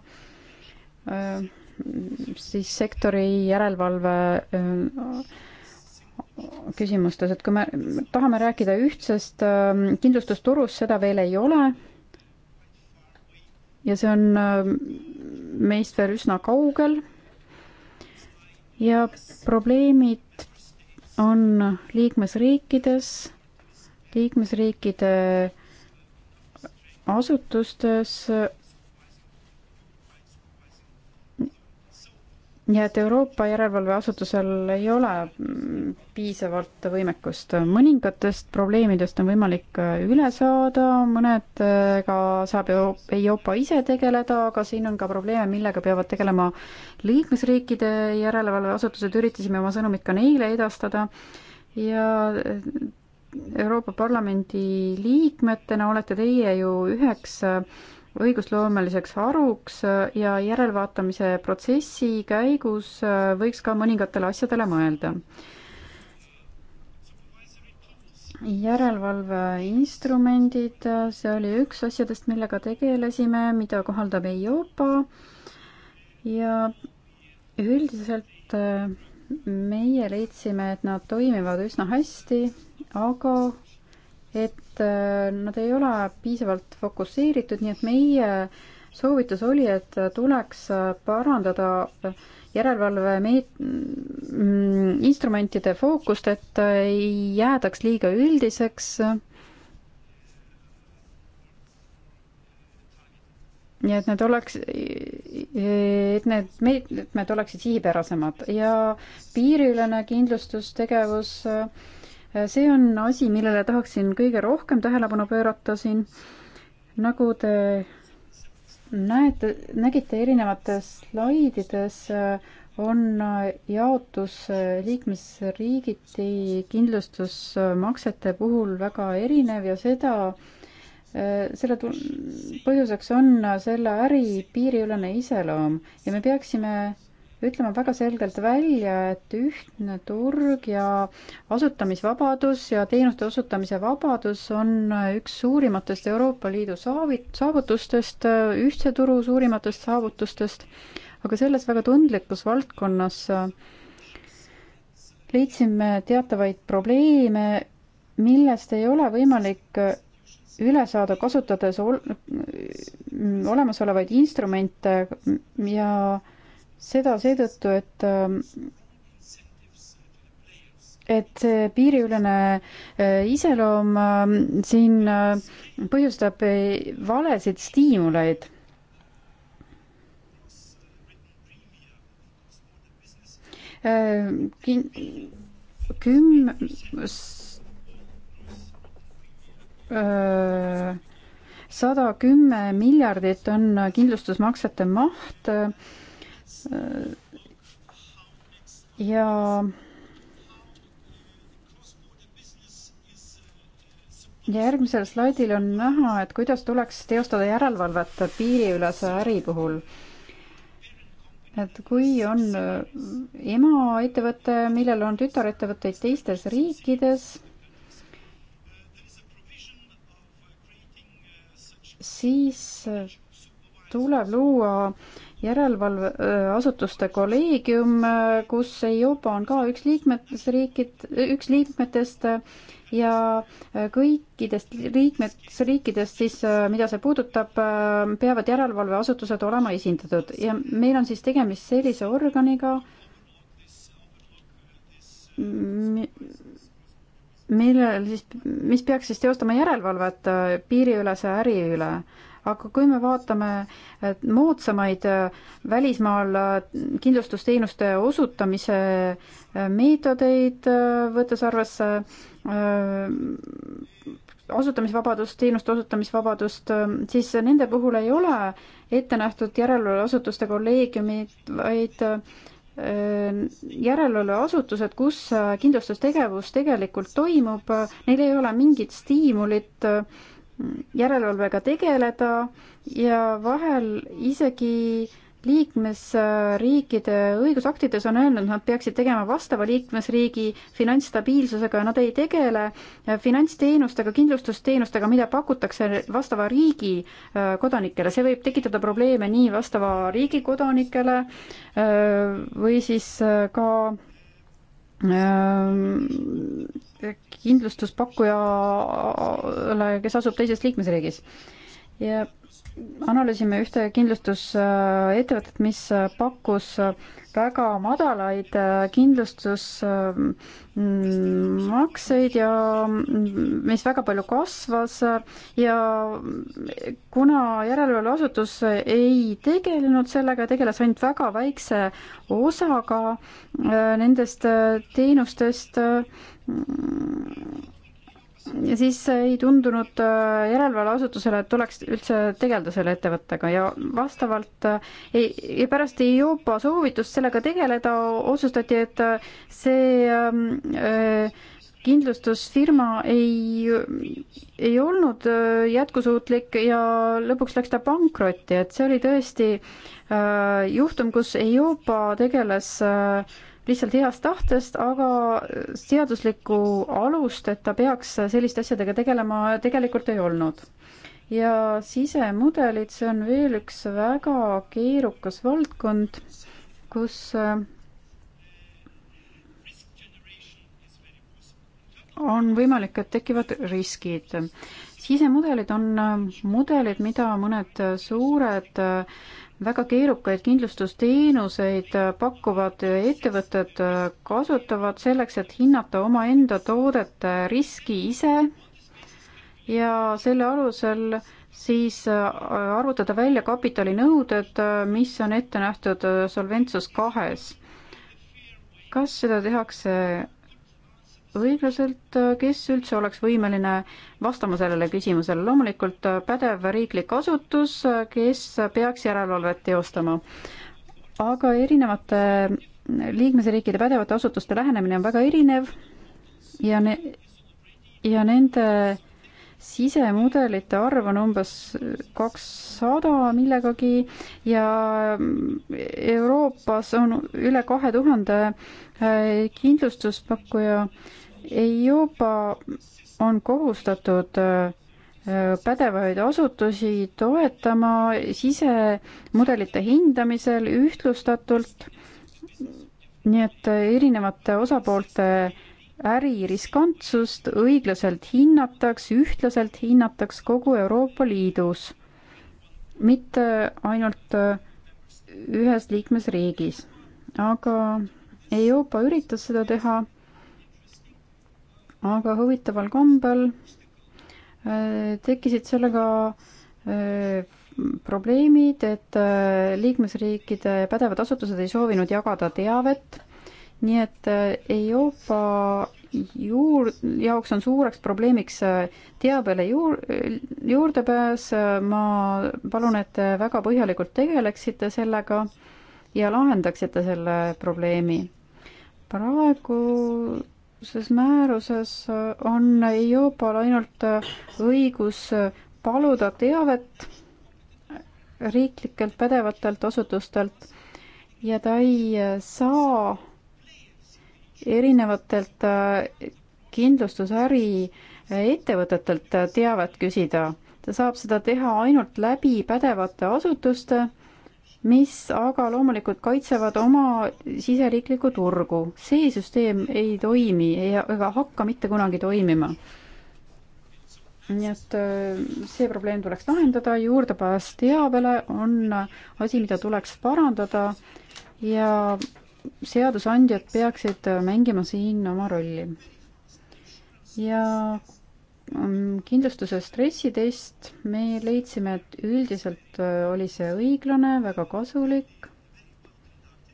[SPEAKER 1] siis sektori järelevalve küsimustes, et kui me tahame rääkida ühtsest kindlustusturust, seda veel ei ole ja see on ähm, meist veel üsna kaugel. ja probleemid on liikmesriikides, liikmesriikide asutustes ja et Euroopa järelevalveasutusel ei ole mm, piisavalt võimekust. mõningatest probleemidest on võimalik äh, üle saada, mõnedega saab Euroopa ise tegeleda, aga siin on ka probleeme, millega peavad tegelema liikmesriikide järelevalveasutused, üritasime oma sõnumit ka neile edastada ja äh, Euroopa Parlamendi liikmetena olete teie ju üheks äh, õigusloomeliseks haruks ja järelvaatamise protsessi käigus võiks ka mõningatele asjadele mõelda. järelevalveinstrumendid, see oli üks asjadest, millega tegelesime, mida kohaldab EIOPA ja üldiselt äh, meie leidsime, et nad toimivad üsna hästi, aga et äh, nad ei ole piisavalt fokusseeritud, nii et meie soovitus oli, et tuleks parandada järelevalve meet-, mm, instrumentide fookust, et ei jäädaks liiga üldiseks. nii et need oleks, et need meetmed oleksid sihipärasemad ja piiriülene kindlustustegevus äh, see on asi, millele tahaksin kõige rohkem tähelepanu pöörata siin. nagu te näete, nägite erinevates slaidides, on jaotus liikmesriigiti kindlustusmaksete puhul väga erinev ja seda selle põhjuseks on selle äri piiriülene iseloom ja me peaksime ütlema väga selgelt välja, et ühtne turg ja asutamisvabadus ja teenuste osutamise vabadus on üks suurimatest Euroopa Liidu saavit-, saavutustest, ühtse turu suurimatest saavutustest, aga selles väga tundlikus valdkonnas äh, leidsime teatavaid probleeme, millest ei ole võimalik üle saada, kasutades ol-, mm, olemasolevaid instrumente ja äh, seda seetõttu, et ähm, et see piiriülene äh, iseloom ähm, siin äh, põhjustab äh, valesid stiimuleid. Kin-, küm-, sada kümme miljardit on kindlustusmaksete maht ja ja järgmisel slaidil on näha, et kuidas tuleks teostada järelevalvet piiriülese äri puhul. et kui on äh, emaettevõte, millel on tütarettevõtteid teistes riikides, siis äh, tuleb luua äh, järelevalveasutuste kolleegium, kus EIOPA on ka üks liikmesriikid, üks liikmetest ja kõikidest liikmesriikidest siis, mida see puudutab, peavad järelevalveasutused olema esindatud ja meil on siis tegemist sellise organiga, millel siis, mis peaks siis teostama järelevalvet piiriülese äri üle aga kui me vaatame moodsamaid äh, välismaal äh, kindlustusteenuste osutamise äh, meetodeid, võttes arvesse asutamisvabadust, teenuste osutamisvabadust, siis nende puhul ei ole ette nähtud järelevalveasutuste kolleegiumid, vaid järelevalveasutused, kus kindlustustegevus tegelikult toimub, neil ei ole mingit stiimulit äh, järelevalvega tegeleda ja vahel isegi liikmesriikide õigusaktides on öelnud, nad peaksid tegema vastava liikmesriigi finantsstabiilsusega ja nad ei tegele finantsteenustega, kindlustusteenustega, mida pakutakse vastava riigi äh, kodanikele. see võib tekitada probleeme nii vastava riigi kodanikele äh, või siis äh, ka kindlustuspakkujale, kes asub teises liikmesriigis. ja analüüsime ühte kindlustusettevõtet, mis pakkus väga madalaid kindlustusmakseid ja mis väga palju kasvas ja kuna järelevalveasutus ei tegelenud sellega, tegeles ainult väga väikse osaga äh, nendest teenustest, äh, ja siis ei tundunud äh, järelevalveasutusele, et tuleks üldse tegeleda selle ettevõttega ja vastavalt äh, ei, ja pärast Euroopa soovitust sellega tegeleda otsustati, et äh, see ähm, äh, kindlustusfirma ei, ei olnud jätkusuutlik ja lõpuks läks ta pankrotti, et see oli tõesti äh, juhtum, kus Euroopa tegeles äh, lihtsalt heast tahtest, aga seaduslikku alust, et ta peaks selliste asjadega tegelema, tegelikult ei olnud. ja sisemudelid, see on veel üks väga keerukas valdkond, kus äh, on võimalik, et tekivad riskid. sisemudelid on äh, mudelid, mida mõned suured äh, väga keerukaid kindlustusteenuseid pakkuvad ettevõtted kasutavad selleks, et hinnata omaenda toodete riski ise ja selle alusel siis arvutada välja kapitalinõuded, mis on ette nähtud Solventsus kahes. kas seda tehakse õiglaselt, äh, kes üldse oleks võimeline vastama sellele küsimusele. loomulikult äh, pädev riiklik asutus, äh, kes peaks järelevalvet teostama. aga erinevate liikmesriikide pädevate asutuste lähenemine on väga erinev ja ne-, ja nende sisemudelite arv on umbes kakssada millegagi ja Euroopas on üle kahe tuhande kindlustuspakkuja juba on kohustatud äh, pädevaid asutusi toetama sisemudelite hindamisel ühtlustatult, nii et erinevate osapoolte äri riskantsust õiglaselt hinnataks, ühtlaselt hinnataks kogu Euroopa Liidus, mitte ainult äh, ühes liikmesriigis. aga Euroopa üritas seda teha aga huvitaval kombel äh, tekkisid sellega äh, probleemid, et äh, liikmesriikide pädevad asutused ei soovinud jagada teavet, nii et Euroopa juur-, jaoks on suureks probleemiks teabele juur-, juurdepääs, ma palun, et te väga põhjalikult tegeleksite sellega ja lahendaksite selle probleemi. praegu praeguses määruses äh, on Euroopal ainult äh, õigus äh, paluda teavet riiklikelt pädevatelt asutustelt ja ta ei saa erinevatelt kindlustusäri ettevõtetelt teavet küsida. ta saab seda teha ainult läbi pädevate asutuste mis aga loomulikult kaitsevad oma siseriiklikku turgu. see süsteem ei toimi ega hakka mitte kunagi toimima. nii et äh, see probleem tuleks lahendada, juurdepääs teabele on asi, mida tuleks parandada ja seadusandjad peaksid mängima siin oma rolli. ja kindlustuse stressitest me leidsime, et üldiselt äh, oli see õiglane, väga kasulik,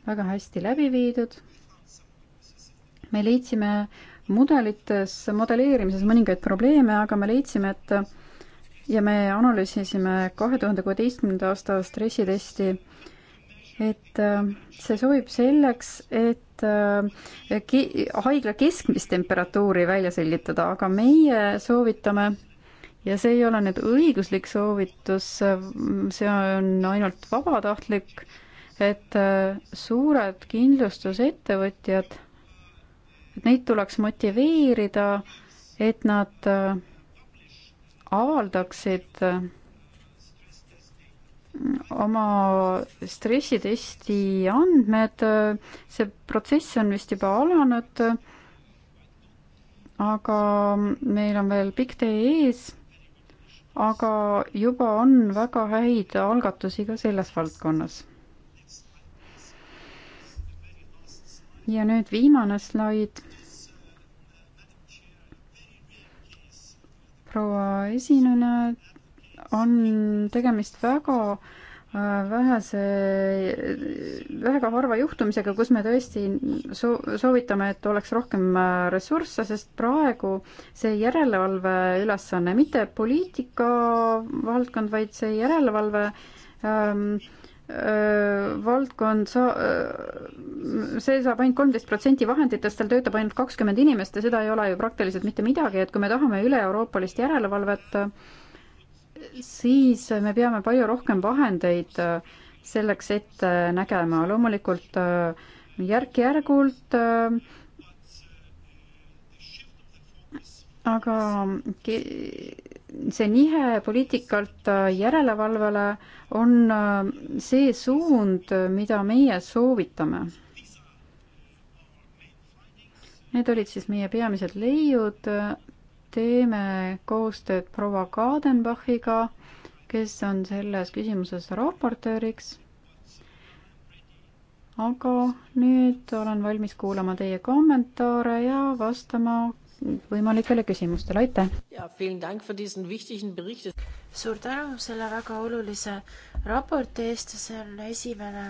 [SPEAKER 1] väga hästi läbi viidud. me leidsime mudelites, modelleerimises mõningaid probleeme, aga me leidsime, et ja me analüüsisime kahe tuhande kuueteistkümnenda aasta stressitesti et äh, see sobib selleks, et äh, ke haigla keskmist temperatuuri välja selgitada, aga meie soovitame ja see ei ole nüüd õiguslik soovitus, see on ainult vabatahtlik, et äh, suured kindlustusettevõtjad, et neid tuleks motiveerida, et nad avaldaksid oma stressitesti andmed, see protsess on vist juba alanud, aga meil on veel pikk tee ees, aga juba on väga häid algatusi ka selles valdkonnas. ja nüüd viimane slaid. proua esinejad on tegemist väga äh, vähese, väga harva juhtumisega, kus me tõesti soo-, soovitame, et oleks rohkem äh, ressursse, sest praegu see järelevalve ülesanne, mitte poliitika valdkond, vaid see järelevalve ähm, äh, valdkond saa-, see saab ainult kolmteist protsenti vahenditest, seal töötab ainult kakskümmend inimest ja seda ei ole ju praktiliselt mitte midagi, et kui me tahame üle-euroopalist järelevalvet äh,, siis me peame palju rohkem vahendeid äh, selleks ette äh, nägema, loomulikult äh, järk-järgult, aga see nihe poliitikalt järelevalvele on see suund, mida meie soovitame. Need olid siis meie peamised leiud teeme koostööd proua Kadenbachiga, kes on selles küsimuses raportööriks. aga nüüd olen valmis kuulama teie kommentaare ja vastama võimalikele küsimustele, aitäh!
[SPEAKER 3] suur tänu selle väga olulise raporti eest ja see on esimene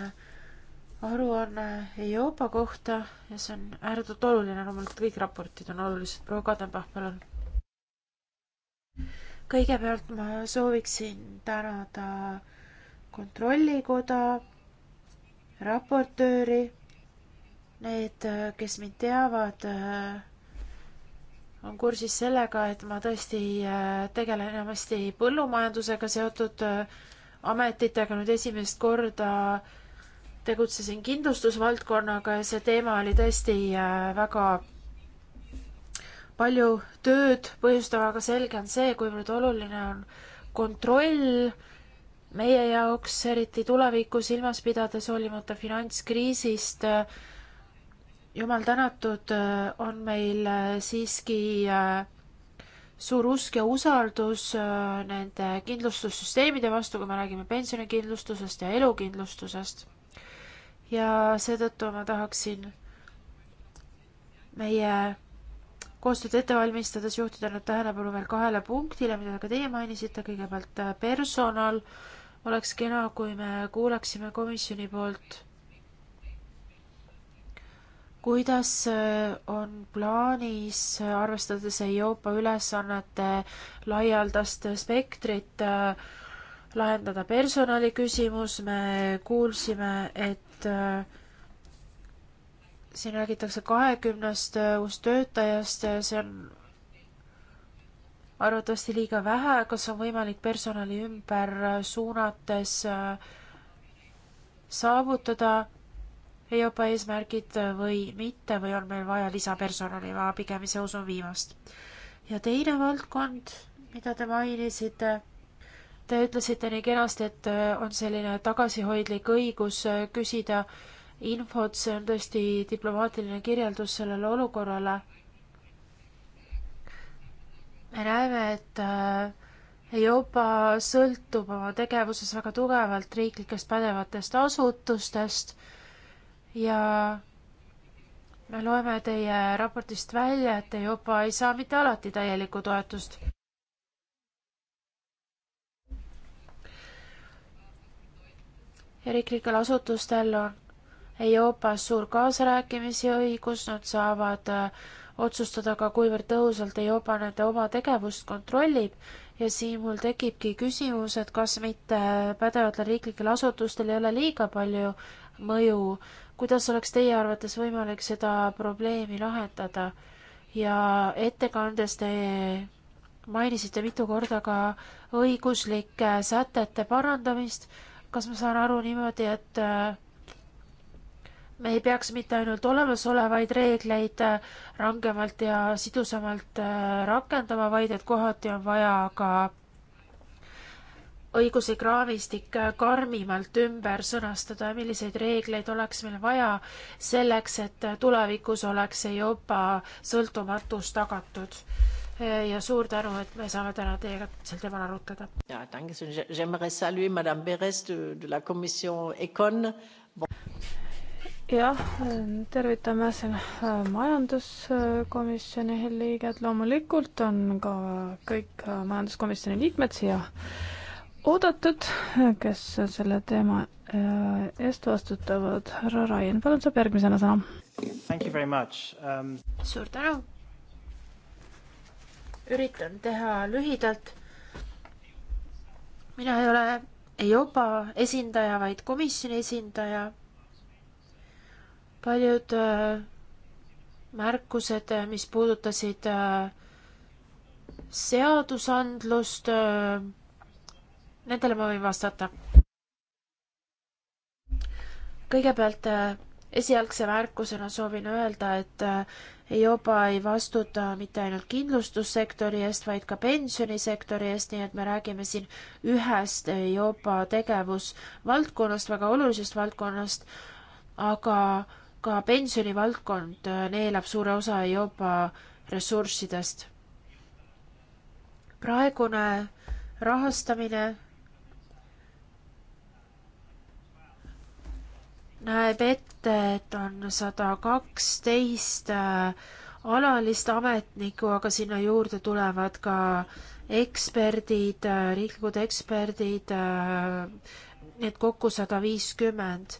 [SPEAKER 3] aruanne Euroopa kohta ja see on ääretult oluline, loomulikult kõik raportid on olulised, proua Kadenbach, palun! kõigepealt ma sooviksin tänada kontrollikoda, raportööri, need, kes mind teavad, on kursis sellega, et ma tõesti äh, tegelen enamasti põllumajandusega seotud äh, ametitega, nüüd esimest korda tegutsesin kindlustusvaldkonnaga ja see teema oli tõesti äh, väga palju tööd põhjustav, aga selge on see, kuivõrd oluline on kontroll meie jaoks, eriti tulevikku silmas pidades, hoolimata finantskriisist. jumal tänatud, on meil siiski äh, suur usk ja usaldus äh, nende kindlustussüsteemide vastu, kui me räägime pensionikindlustusest ja elukindlustusest. ja seetõttu ma tahaksin meie koostööd ette valmistades juhtida nüüd tähelepanu veel kahele punktile, mida ka teie mainisite, kõigepealt äh, personal. oleks kena, kui me kuuleksime komisjoni poolt, kuidas äh, on plaanis, äh, arvestades Euroopa ülesannete laialdast spektrit, lahendada personaliküsimus, me kuulsime, et äh, siin räägitakse kahekümnest äh, uustöötajast, äh, see on arvatavasti liiga vähe, kas on võimalik personali ümber äh, suunates saavutada EIOPA eesmärgid või mitte või on meil vaja lisapersonali, ma pigem ise usun viimast. ja teine valdkond, mida te mainisite, te ütlesite nii kenasti, et on selline tagasihoidlik õigus küsida äh, infot, see on tõesti diplomaatiline kirjeldus sellele olukorrale. me näeme, et äh, Euroopa sõltub oma tegevuses väga tugevalt riiklikest pädevatest asutustest ja me loeme teie raportist välja, et Euroopa ei saa mitte alati täielikku toetust. ja riiklikel asutustel on EIOPA-s suur kaasarääkimise õigus, nad saavad äh, otsustada ka, kuivõrd tõhusalt EIOPA nende oma tegevust kontrollib ja siin mul tekibki küsimus, et kas mitte pädevatel riiklikel asutustel ei ole liiga palju mõju, kuidas oleks teie arvates võimalik seda probleemi lahendada? ja ettekandes te mainisite mitu korda ka õiguslike sätete parandamist, kas ma saan aru niimoodi, et äh, me ei peaks mitte ainult olemasolevaid reegleid äh, rangemalt ja sidusamalt äh, rakendama, vaid et kohati on vaja ka õiguslik raamistik äh, karmimalt ümber sõnastada ja milliseid reegleid oleks meil vaja selleks, et tulevikus oleks Euroopa sõltumatus tagatud. ja suur tänu, et me saame täna teiega sel teemal arutleda. ja, tänke,
[SPEAKER 2] j'aimerais saluer madame Beres de, de la commission Econ bon
[SPEAKER 4] jah, tervitame siin äh, majanduskomisjoni liiget, loomulikult on ka kõik äh, majanduskomisjoni liikmed siia oodatud, kes selle teema äh, eest vastutavad. härra Rain, palun saab järgmisena sõna.
[SPEAKER 3] Um... suur tänu. üritan teha lühidalt. mina ei ole EIOPA esindaja, vaid komisjoni esindaja paljud äh, märkused, äh, mis puudutasid äh, seadusandlust, nendele ma võin vastata. kõigepealt esialgse märkusena soovin öelda, et EIOPA ei vastuta mitte ainult kindlustussektori eest, vaid ka pensionisektori eest, nii et me räägime siin ühest EIOPA tegevusvaldkonnast, väga olulisest valdkonnast, aga äh, ka pensionivaldkond äh, neelab suure osa Euroopa ressurssidest. praegune rahastamine näeb ette, et on sada kaksteist äh, alalist ametnikku, aga sinna juurde tulevad ka eksperdid, äh, riiklikud eksperdid, nii et kokku sada viiskümmend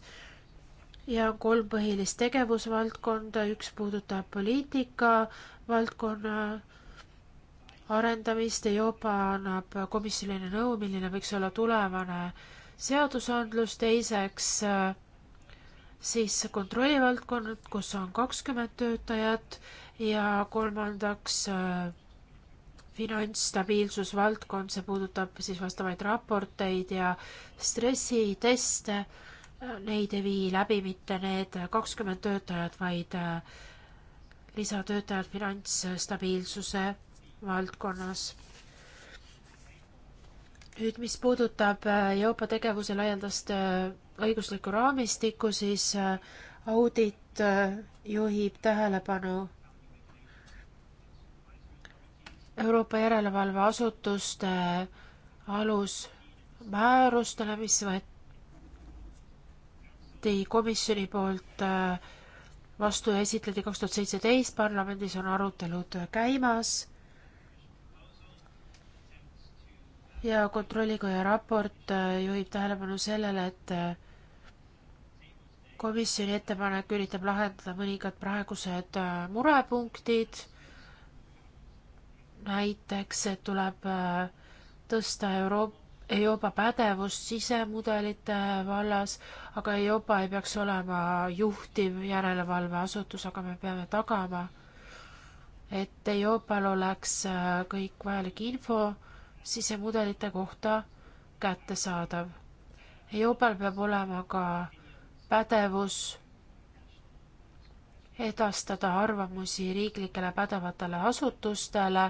[SPEAKER 3] ja kolm põhilist tegevusvaldkonda, üks puudutab poliitika valdkonna arendamist, Euroopa annab komisjonile nõu, milline võiks olla tulevane seadusandlus, teiseks siis kontrollivaldkond, kus on kakskümmend töötajat ja kolmandaks finantsstabiilsusvaldkond, see puudutab siis vastavaid raporteid ja stressiteste neid ei vii läbi mitte need kakskümmend töötajat, vaid äh, lisatöötajad finantsstabiilsuse valdkonnas. nüüd, mis puudutab äh, Euroopa tegevuse laialdast äh, õiguslikku raamistikku, siis audit juhib tähelepanu Euroopa järelevalveasutuste alusmäärustele, mis võeti võeti komisjoni poolt äh, vastu ja esitleti kaks tuhat seitseteist, parlamendis on arutelud käimas. ja kontrollikoja raport äh, juhib tähelepanu sellele, et äh, komisjoni ettepanek üritab lahendada mõningad praegused murepunktid. näiteks, et tuleb tõsta Euroopa EIOPA pädevus sisemudelite vallas, aga EIOPA ei peaks olema juhtiv järelevalveasutus, aga me peame tagama, et EIOPA-l oleks äh, kõik vajalik info sisemudelite kohta kättesaadav. EIOPA-l peab olema ka pädevus edastada arvamusi riiklikele pädevatele asutustele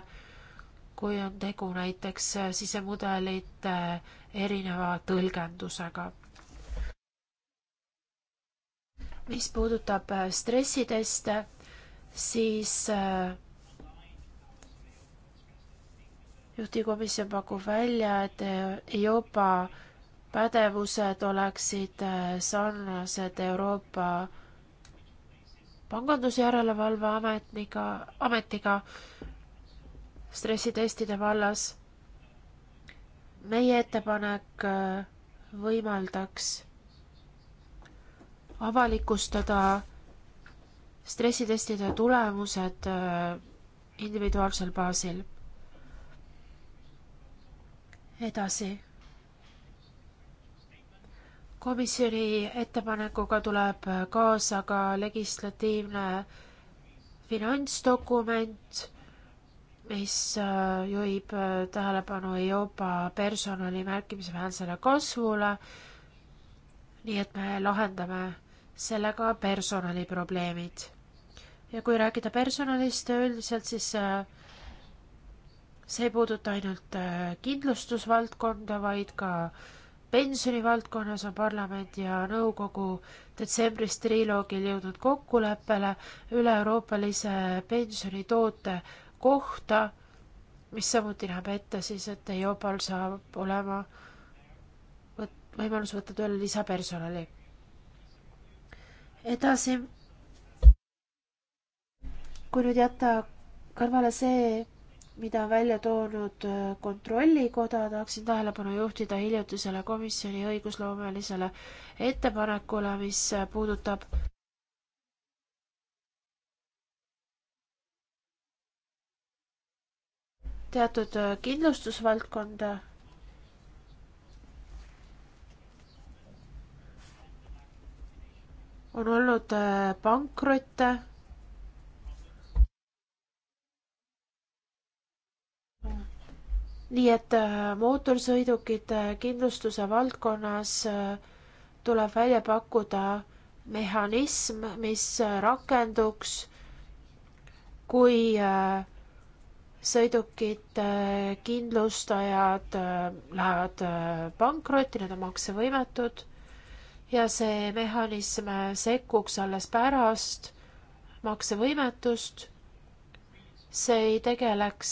[SPEAKER 3] kui on tegu näiteks äh, sisemudelite äh, erineva tõlgendusega. mis puudutab äh, stressiteste, siis juhtivkomisjon pakub välja, et Euroopa pädevused oleksid sarnased Euroopa pangandusjärelevalve ametniga, ametiga stressitestide vallas. meie ettepanek äh, võimaldaks avalikustada stressitestide tulemused äh, individuaalsel baasil. edasi. komisjoni ettepanekuga tuleb kaasa ka legislatiivne finantsdokument mis äh, juhib äh, tähelepanu Euroopa personali märkimisväärsele kasvule. nii et me lahendame sellega personaliprobleemid. ja kui rääkida personalist üldiselt, siis äh, see ei puuduta ainult kindlustusvaldkonda, vaid ka pensionivaldkonnas on parlament ja nõukogu detsembris triloogil jõudnud kokkuleppele üle-euroopalise pensionitoote kohta, mis samuti näeb ette siis, et EIOPA-l saab olema võt-, võimalus võtta tööle lisapersonali. edasi, kui nüüd jätta kõrvale see, mida on välja toonud äh, Kontrollikoda, tahaksin tähelepanu juhtida hiljutisele komisjoni õigusloomelisele ettepanekule, mis äh, puudutab teatud äh, kindlustusvaldkonda. on olnud äh, pankrotte. nii et äh, mootorsõidukite kindlustuse valdkonnas tuleb välja pakkuda mehhanism, mis rakenduks, kui äh, sõidukite äh, kindlustajad äh, lähevad äh, pankrotti, need on maksevõimetud ja see mehhanism sekkuks alles pärast maksevõimetust. see ei tegeleks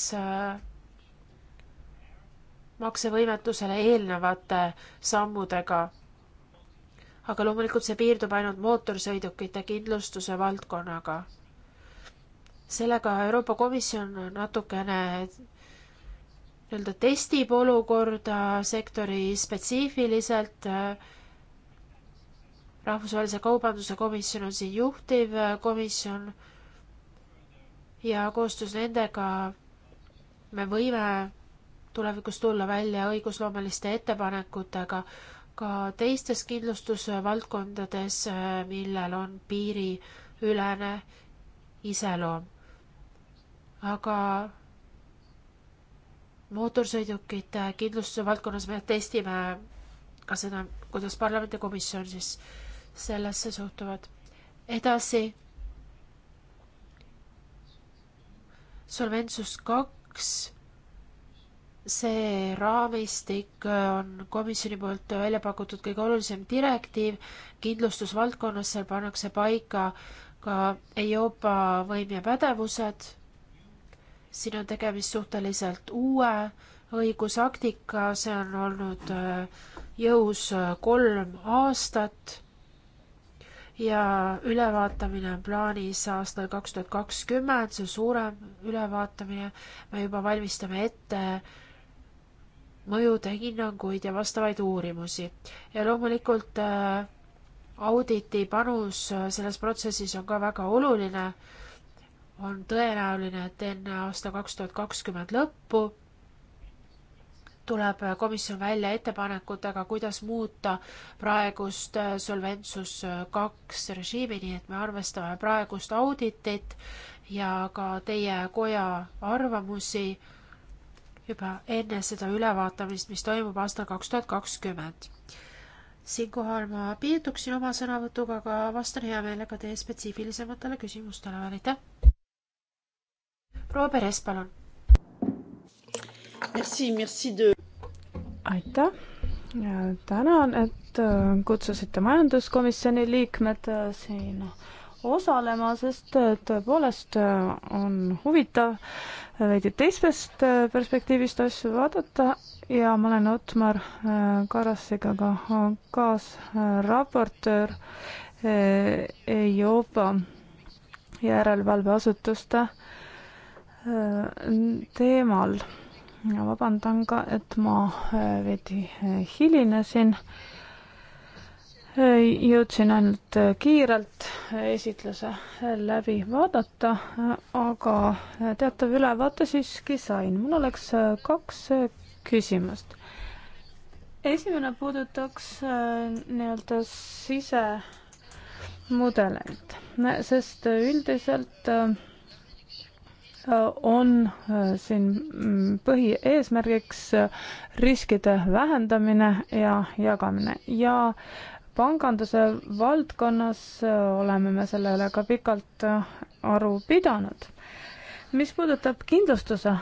[SPEAKER 3] maksevõimetusele eelnevate sammudega. aga loomulikult see piirdub ainult mootorsõidukite kindlustuse valdkonnaga sellega Euroopa Komisjon natukene nii-öelda testib olukorda sektori spetsiifiliselt. rahvusvahelise kaubanduse komisjon on siin juhtiv komisjon ja koostöös nendega me võime tulevikus tulla välja õigusloomeliste ettepanekutega ka teistes kindlustusvaldkondades, millel on piiriülene iseloom aga mootorsõidukite kindlustuse valdkonnas me testime ka seda, kuidas parlamendikomisjon siis sellesse suhtuvad. edasi. solventsus kaks. see raamistik on komisjoni poolt välja pakutud kõige olulisem direktiiv kindlustusvaldkonnas, seal pannakse paika ka EIOPA võim ja pädevused siin on tegemist suhteliselt uue õigusaktiga, see on olnud äh, jõus äh, kolm aastat ja ülevaatamine on plaanis aastal kaks tuhat kakskümmend, see suurem ülevaatamine, me juba valmistame ette mõjude hinnanguid ja vastavaid uurimusi. ja loomulikult äh, auditi panus selles protsessis on ka väga oluline on tõenäoline, et enne aasta kaks tuhat kakskümmend lõppu tuleb komisjon välja ettepanekutega, kuidas muuta praegust Solventsus kaks režiimi, nii et me arvestame praegust auditit ja ka teie koja arvamusi juba enne seda ülevaatamist, mis toimub aastal kaks tuhat kakskümmend. siinkohal ma piirduksin oma sõnavõtuga, aga vastan hea meelega teie spetsiifilisematele küsimustele, aitäh! proua Peres, palun. aitäh,
[SPEAKER 4] tänan, et äh, kutsusite majanduskomisjoni liikmed äh, siin osalema, sest äh, tõepoolest on huvitav veidi teisest perspektiivist asju vaadata ja ma olen Otmar Karasiga ka kaasraportöör Euroopa järelevalveasutuste äh, Äh, teemal. ja vabandan ka, et ma äh, veidi äh, hilinesin. jõudsin ainult kiirelt esitluse läbi vaadata, aga teatav ülevaate siiski sain. mul oleks kaks küsimust. esimene puudutaks nii-öelda sise mudeleid, sest üldiselt äh, on äh, siin mm, põhieesmärgiks äh, riskide vähendamine ja jagamine ja panganduse valdkonnas äh, oleme me selle üle ka pikalt aru pidanud. mis puudutab kindlustuse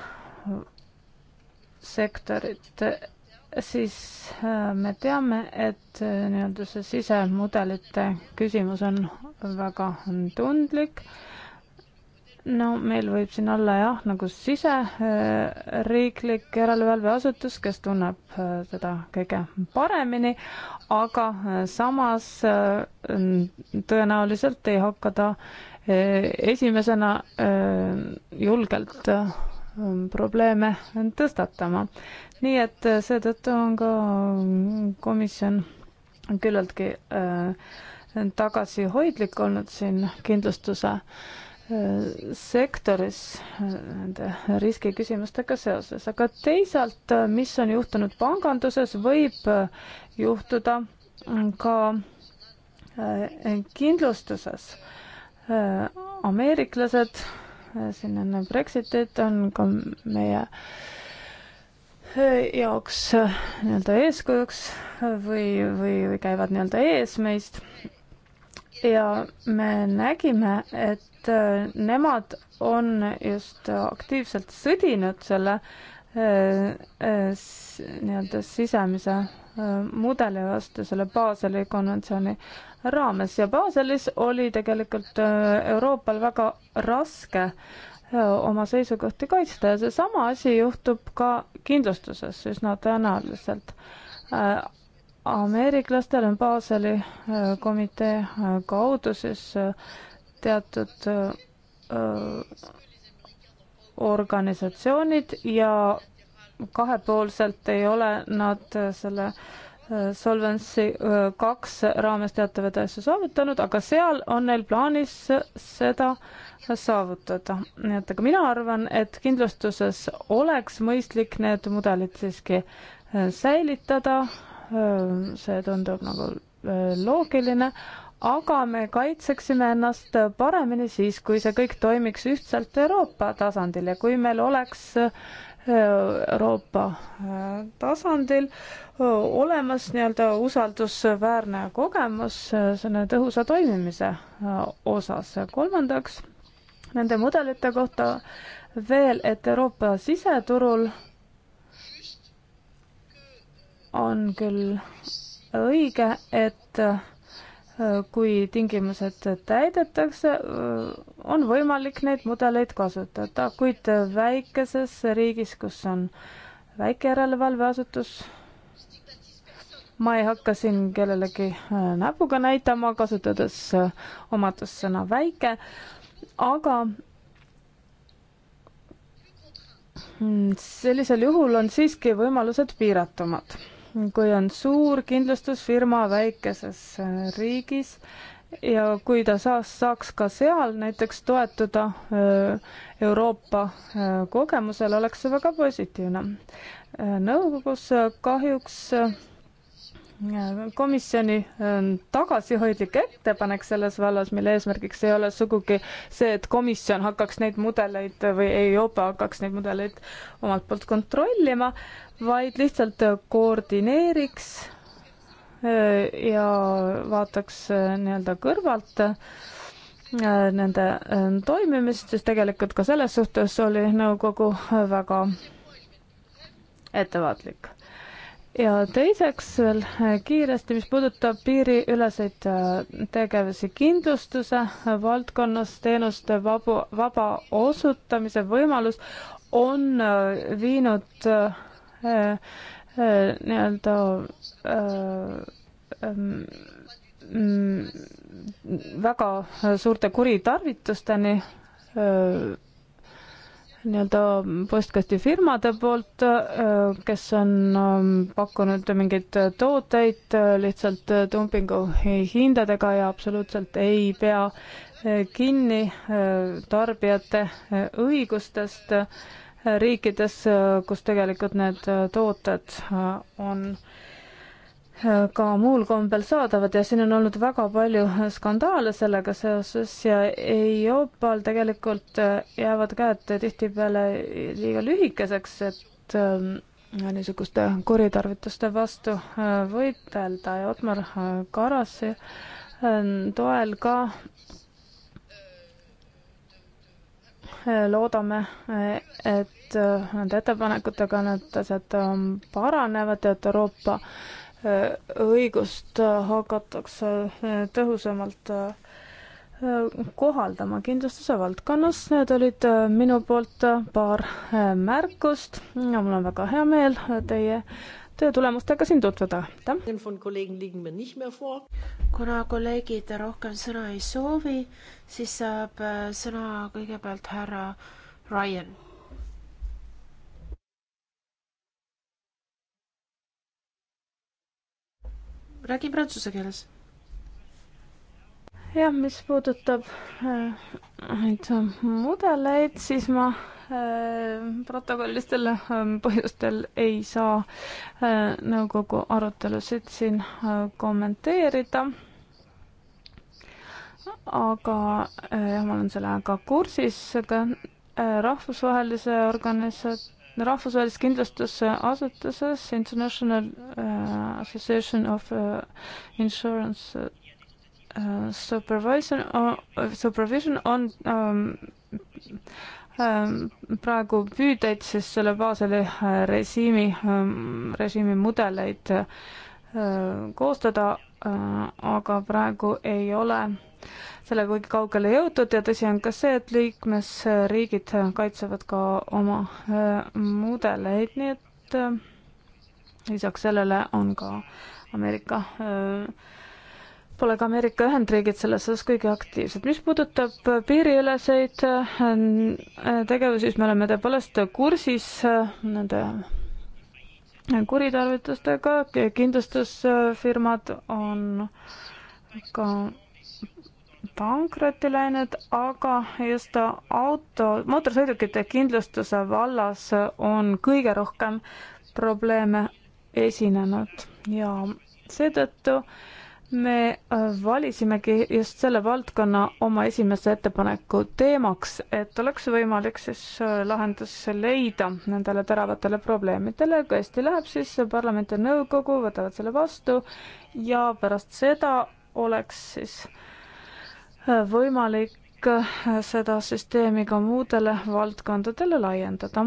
[SPEAKER 4] sektorit, siis me teame, et nii-öelda see sisemudelite küsimus on väga tundlik äh, no meil võib siin olla jah, nagu siseriiklik järelevalveasutus, kes tunneb äh, seda kõige paremini, aga äh, samas äh, tõenäoliselt ei hakka ta esimesena julgelt probleeme tõstatama. nii et seetõttu on ka komisjon küllaltki tagasihoidlik olnud siin kindlustuse äh, sektoris nende riskiküsimustega seoses, aga teisalt, mis on juhtunud panganduses, võib juhtuda ka äh, kindlustuses. Äh, ameeriklased, äh, siin enne Brexitit on ka meie jaoks nii-öelda eeskujuks või, või, või käivad nii-öelda ees meist ja me nägime, et äh, nemad on just aktiivselt sõdinud selle äh, äh, nii-öelda sisemise mudeli vastu selle Baseli konventsiooni raames ja Baselis oli tegelikult Euroopal väga raske oma seisukohti kaitsta ja seesama asi juhtub ka kindlustuses üsna tõenäoliselt ameeriklastel on Baseli äh, komitee äh, kaudu siis äh, teatud organisatsioonid ja kahepoolselt ei ole nad selle Solvency kaks raames teatavaid asju saavutanud, aga seal on neil plaanis seda saavutada. nii et aga mina arvan, et kindlustuses oleks mõistlik need mudelid siiski säilitada Äh, see tundub nagu äh, loogiline, aga me kaitseksime ennast paremini siis, kui see kõik toimiks ühtselt Euroopa tasandil ja kui meil oleks äh, Euroopa tasandil olemas nii-öelda usaldusväärne kogemus selle tõhusa toimimise osas. kolmandaks, nende mudelite kohta veel, et Euroopa siseturul on küll õige, et äh, kui tingimused täidetakse, äh, on võimalik neid mudeleid kasutada, kuid väikeses riigis, kus on väike järelevalveasutus, ma ei hakka siin kellelegi äh, näpuga näitama, kasutades omadussõna väike, aga mm, sellisel juhul on siiski võimalused piiratumad kui on suur kindlustusfirma väikeses äh, riigis ja kui ta saas, saaks ka seal näiteks toetuda äh, Euroopa äh, kogemusele, oleks see väga positiivne. nõukogus kahjuks komisjoni tagasihoidlik ettepanek selles vallas, mille eesmärgiks ei ole sugugi see, et komisjon hakkaks neid mudeleid või EIOPA hakkaks neid mudeleid omalt poolt kontrollima, vaid lihtsalt koordineeriks äh, ja vaataks äh, nii-öelda kõrvalt äh, nende toimimist, sest tegelikult ka selles suhtes oli nõukogu väga ettevaatlik. ja teiseks veel kiiresti, mis puudutab piiriüleseid tegevusi kindlustuse valdkonnas, teenuste vabu, vaba osutamise võimalus on viinud Äh, äh, nii-öelda äh, ähm, mm, väga suurte kuritarvitusteni nii-öelda postkastifirmade poolt, kes on ähm, pakkunud mingeid tooteid lihtsalt dumpingu hindadega ja absoluutselt ei pea kinni tarbijate õigustest riikides, kus tegelikult need äh, tooted äh, on äh, ka muul kombel saadavad ja siin on olnud väga palju skandaale sellega seoses ja Euroopal tegelikult jäävad käed tihtipeale liiga lühikeseks, et niisuguste kuritarvituste vastu võidelda ja Otmar Karasi toel ka Eh, loodame, eh, et eh, nende ettepanekutega need asjad paranevad ja et Euroopa õigust hakatakse tõhusamalt kohaldama kindlustuse valdkonnas. Need olid minu poolt paar märkust ja mul on väga hea meel teie töö tulemustega siin tutvuda,
[SPEAKER 3] aitäh! kuna kolleegid rohkem sõna ei soovi, siis saab äh, sõna kõigepealt härra Ryan. räägi prantsuse keeles. jah, mis
[SPEAKER 4] puudutab äh, neid mudeleid, siis ma
[SPEAKER 3] Äh,
[SPEAKER 4] protokollistel ähm, põhjustel ei saa äh, nõukogu arutelusid siin äh, kommenteerida. aga jah, ma olen sellega kursis, aga rahvusvahelise organisat-, rahvusvahelises kindlustusasutuses International Association of Insurance supervision, supervision on um, Ähm, praegu püüdeid, sest selle Baseli äh, režiimi, ähm, režiimi mudeleid äh, koostada, äh, aga praegu ei ole sellega kuigi kaugele jõutud ja tõsi on ka see, et liikmesriigid kaitsevad ka oma mudeleid, nii et lisaks sellele on ka Ameerika äh, pole ka Ameerika Ühendriigid selles osas kõige aktiivsed. mis puudutab piiriüleseid äh, tegevusi, siis me oleme tõepoolest kursis äh, nende kuritarvitustega, kindlustusfirmad on ka pankrotti läinud, aga just auto, mootorsõidukite kindlustuse vallas on kõige rohkem probleeme esinenud ja seetõttu äh, me äh, valisimegi just selle valdkonna oma esimese ettepaneku teemaks, et oleks võimalik siis äh, lahendus leida nendele teravatele probleemidele. kui hästi läheb, siis parlament ja nõukogu võtavad selle vastu ja pärast seda oleks siis äh, võimalik seda süsteemi ka muudele valdkondadele laiendada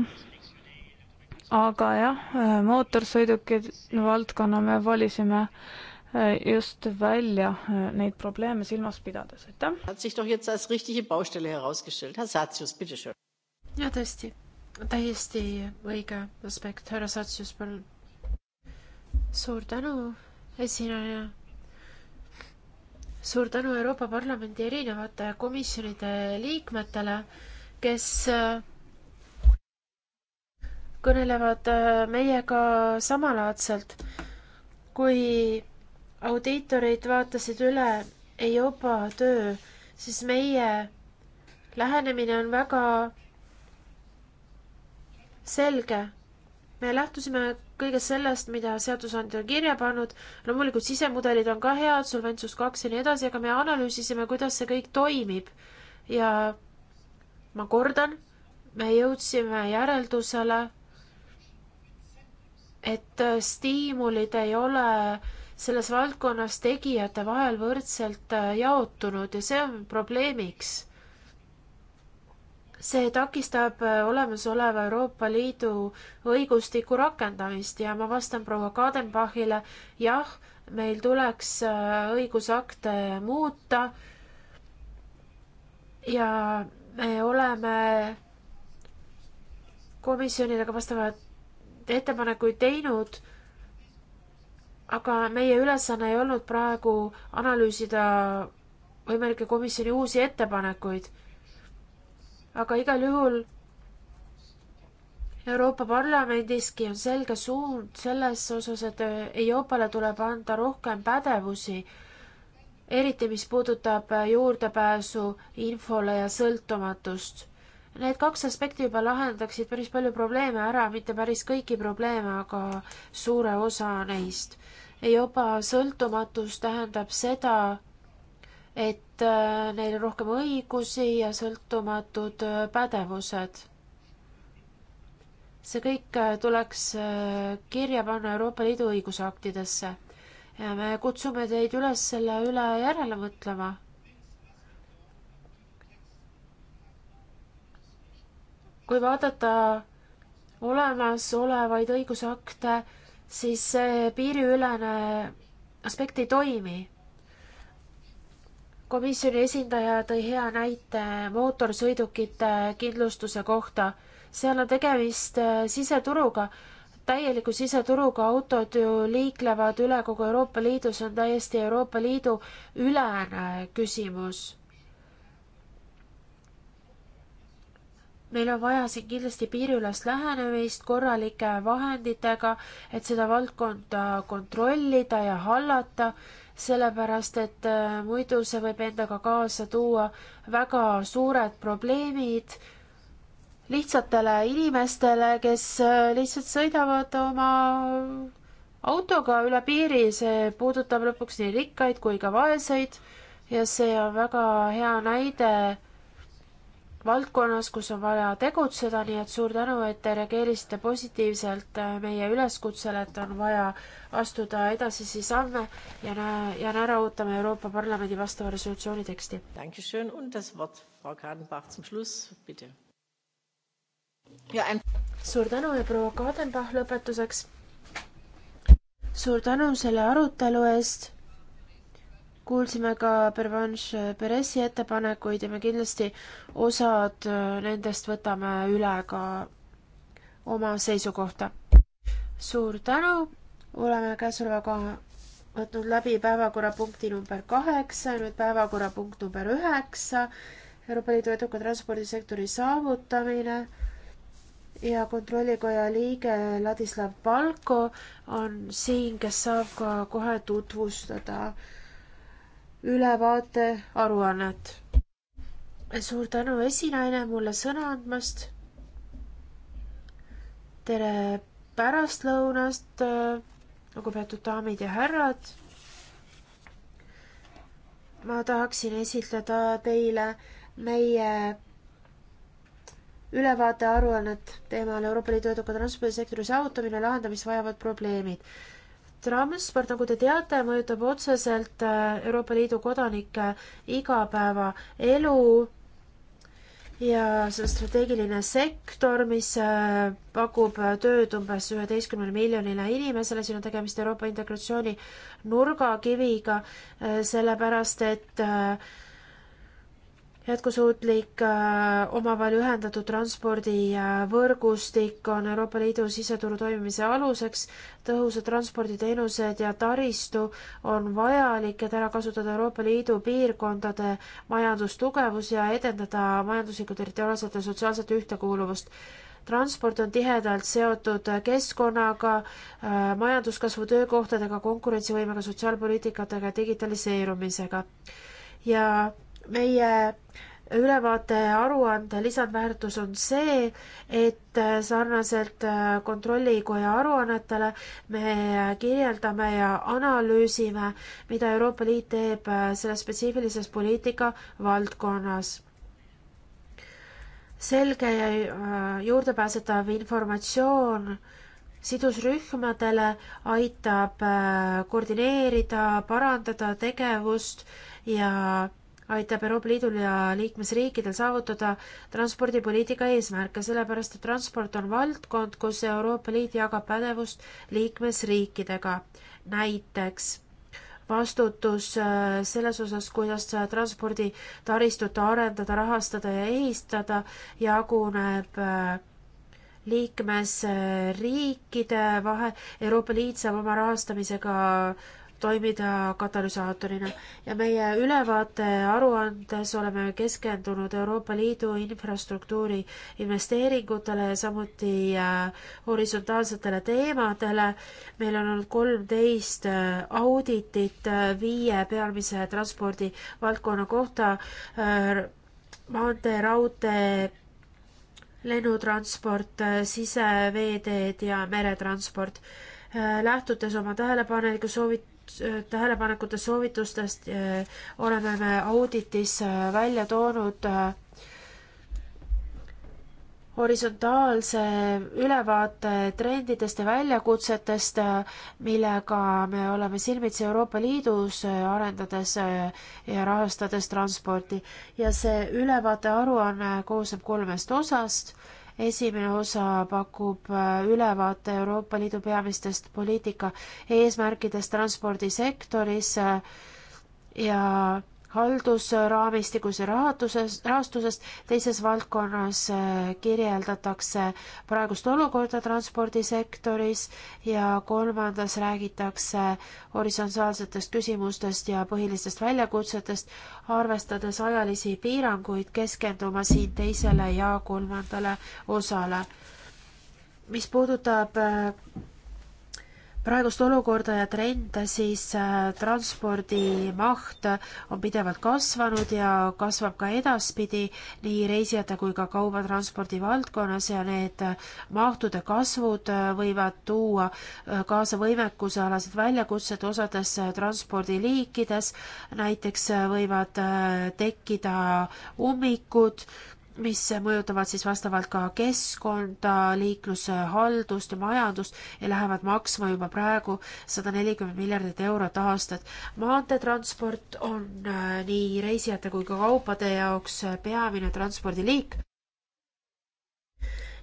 [SPEAKER 4] aga jah, mootorsõidukid valdkonna me valisime äh, Äh, just välja äh, neid probleeme silmas pidades,
[SPEAKER 2] aitäh.
[SPEAKER 3] ja tõesti, täiesti õige aspekt, härra Satsius, palun. suur tänu, esineja. suur tänu Euroopa Parlamendi erinevate komisjonide liikmetele, kes äh, kõnelevad meiega samalaadselt kui audiitorid vaatasid üle EIOPA töö, siis meie lähenemine on väga selge. me lähtusime kõigest sellest, mida seadusandja on kirja pannud, loomulikult sisemudelid on ka head, Solventsus kaks ja nii edasi, aga me analüüsisime, kuidas see kõik toimib. ja ma kordan, me jõudsime järeldusele, et stiimulid ei ole äh, selles valdkonnas tegijate vahel võrdselt äh, jaotunud ja see on probleemiks. see takistab äh, olemasoleva Euroopa Liidu õigustiku rakendamist ja ma vastan proua Kadenbachile, jah, meil tuleks äh, õigusakte muuta ja me oleme komisjonile ka vastavaid ettepanekuid teinud aga meie ülesanne ei olnud praegu analüüsida võimalikke komisjoni uusi ettepanekuid. aga igal juhul Euroopa Parlamendiski on selge suund selles osas, et Euroopale tuleb anda rohkem pädevusi, eriti mis puudutab juurdepääsu infole ja sõltumatust Need kaks aspekti juba lahendaksid päris palju probleeme ära, mitte päris kõiki probleeme, aga suure osa neist. EIOPA sõltumatus tähendab seda, et äh, neil on rohkem õigusi ja sõltumatud äh, pädevused. see kõik äh, tuleks kirja panna Euroopa Liidu õigusaktidesse ja me kutsume teid üles selle üle järele mõtlema kui vaadata olemasolevaid õigusakte, siis see piiriülene aspekt ei toimi. komisjoni esindaja tõi hea näite mootorsõidukite kindlustuse kohta. seal on tegemist äh, siseturuga, täieliku siseturuga, autod ju liiklevad üle kogu Euroopa Liidu, see on täiesti Euroopa Liidu ülene küsimus meil on vaja siin kindlasti piiriülest lähenemist korralike vahenditega, et seda valdkonda kontrollida ja hallata, sellepärast et äh, muidu see võib endaga kaasa tuua väga suured probleemid lihtsatele inimestele, kes äh, lihtsalt sõidavad oma autoga üle piiri, see puudutab lõpuks nii rikkaid kui ka vaeseid ja see on väga hea näide valdkonnas, kus on vaja tegutseda, nii et suur tänu, et te reageerisite positiivselt äh, meie üleskutsele, et on vaja astuda edasisi samme ja näe, jään ära ootama Euroopa Parlamendi vastava resolutsiooni teksti. suur tänu ja proua Kadenbach lõpetuseks. suur tänu selle arutelu eest kuulsime ka Pervanš Peresi ettepanekuid ja me kindlasti osad äh, nendest võtame üle ka oma seisukohta. suur tänu, oleme käesolevaga võtnud läbi päevakorrapunkti number kaheksa, nüüd päevakorrapunkt number üheksa, Euroopa Liidu eduka transpordisektori saavutamine ja kontrollikoja liige Ladislav Palko on siin, kes saab ka kohe tutvustada äh, ülevaate aruannet. suur tänu, esinaine, mulle sõna andmast. tere pärastlõunast, lugupeetud daamid ja härrad. ma tahaksin esitleda teile meie ülevaate aruannet teemal Euroopa Liidu eduka transpordisektori saavutamine, lahendamist vajavad probleemid transport, nagu te teate, mõjutab otseselt äh, Euroopa Liidu kodanike igapäevaelu ja see strateegiline sektor, mis äh, pakub tööd umbes üheteistkümnele miljonile inimesele, siin on tegemist Euroopa integratsiooni nurgakiviga, äh, sellepärast et äh, jätkusuutlik äh, omavahel ühendatud transpordivõrgustik äh, on Euroopa Liidu siseturu toimimise aluseks. tõhusad transporditeenused ja taristu on vajalik, et ära kasutada Euroopa Liidu piirkondade majandustugevus ja edendada majanduslikku, territoriaalset ja sotsiaalset ühtekuuluvust transport on tihedalt seotud keskkonnaga, äh, majanduskasvu töökohtadega, konkurentsivõimega, sotsiaalpoliitikatega ja digitaliseerumisega. ja meie ülevaate aruande lisandväärtus on see, et sarnaselt äh, Kontrollikoja aruannetele me kirjeldame ja analüüsime, mida Euroopa Liit teeb äh, selles spetsiifilises poliitika valdkonnas. selge ja äh, juurdepääsetav informatsioon sidusrühmadele aitab koordineerida, parandada tegevust ja aitab Euroopa Liidul ja liikmesriikidel saavutada transpordipoliitika eesmärke, sellepärast et transport on valdkond, kus Euroopa Liit jagab pädevust liikmesriikidega. näiteks vastutus äh, selles osas, kuidas äh, transporditaristut arendada, rahastada ja ehistada, jaguneb äh, liikmesriikide vahel, Euroopa Liit saab oma rahastamisega toimida katalüsaatorina ja meie ülevaate aruandes oleme keskendunud Euroopa Liidu infrastruktuuri investeeringutele ja samuti äh, horisontaalsetele teemadele. meil on olnud kolmteist äh, auditit äh, viie pealmise transpordivaldkonna kohta, maantee, raudtee, lennutransport, siseveeteed ja meretransport lähtudes oma tähelepanelikku soovit-, Äh, tähelepanekutest, soovitustest äh, oleme me auditis äh, välja toonud horisontaalse ülevaate trendidest ja väljakutsetest, millega me oleme silmitsi Euroopa Liidus, arendades ja rahastades transporti. ja see ülevaate aruanne koosneb kolmest osast esimene osa pakub äh, ülevaate Euroopa Liidu peamistest poliitika eesmärkidest transpordisektoris äh, ja haldusraamistikus ja rahastuses, rahastusest, teises valdkonnas äh, kirjeldatakse praegust olukorda transpordisektoris ja kolmandas räägitakse horisontaalsetest küsimustest ja põhilistest väljakutsetest, arvestades ajalisi piiranguid, keskenduma siin teisele ja kolmandale osale. mis puudutab äh, praegust olukorda ja trende, siis äh, transpordi maht on pidevalt kasvanud ja kasvab ka edaspidi nii reisijate kui ka kaubatranspordi valdkonnas ja need äh, mahtude kasvud äh, võivad tuua kaasa võimekusealased väljakutsed osades transpordiliikides, näiteks võivad tekkida ummikud mis mõjutavad siis vastavalt ka keskkonda, liikluse haldust ja majandust ja lähevad maksma juba praegu sada nelikümmend miljardit eurot aastat. maanteetransport on äh, nii reisijate kui ka kaupade jaoks äh, peamine transpordiliik.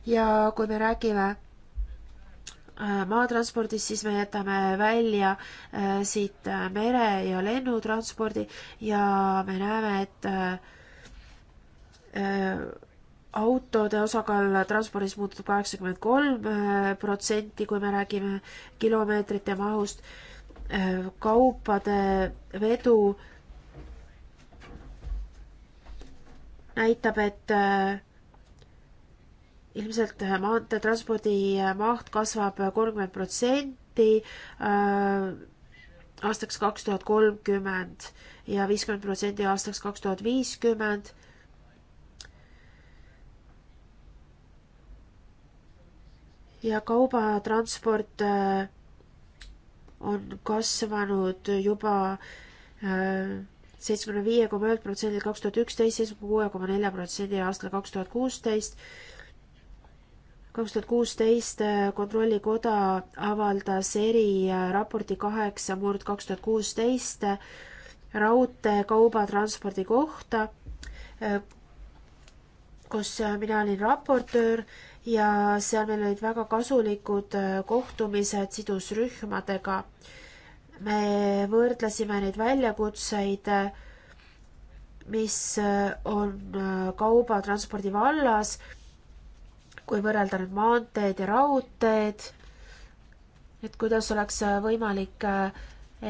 [SPEAKER 3] ja kui me räägime äh, maatranspordist, siis me jätame välja siit mere- ja lennutranspordi ja me näeme, et Äh, autode osakaal transpordis muutub kaheksakümmend kolm äh, protsenti, kui me räägime kilomeetrite mahust, äh, kaupade vedu näitab, et ilmselt maanteetranspordi maht kasvab kolmkümmend protsenti aastaks kaks tuhat kolmkümmend ja viiskümmend protsenti aastaks kaks tuhat viiskümmend ja kaubatransport äh, on kasvanud juba äh, seitsmekümne viie koma ühelt protsendilt kaks tuhat üksteist, seitsmekümne kuue koma nelja protsendi aastal kaks tuhat kuusteist. kaks tuhat kuusteist äh, Kontrollikoda avaldas eriraporti kaheksa murd kaks tuhat kuusteist raudtee kaubatranspordi kohta, kus mina olin raportöör ja seal meil olid väga kasulikud äh, kohtumised sidusrühmadega. me võrdlesime neid väljakutseid, äh, mis äh, on kaubatranspordi vallas, kui võrrelda nüüd maanteed ja raudteed, et kuidas oleks võimalik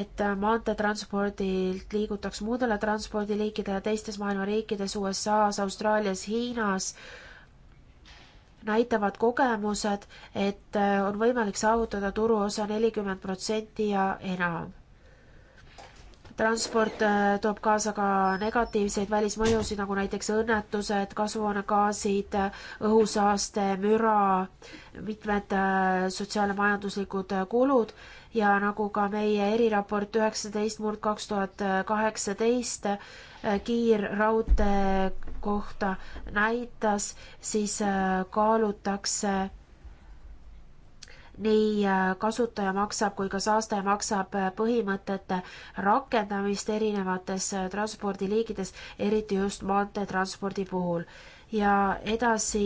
[SPEAKER 3] et maanteetranspordilt liigutaks muudele transpordiliikidele teistes maailma riikides, USA-s, Austraalias, Hiinas äh, näitavad kogemused, et äh, on võimalik saavutada turuosa nelikümmend protsenti ja enam transport äh, toob kaasa ka negatiivseid välismõjusid, nagu näiteks õnnetused, kasvuhoonegaasid, äh, õhusaaste, müra, mitmed äh, sotsiaalmajanduslikud kulud ja nagu ka meie eriraport üheksateist murd kaks tuhat kaheksateist kiirraudtee kohta näitas, siis kaalutakse nii äh, kasutaja maksab kui ka saastaja maksab äh, põhimõtete rakendamist erinevates äh, transpordiliigides, eriti just maanteetranspordi puhul. ja edasi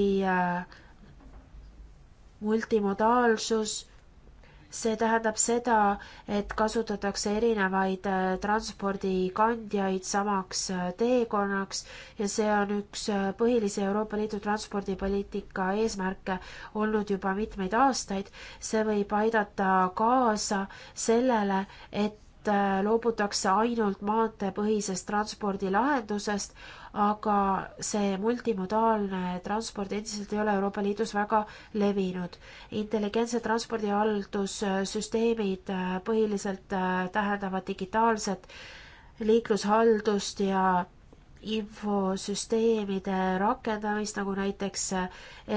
[SPEAKER 3] multimodaalsus see tähendab seda, et kasutatakse erinevaid äh, transpordikandjaid samaks äh, teekonnaks ja see on üks äh, põhilisi Euroopa Liidu transpordipoliitika eesmärke olnud juba mitmeid aastaid. see võib aidata kaasa sellele, et Äh, loobutakse ainult maanteepõhisest transpordilahendusest, aga see multimodaalne transport endiselt ei ole Euroopa Liidus väga levinud. intelligentse transpordihaldussüsteemid äh, põhiliselt äh, tähendavad digitaalset liiklushaldust ja infosüsteemide rakendamist, nagu näiteks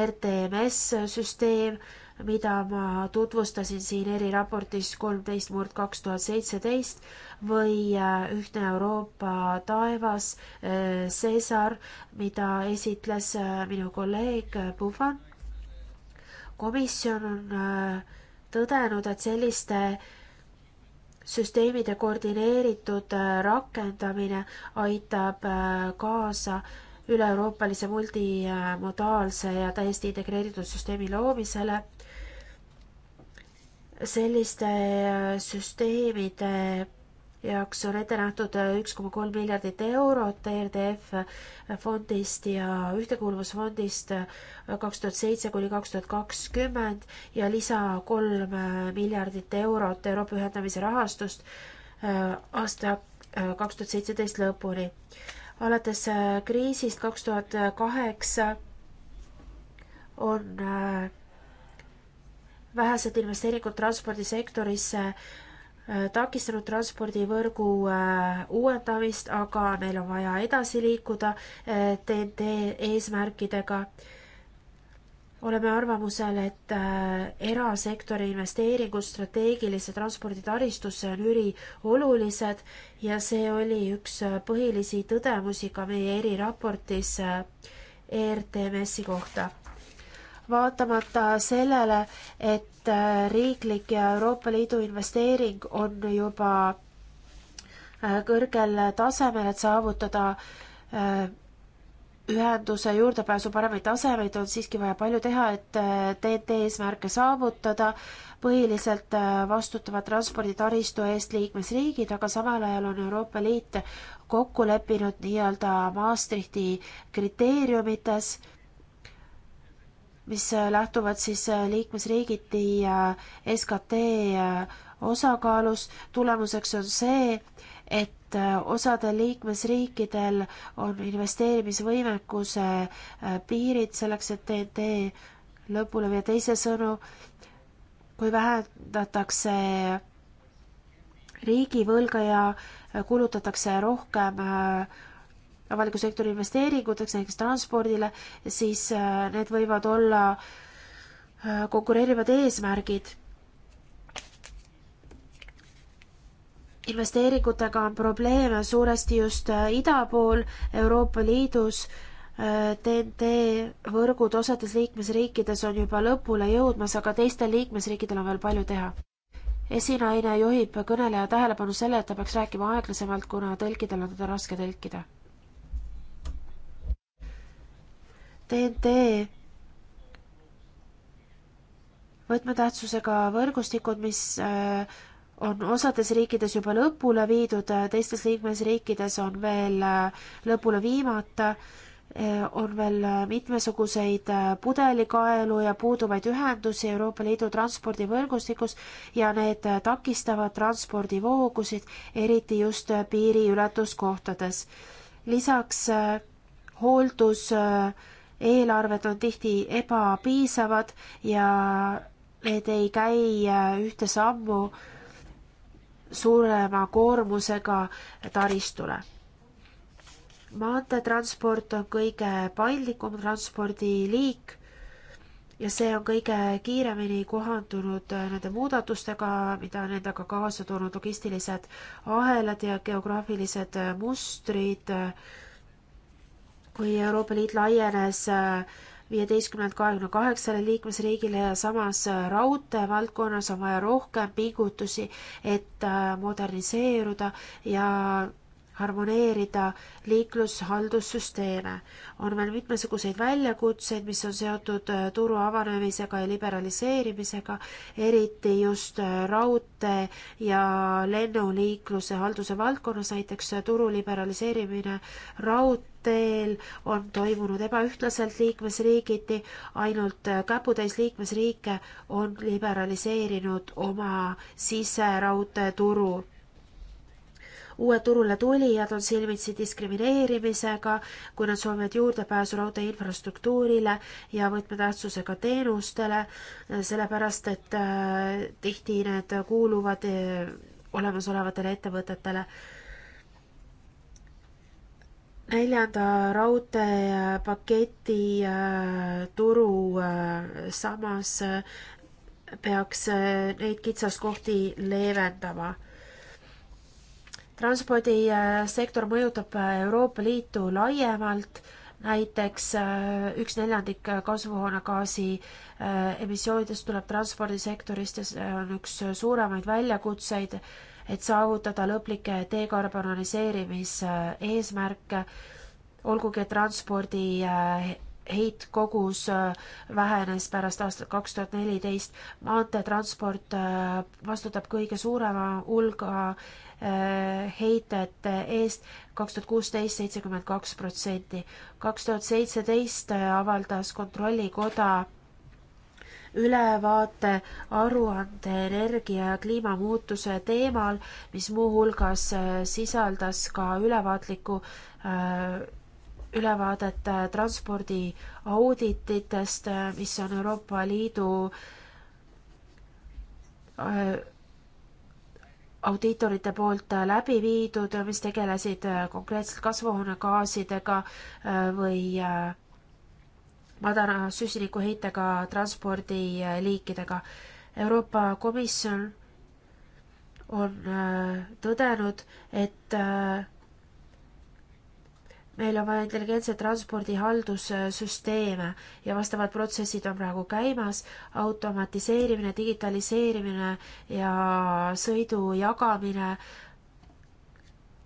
[SPEAKER 3] RTMS süsteem mida ma tutvustasin siin eriraportis kolmteist murd kaks tuhat seitseteist või äh, Ühtne Euroopa taevas, äh, Cesar, mida esitles äh, minu kolleeg Puvan. komisjon on tõdenud, et selliste süsteemide koordineeritud rakendamine aitab kaasa üle-euroopalise multimodaalse ja täiesti integreeritud süsteemi loomisele selliste äh, süsteemide jaoks on ette nähtud äh, üks koma kolm miljardit eurot ERDF fondist ja Ühtekuuluvusfondist äh, kaks tuhat seitse kuni kaks tuhat kakskümmend ja lisa kolm miljardit eurot Euroopa ühendamise rahastust aasta kaks tuhat seitseteist lõpuni. alates kriisist kaks tuhat kaheksa on vähesed investeeringud transpordisektorisse äh, takistanud transpordivõrgu äh, uuendamist, aga meil on vaja edasi liikuda TNT äh, eesmärkidega. oleme arvamusel, et erasektori investeeringud strateegilise transporditaristusse on üliolulised ja see oli üks põhilisi tõdemusi ka meie eriraportis ERTMS-i kohta vaatamata sellele, et äh, riiklik ja Euroopa Liidu investeering on juba äh, kõrgel tasemel, et saavutada äh, ühenduse juurdepääsu paremaid tasemeid, on siiski vaja palju teha, et TNT eesmärke saavutada. põhiliselt vastutavad transporditaristu eest liikmesriigid, aga samal ajal on Euroopa Liit kokku leppinud nii-öelda Maastrichti kriteeriumites mis äh, lähtuvad siis äh, liikmesriigiti äh, SKT osakaalus. tulemuseks on see, et osadel liikmesriikidel on investeerimisvõimekuse piirid selleks, et TNT lõpule viia. teisisõnu, kui vähendatakse riigivõlga ja kulutatakse rohkem avaliku sektori investeeringuteks, näiteks transpordile, siis äh, need võivad olla äh, konkureerivad eesmärgid. investeeringutega on probleeme suuresti just äh, ida pool Euroopa Liidus TNT võrgud osades liikmesriikides on juba lõpule jõudmas, aga teistel liikmesriikidel on veel palju teha. esinaine juhib kõneleja tähelepanu selle, et ta peaks rääkima aeglasemalt, kuna tõlkidel on teda raske tõlkida. TNT võtmetähtsusega võrgustikud, mis äh, on osades riikides juba lõpule viidud, äh, teistes liikmesriikides on veel äh, lõpule viimata, on veel mitmesuguseid pudelikaelu ja puuduvaid ühendusi Euroopa Liidu transpordivõrgustikus ja need takistavad transpordivoogusid, eriti just piiriületuskohtades. lisaks hooldus äh, eelarved on tihti ebapiisavad ja need ei käi äh, ühte sammu suurema koormusega taristule. maanteetransport on kõige paindlikum transpordiliik ja see on kõige kiiremini kohandunud äh, nende muudatustega, mida nendega kaasa toonud logistilised ahelad ja geograafilised äh, mustrid äh, kui Euroopa Liit laienes äh, viieteistkümnelt kahekümne kaheksale liikmesriigile ja samas äh, raudteevaldkonnas on vaja rohkem pingutusi, et äh, moderniseeruda ja harmoneerida liiklushaldussüsteeme. on veel mitmesuguseid väljakutseid, mis on seotud äh, turu avanemisega ja liberaliseerimisega, eriti just äh, raudtee ja lennuliikluse halduse valdkonnas, näiteks äh, turu liberaliseerimine raudteel on toimunud ebaühtlaselt liikmesriigiti, ainult käputäis liikmesriike on liberaliseerinud oma siseraudteeturu uued turule tulijad on silmitsi diskrimineerimisega, kui nad soovivad juurdepääsu raudtee infrastruktuurile ja võtmetähtsusega teenustele, sellepärast et äh, tihti need kuuluvad äh, olemasolevatele ettevõtetele neljanda raudteepaketi äh, turu äh, samas äh, peaks äh, neid kitsaskohti leevendama transpordisektor mõjutab Euroopa Liitu laiemalt, näiteks äh, üks neljandik äh, kasvuhoonegaasi äh, emissioonidest tuleb transpordisektorist ja see on üks suuremaid väljakutseid, et saavutada lõplikke dekarboniseerimise eesmärke, olgugi et transpordi heitkogus vähenes pärast aastat kaks tuhat neliteist. maanteetransport vastutab kõige suurema hulga Äh, heitete eest kaks tuhat kuusteist seitsekümmend kaks protsenti. kaks tuhat seitseteist äh, avaldas Kontrollikoda ülevaate aruande energia ja kliimamuutuse teemal, mis muuhulgas äh, sisaldas ka ülevaatlikku ülevaadet transpordi audititest, mis on Euroopa Liidu audiitorite poolt äh, läbi viidud, äh, mis tegelesid äh, konkreetselt kasvuhoonegaasidega või madala süsinikuheitega transpordiliikidega. Euroopa Komisjon on tõdenud, et meil on vaja intelligentse transpordi haldussüsteeme ja vastavad protsessid on praegu käimas, automatiseerimine, digitaliseerimine ja sõidu jagamine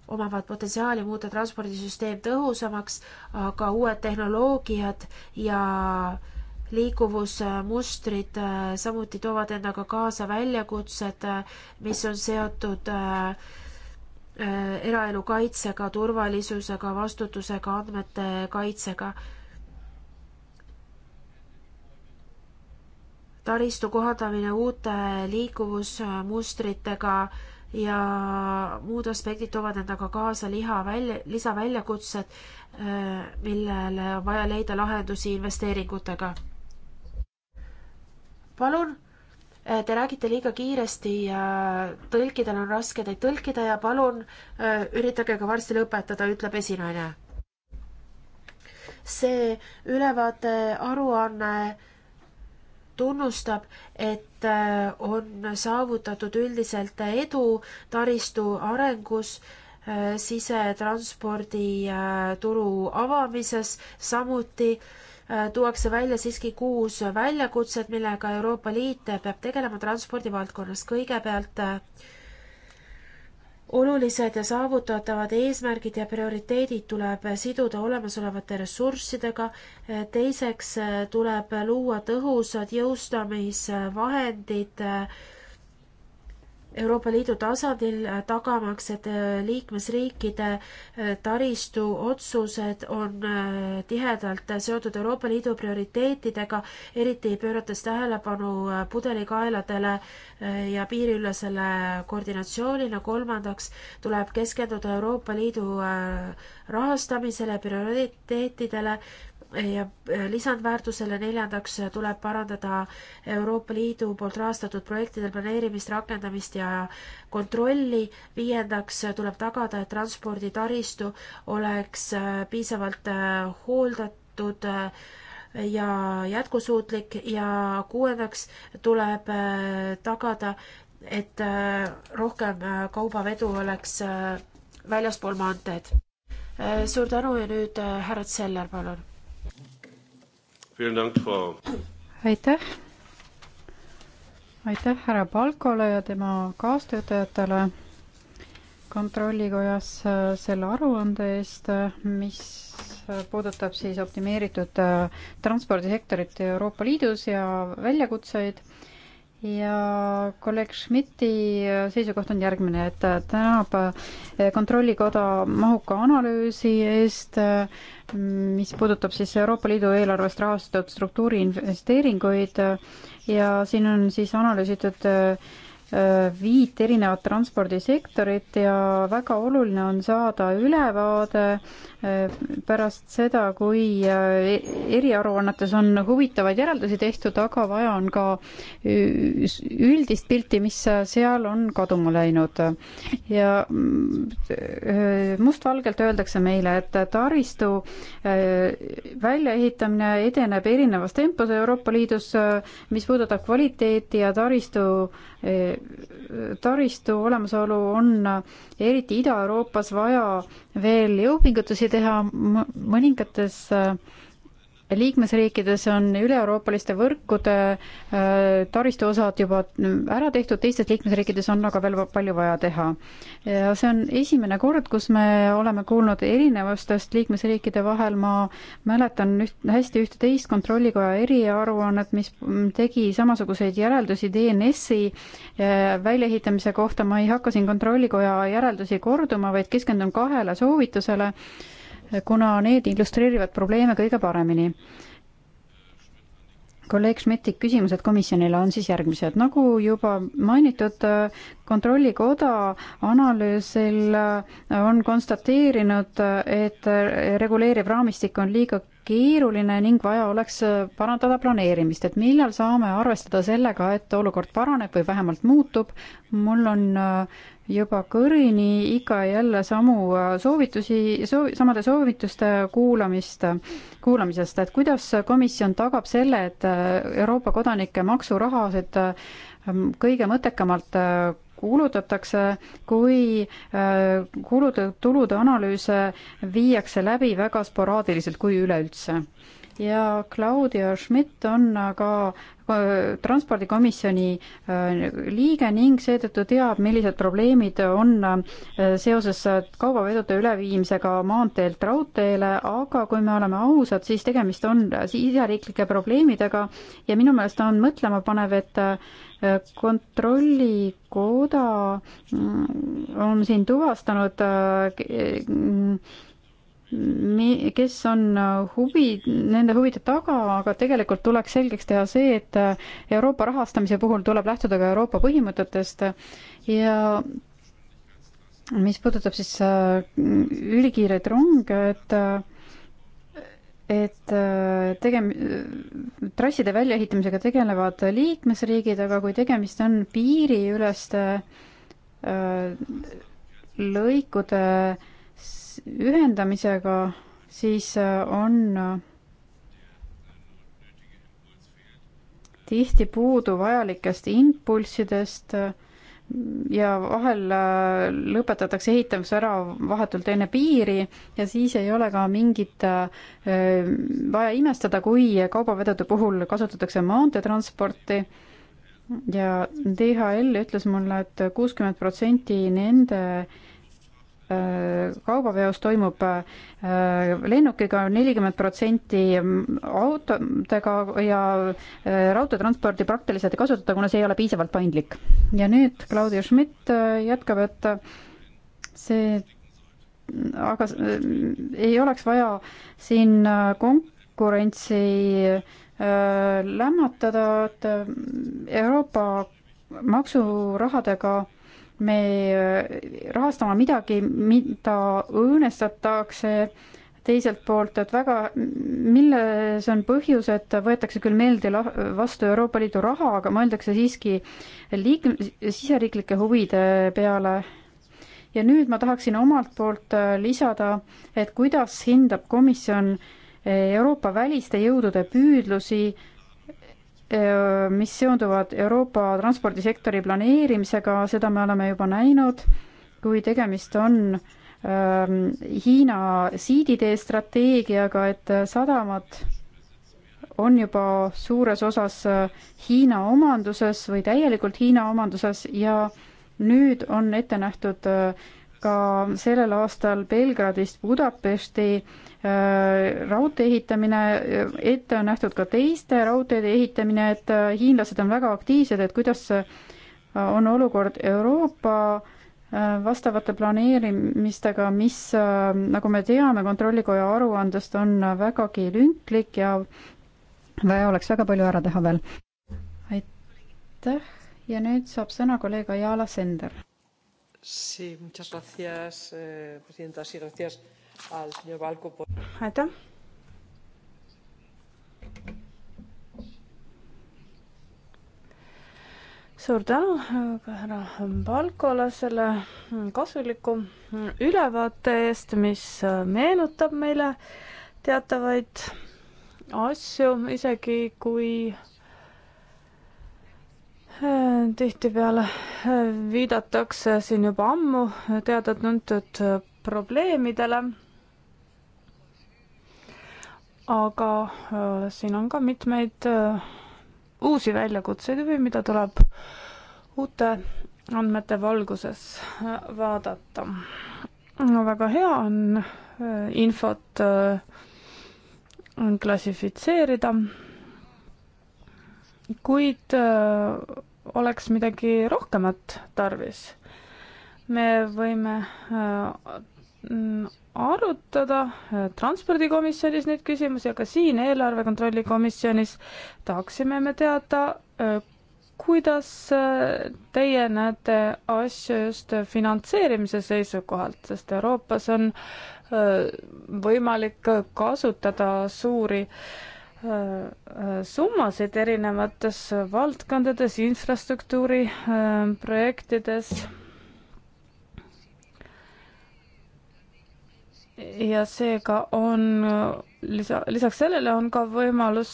[SPEAKER 3] omavad potentsiaali muuta transpordisüsteem tõhusamaks, aga uued tehnoloogiad ja liikuvusmustrid äh, samuti toovad endaga kaasa väljakutsed, äh, mis on seotud äh, Äh, eraelu kaitsega, turvalisusega, vastutusega, andmete kaitsega. taristu kohandamine uute liikuvusmustritega ja muud aspektid toovad endaga kaasa liha välja, lisaväljakutsed, äh, millele on vaja leida lahendusi investeeringutega. palun Te räägite liiga kiiresti ja tõlkidel on raske teid tõlkida ja palun äh, üritage ka varsti lõpetada, ütleb esinaine. see ülevaate aruanne tunnustab, et äh, on saavutatud üldiselt edu taristu arengus äh, sisetranspordi turu avamises, samuti Äh, tuuakse välja siiski kuus väljakutset, millega Euroopa Liit peab tegelema transpordi valdkonnas. kõigepealt äh, olulised ja saavutatavad eesmärgid ja prioriteedid tuleb siduda olemasolevate ressurssidega, äh, teiseks tuleb luua tõhusad jõustamisvahendid Euroopa Liidu tasandil äh, tagamaks, et äh, liikmesriikide äh, taristu otsused on tihedalt seotud Euroopa Liidu prioriteetidega, eriti pöörates tähelepanu pudelikaeladele ja piiriülesele koordinatsioonile. kolmandaks tuleb keskenduda Euroopa Liidu rahastamisele, prioriteetidele ja äh, lisandväärtusele neljandaks äh, tuleb parandada Euroopa Liidu poolt rahastatud projektide planeerimist, rakendamist ja kontrolli. viiendaks äh, tuleb tagada, et transporditaristu oleks piisavalt hooldatud ja jätkusuutlik ja kuuendaks tuleb tagada, et rohkem kaubavedu oleks väljaspool maanteed. suur tänu ja nüüd härra Zeller, palun aitäh!
[SPEAKER 1] aitäh härra Palkole ja tema kaastöötajatele kontrollikojas äh, selle aruande eest, äh, mis äh, puudutab siis optimeeritud transpordisektorit Euroopa Liidus ja väljakutseid ja kolleeg Schmidti seisukoht on järgmine, et tänab eh, Kontrollikoda mahuka analüüsi eest, eh, mis puudutab siis Euroopa Liidu eelarvest rahastatud struktuuriinvesteeringuid ja siin on siis analüüsitud äh, Äh, viit erinevat transpordisektorit ja väga oluline on saada ülevaade äh, pärast seda, kui äh, e-, eriaruannetes on huvitavaid järeldusi tehtud, aga vaja on ka üldist pilti, mis seal on kaduma läinud. ja mustvalgelt öeldakse meile, et taristu väljaehitamine edeneb erinevas tempos Euroopa Liidus, mis puudutab kvaliteeti ja taristu taristu olemasolu on eriti Ida-Euroopas vaja veel jõupingutusi teha mõningates äh, liikmesriikides on üle-euroopaliste võrkude äh, taristu osad juba ära tehtud, teistes liikmesriikides on aga veel palju vaja teha. ja see on esimene kord, kus me oleme kuulnud erinevustest liikmesriikide vahel, ma mäletan üht, hästi ühte-teist kontrollikoja eriaruannet, mis tegi samasuguseid järeldusi DNS-i äh, väljaehitamise kohta, ma ei hakka siin kontrollikoja järeldusi korduma, vaid keskendun kahele soovitusele kuna need illustreerivad probleeme kõige paremini. kolleeg Schmidti küsimused komisjonile on siis järgmised. nagu juba mainitud, kontrollikoda analüüsil on konstateerinud, et reguleeriv raamistik on liiga keeruline ning vaja oleks parandada planeerimist, et millal saame arvestada sellega, et olukord paraneb või vähemalt muutub. mul on äh, juba kõrini ikka ja jälle samu äh, soovitusi, soov, samade soovituste kuulamist, kuulamisest, et kuidas komisjon tagab selle, et äh, Euroopa kodanike maksurahasid ähm, kõige mõttekamalt äh, kulutatakse, kui kulude, tulude analüüse viiakse läbi väga sporaadiliselt, kui üleüldse ja Claudio Schmidt on ka äh, transpordikomisjoni äh, liige ning seetõttu teab, millised probleemid on äh, seoses kaubavedude üleviimisega maanteelt raudteele, aga kui me oleme ausad, siis tegemist on siseriiklike probleemidega ja minu meelest on mõtlemapanev, et kontrollikoda mm, on siin tuvastanud mm, mi-, kes on äh, huvi, nende huvide taga, aga tegelikult tuleks selgeks teha see, et äh, Euroopa rahastamise puhul tuleb lähtuda ka Euroopa põhimõtetest ja mis puudutab siis äh, ülikiireid ronge, et et tegem-, trasside väljaehitamisega tegelevad liikmesriigid, aga kui tegemist on piiriüleste lõikude äh, ühendamisega, siis äh, on äh, tihti puudu vajalikest impulssidest äh, ja vahel lõpetatakse ehitamise ära vahetult enne piiri ja siis ei ole ka mingit vaja imestada, kui kaubavedude puhul kasutatakse maanteetransporti. ja DHL ütles mulle et, et kuuskümmend protsenti nende Äh, kaubaveos toimub äh, lennukiga nelikümmend protsenti mm, autodega ja äh, raudteetransporti praktiliselt ei kasutata, kuna see ei ole piisavalt paindlik. ja nüüd Claudia Schmidt jätkab, et see, mm, aga ei oleks vaja siin konkurentsi lämmatada, et Euroopa maksurahadega me äh, rahastama midagi, mida õõnestatakse, teiselt poolt, et väga, milles on põhjus, et võetakse küll meelde vastu Euroopa Liidu raha, aga mõeldakse siiski liik-, siseriiklike huvide peale. ja nüüd ma tahaksin omalt poolt äh, lisada, et kuidas hindab komisjon äh, Euroopa väliste jõudude püüdlusi äh, mis seonduvad Euroopa transpordisektori planeerimisega, seda me oleme juba näinud, kui tegemist on Hiina siiditee strateegiaga, et sadamad on juba suures osas Hiina omanduses või täielikult Hiina omanduses ja nüüd on ette nähtud ka sellel aastal Belgradist Budapesti äh, raudtee ehitamine, äh, ette on nähtud ka teiste raudteede ehitamine, et äh, hiinlased on väga aktiivsed, et kuidas on olukord Euroopa vastavate planeerimistega, mis, nagu me teame, Kontrollikoja aruandest on vägagi lünklik ja vaja oleks väga palju ära teha veel. aitäh ja nüüd saab sõna kolleeg Ajala Sender Eh,
[SPEAKER 4] aitäh. suur tänu ka härra Valkole selle kasuliku ülevaate eest, mis meenutab meile teatavaid asju, isegi kui tihtipeale äh, viidatakse siin juba ammu teada-tuntud äh, probleemidele. aga äh, siin on ka mitmeid uusi väljakutseid või mida tuleb uute andmete valguses vaadata. no väga hea on infot klassifitseerida, kuid oleks midagi rohkemat tarvis. me võime äh, arutada äh, transpordikomisjonis neid küsimusi, aga siin eelarve kontrolli komisjonis tahaksime me teada, äh, kuidas teie näete asju just finantseerimise seisukohalt, sest Euroopas on võimalik kasutada suuri äh, Äh, äh, summasid erinevates valdkondades, infrastruktuuri äh, projektides. ja seega on lisa, lisaks sellele on ka võimalus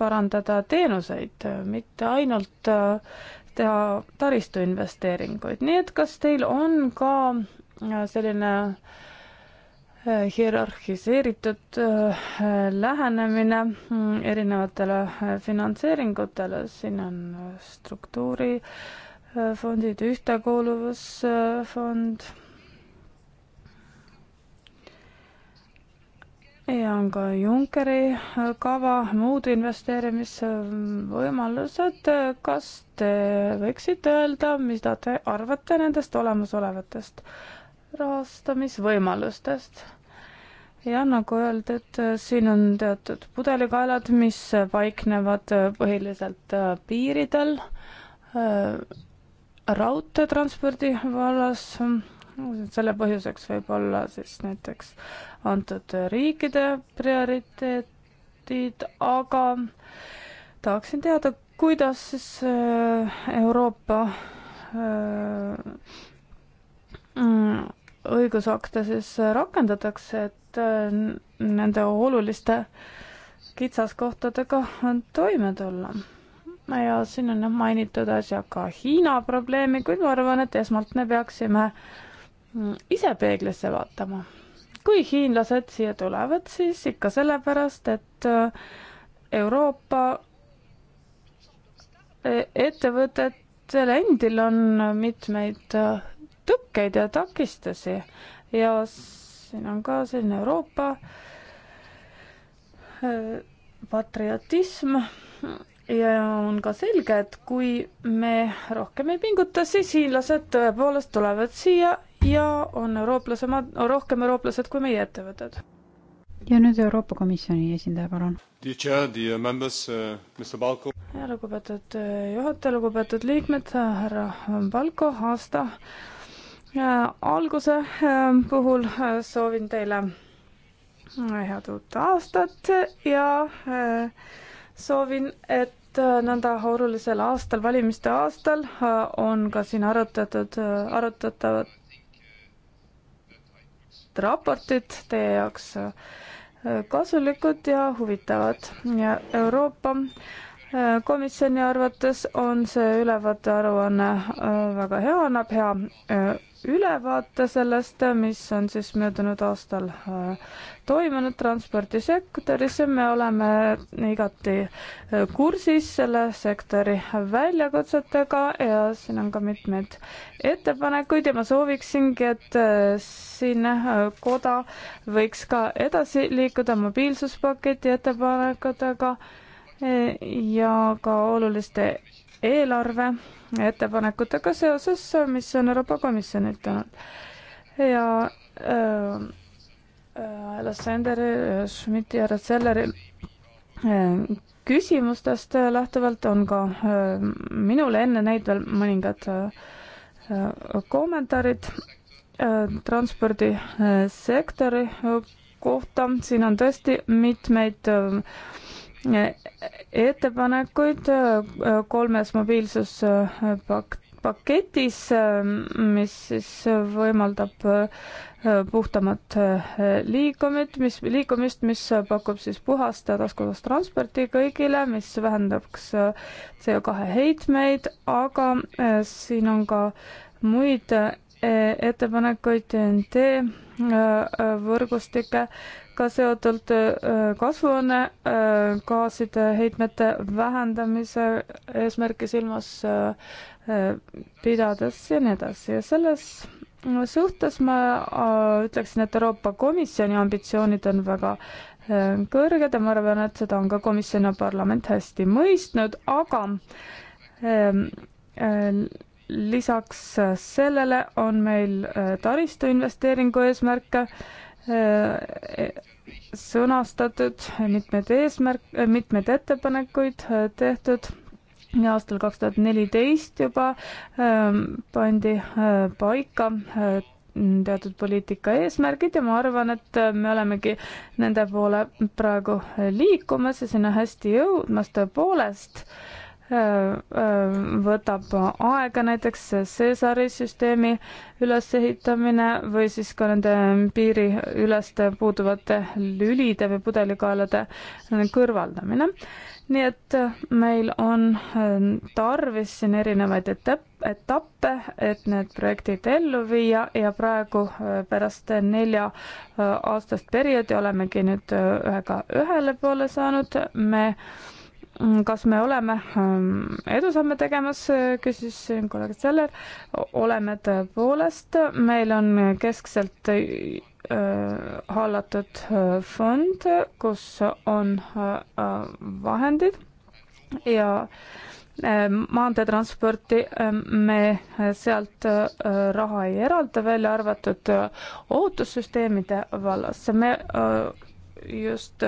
[SPEAKER 4] parandada teenuseid, mitte ainult teha taristuinvesteeringuid, nii et kas teil on ka selline äh, Äh, hierarhiseeritud äh, lähenemine mm, erinevatele äh, finantseeringutele, siin on struktuurifondid, ühtekuuluvusfond ja on ka Junckeri kava, muud investeerimisvõimalused. kas te võiksite öelda, mida te arvate nendest olemasolevatest rahastamisvõimalustest? ja nagu öeldud, siin on teatud pudelikaelad, mis paiknevad äh, põhiliselt äh, piiridel, äh, raudteetranspordi vallas, selle põhjuseks võib olla siis näiteks antud riikide prioriteetid, aga tahaksin teada, kuidas siis Euroopa mm, õigusakte siis rakendatakse, et äh, nende oluliste kitsaskohtadega toime tulla. ja siin on jah mainitud äsja ka Hiina probleemi, kuid ma arvan, et esmalt me peaksime mm, ise peeglisse vaatama. kui hiinlased siia tulevad, siis ikka sellepärast, et äh, Euroopa äh, ettevõtetel endil on mitmeid tõkkeid ja takistusi ja siin on ka selline Euroopa äh, patriotism ja on ka selge, et kui me rohkem ei pinguta, siis hiinlased tõepoolest tulevad siia ja on eurooplasemad, rohkem eurooplased kui meie ettevõtted.
[SPEAKER 1] ja nüüd Euroopa Komisjoni
[SPEAKER 4] esindaja, palun. Uh, lugupeetud äh, juhataja, lugupeetud liikmed, härra Balko, aasta alguse ähm, puhul äh, soovin teile äh, head uut aastat ja äh, soovin, et nõnda olulisel aastal, valimiste aastal on ka siin arutatud, arutatavad raportid teie jaoks kasulikud ja huvitavad ja Euroopa komisjoni arvates on see ülevaate aruanne äh, väga hea, annab hea äh, ülevaate sellest, mis on siis möödunud aastal äh, toimunud transpordisektoris ja me oleme igati kursis selle sektori väljakutsetega ja siin on ka mitmeid ettepanekuid ja ma sooviksingi, et siin koda võiks ka edasi liikuda mobiilsuspaketi ettepanekutega et ja ka oluliste eelarve ettepanekutega seoses, mis on Euroopa Komisjonilt tulnud. ja äh, äh Alessandri Schmidti ja Ratzelleri äh, küsimustest lähtuvalt on ka äh, minul enne neid veel mõningad kommentaarid transpordisektori kohta. siin on tõesti mitmeid äh, ettepanekuid äh, kolmes mobiilsuspakt äh, paketis, äh, mis siis võimaldab puhtamat liikumit, mis, liikumist, mis pakub siis puhast ja taskukohast transporti kõigile, mis vähendaks CO2 heitmeid, aga siin on ka muid ettepanekuid TNT võrgustike ka seotult äh, kasvuhoonegaaside äh, heitmete vähendamise eesmärki silmas äh, pidades ja nii edasi ja selles suhtes ma ütleksin, et Euroopa Komisjoni ambitsioonid on väga kõrged ja ma arvan, et seda on ka komisjon ja parlament hästi mõistnud, aga ähm, lisaks sellele on meil taristuinvesteeringu eesmärke Äh, sõnastatud, mitmed eesmärk, äh, mitmeid ettepanekuid äh, tehtud ja aastal kaks tuhat neliteist juba ähm, pandi paika teatud poliitika eesmärgid ja ma arvan, et me olemegi nende poole praegu liikumas ja sinna hästi jõudmas tõepoolest äh, Äh, äh, võtab aega näiteks Cäsari süsteemi ülesehitamine või siis ka nende piiriüleste puuduvate lülide või pudelikaelade kõrvaldamine. nii et meil on äh, tarvis siin erinevaid etappe, et need projektid ellu viia ja praegu pärast nelja aastast perioodi olemegi nüüd ühega ühele poole saanud, me Mm, kas me oleme mm, edusamme tegemas, küsis kolleeg Seller. oleme tõepoolest, meil on keskselt äh, hallatud äh, fond, kus on äh, vahendid ja maanteetransporti me sealt raha ei eralda, välja arvatud ohutussüsteemide vallas. me just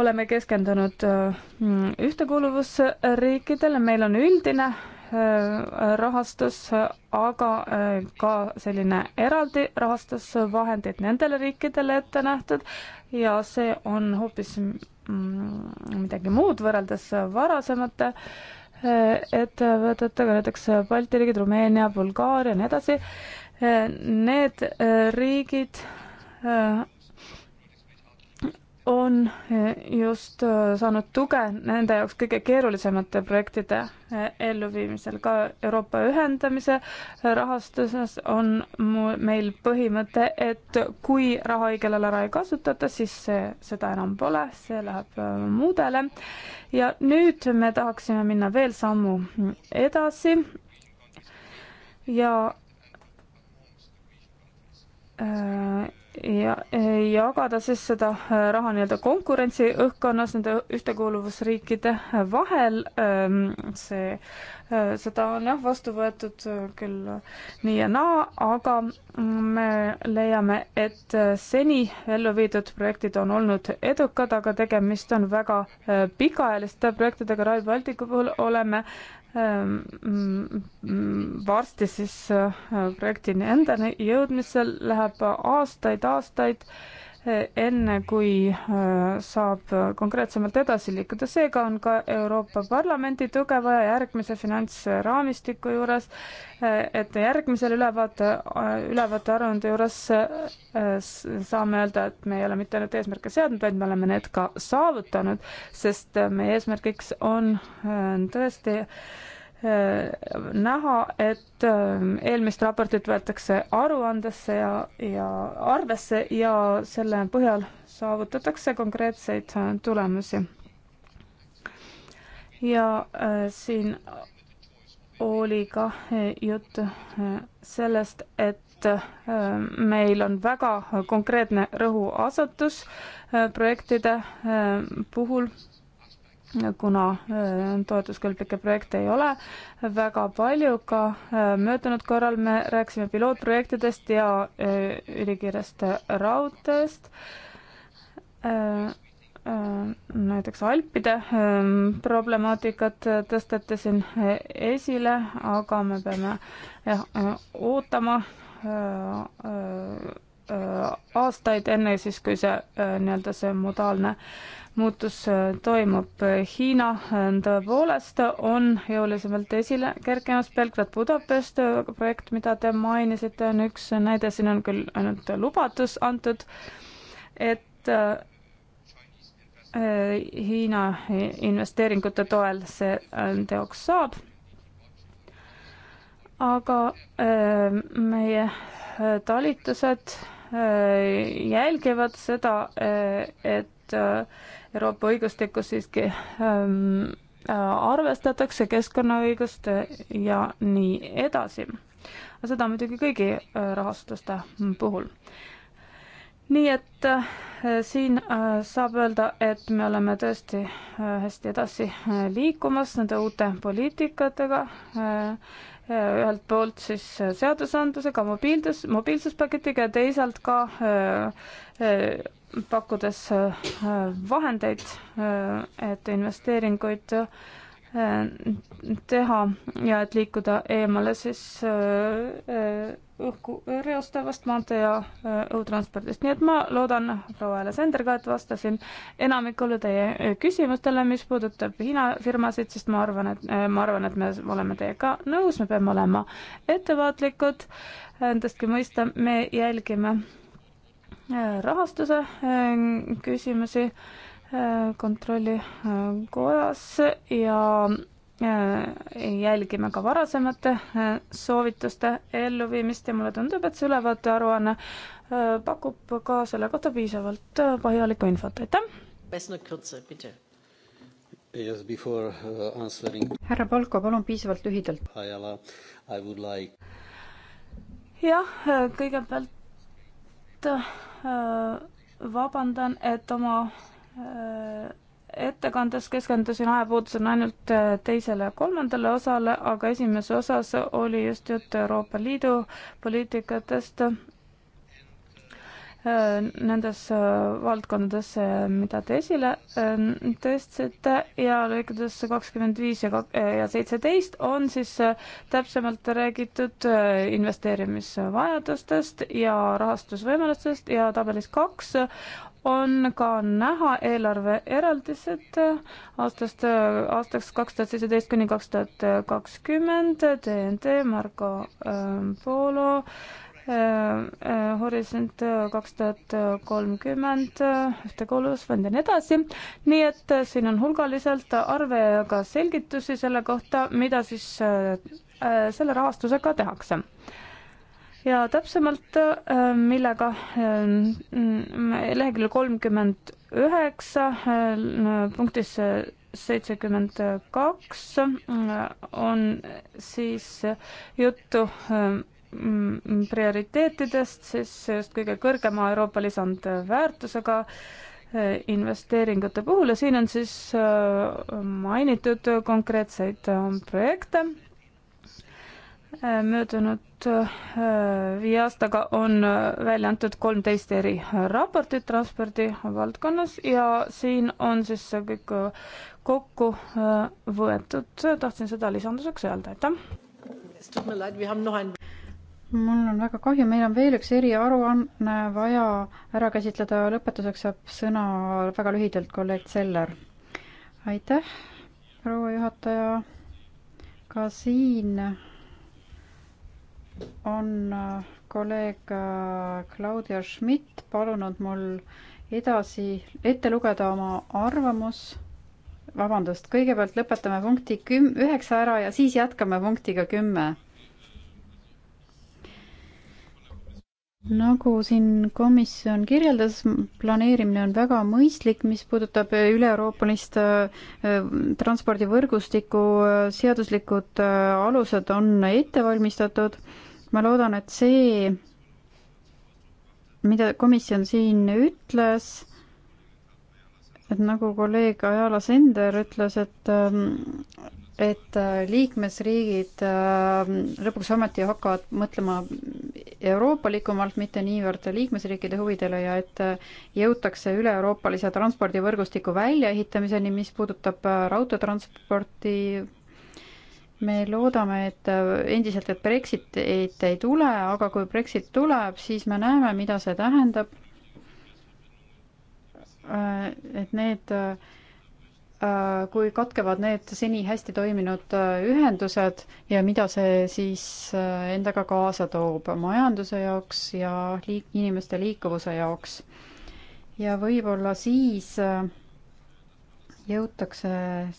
[SPEAKER 4] oleme keskendunud äh, ühtekuuluvusriikidele, meil on üldine äh, rahastus, aga äh, ka selline eraldi rahastusvahendid nendele riikidele ette nähtud ja see on hoopis mm, midagi muud võrreldes varasemate ettevõtetega, näiteks Balti riigid, Rumeenia, Bulgaaria ja nii edasi. Need riigid on eh, just eh, saanud tuge nende jaoks kõige keerulisemate projektide eh, elluviimisel. ka Euroopa ühendamise rahastuses on meil põhimõte, et kui raha õigel ajal ära ei kasutata, siis see, seda enam pole, see läheb muudele. ja nüüd me tahaksime minna veel sammu edasi ja äh, ja eh, jagada siis seda eh, raha nii-öelda konkurentsi õhkkonnas nende ühtekuuluvusriikide eh, vahel. Ehm, see, seda on jah vastu võetud küll nii ja naa, aga me leiame, et seni ellu viidud projektid on olnud edukad, aga tegemist on väga pikaajaliste projektidega. Rail Balticu puhul oleme Ähm, mm, varsti siis äh, projektini endani jõudmisel läheb aastaid-aastaid enne kui äh, saab konkreetsemalt edasi liikuda. seega on ka Euroopa Parlamendi tuge vaja järgmise finantsraamistiku juures, äh, et järgmisel ülevaate, äh, ülevaate aruande juures saame öelda, et me ei ole mitte ainult eesmärke seadnud, vaid me oleme need ka saavutanud, sest meie eesmärgiks on tõesti näha, et ähm, eelmist raportit võetakse aruandesse ja, ja arvesse ja selle põhjal saavutatakse konkreetseid äh, tulemusi. ja äh, siin oli ka äh, juttu sellest, et meil on väga konkreetne rõhuasetus projektide puhul kuna äh, toetuskõlblikke projekte ei ole väga palju, ka äh, möödunud korral me rääkisime pilootprojektidest ja äh, ülikiirest raudteest, näiteks Alpide ähm, problemaatikat tõsteti siin esile, aga me peame jah, ootama Äh, aastaid, enne siis, kui see äh, nii-öelda see modaalne muutus äh, toimub. Hiina tõepoolest on jõulisemalt esile kerkimas, Belgrad Budapest projekt, mida te mainisite, on üks näide, siin on küll ainult lubadus antud, et Hiina investeeringute toel see teoks saab. aga meie talitused Äh, jälgivad seda, äh, et äh, Euroopa õigustikus siiski ähm, arvestatakse keskkonnaõigust ja nii edasi. seda muidugi kõigi rahastuste puhul. nii et siin saab öelda, et me oleme tõesti hästi edasi liikumas nende uute poliitikatega Äh, ühelt poolt siis äh, seadusandlusega, mobiilsus, mobiilsuspaketiga ja teisalt ka äh, pakkudes vahendeid, et investeeringuid Äh, teha ja et liikuda eemale siis äh, äh, õhku reostavast maantee ja õhutranspordist. nii et ma loodan proua Alessanderga, et vastasin enamikule teie küsimustele, mis puudutab Hiina firmasid, sest ma arvan, et ma arvan, et me oleme teiega nõus, me peame olema ettevaatlikud, endastki mõista, me jälgime rahastuse küsimusi Äh, kontrollikojas ja äh, jälgime ka varasemate äh, soovituste elluviimist ja mulle tundub, et see ülevaatearuanne pakub ka selle kohta piisavalt põhjalikku infot, aitäh!
[SPEAKER 2] Yes, before uh, answering.
[SPEAKER 4] härra Palko, palun piisavalt lühidalt. Like... jah, kõigepealt vabandan, et oma ettekandes keskendusin ajapuudusel ainult äh, teisele ja kolmandale osale, aga esimeses osas oli just juttu Euroopa Liidu poliitikatest äh, nendes äh, valdkondades, mida te esile tõstsite ja lõikudes kakskümmend viis ja seitseteist on siis täpsemalt räägitud investeerimisvajadustest ja rahastusvõimalustest ja tabelis kaks on ka näha eelarve eraldised aastast, aastaks kaks tuhat seitseteist kuni kaks tuhat kakskümmend, TNT, Marko ähm, Polo ähm, äh,, Horisont kaks tuhat kolmkümmend, äh, ühtekuuluvusfond ja nii edasi. nii et äh, siin on hulgaliselt arve ja ka selgitusi selle kohta, mida siis äh, äh selle rahastusega tehakse ja täpsemalt äh, millega äh, leheküljel kolmkümmend üheksa äh, punktis seitsekümmend kaks on siis juttu prioriteetidest, siis just kõige kõrgema Euroopa lisandväärtusega investeeringute puhul ja siin on siis mainitud konkreetseid projekte Äh, möödunud äh, viie aastaga on äh, välja antud kolmteist eri raportit transpordi valdkonnas ja siin on siis see kõik kokku võetud. tahtsin seda lisanduseks öelda,
[SPEAKER 2] aitäh.
[SPEAKER 1] mul on väga kahju, meil on veel üks eriaruanne vaja ära käsitleda. lõpetuseks saab sõna väga lühidalt kolleeg Seller. aitäh, proua juhataja. ka siin on äh, kolleeg äh, Claudia Schmidt palunud mul edasi ette lugeda oma arvamus. vabandust, kõigepealt lõpetame punkti küm-, üheksa ära ja siis jätkame punktiga kümme. nagu siin komisjon kirjeldas, planeerimine on väga mõistlik, mis puudutab üle-euroopalist äh, transpordivõrgustikku, seaduslikud alused on ette valmistatud ma loodan, et see, mida komisjon siin ütles, et nagu kolleeg Ajala Sender ütles, et ähm, et äh, liikmesriigid ähm, lõpuks ometi hakkavad mõtlema euroopalikumalt, mitte niivõrd liikmesriikide huvidele ja et äh, jõutakse üle-euroopalise transpordivõrgustiku väljaehitamiseni, mis puudutab äh, raudteetransporti, me loodame, et äh, endiselt, et Brexitit ei tule, aga kui Brexit tuleb, siis me näeme, mida see tähendab. Äh, et need, äh, kui katkevad need seni hästi toiminud ühendused ja mida see siis endaga kaasa toob majanduse jaoks ja liik-, inimeste liikuvuse jaoks. ja võib-olla siis jõutakse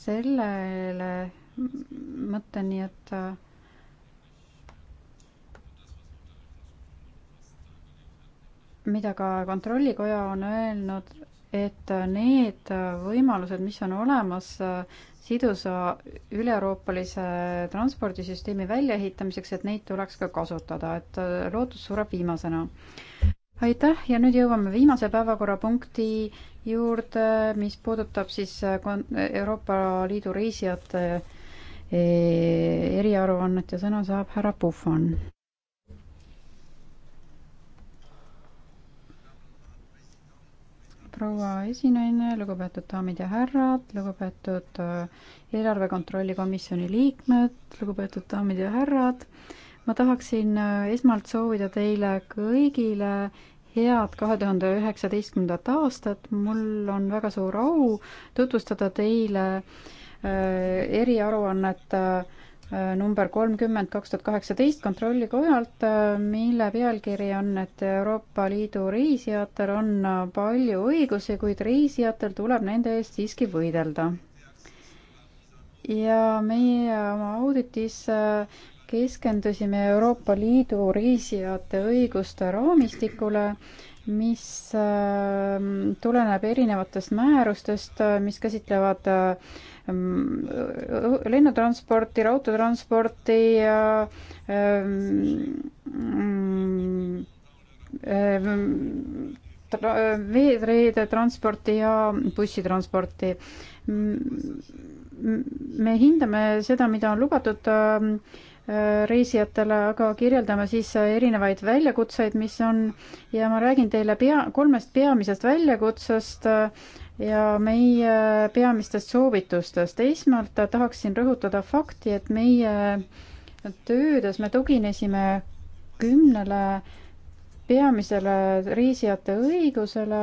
[SPEAKER 1] sellele mõtteni, et äh, mida ka Kontrollikoja on öelnud, et need võimalused, mis on olemas äh, sidusa üleeuroopalise transpordisüsteemi väljaehitamiseks, et neid tuleks ka kasutada, et äh, lootus sureb viimasena. aitäh ja nüüd jõuame viimase päevakorrapunkti juurde, mis puudutab siis Euroopa Liidu reisijate E, eriaruannet ja sõna saab härra Puhvan. proua esinaine, lugupeetud daamid ja härrad, lugupeetud äh, eelarve kontrolli komisjoni liikmed, lugupeetud daamid ja härrad, ma tahaksin äh, esmalt soovida teile kõigile head kahe tuhande üheksateistkümnendat aastat, mul on väga suur au tutvustada teile äh, Äh, eriaruannet äh, number kolmkümmend kaks tuhat kaheksateist Kontrollikojalt, äh, mille pealkiri on, et Euroopa Liidu reisijatel on palju õigusi, kuid reisijatel tuleb nende eest siiski võidelda. ja meie oma auditis keskendusime Euroopa Liidu reisijate õiguste raamistikule, mis tuleneb erinevatest määrustest, mis käsitlevad äh, Ehm, lennutransporti, raudteetransporti ja ehm, ehm, veeteede transporti ja bussitransporti. me hindame seda, mida on lubatud eh, reisijatele, aga kirjeldame siis erinevaid väljakutseid, mis on ja ma räägin teile pea, kolmest peamisest väljakutsest äh, ja meie peamistest soovitustest. esmalt tahaksin rõhutada fakti, et meie töödes me tuginesime kümnele peamisele reisijate õigusele,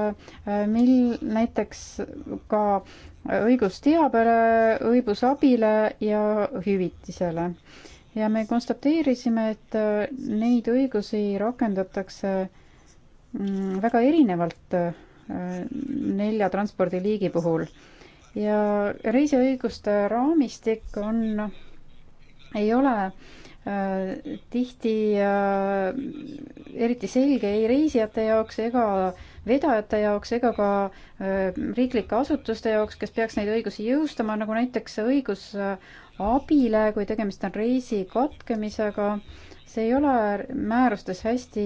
[SPEAKER 1] mil näiteks ka õigusteabele, õigusabile ja hüvitisele. ja me konstateerisime, et neid õigusi rakendatakse mm, väga erinevalt nelja transpordiliigi puhul. ja reisiõiguste raamistik on, ei ole äh, tihti äh, eriti selge ei reisijate jaoks ega vedajate jaoks ega ka äh, riiklike asutuste jaoks, kes peaks neid õigusi jõustama, nagu näiteks õigus abile, kui tegemist on reisi katkemisega, see ei ole määrustes hästi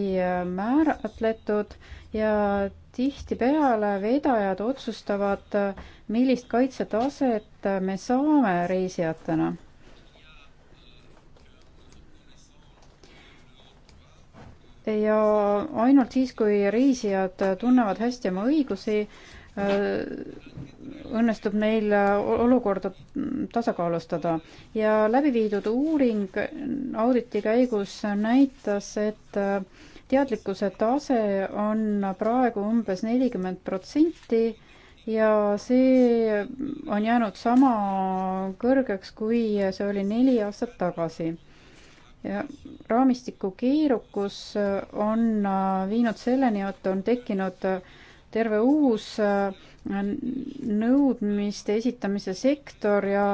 [SPEAKER 1] määratletud ja tihtipeale vedajad otsustavad, millist kaitsetaset me saame reisijatena. ja ainult siis, kui reisijad tunnevad hästi oma õigusi, äh, õnnestub neil olukorda tasakaalustada ja läbi viidud uuring auditi käigus näitas, et äh, teadlikkuse tase on praegu umbes nelikümmend protsenti ja see on jäänud sama kõrgeks, kui see oli neli aastat tagasi. raamistiku keerukus on viinud selleni, et on tekkinud terve uus nõudmiste esitamise sektor ja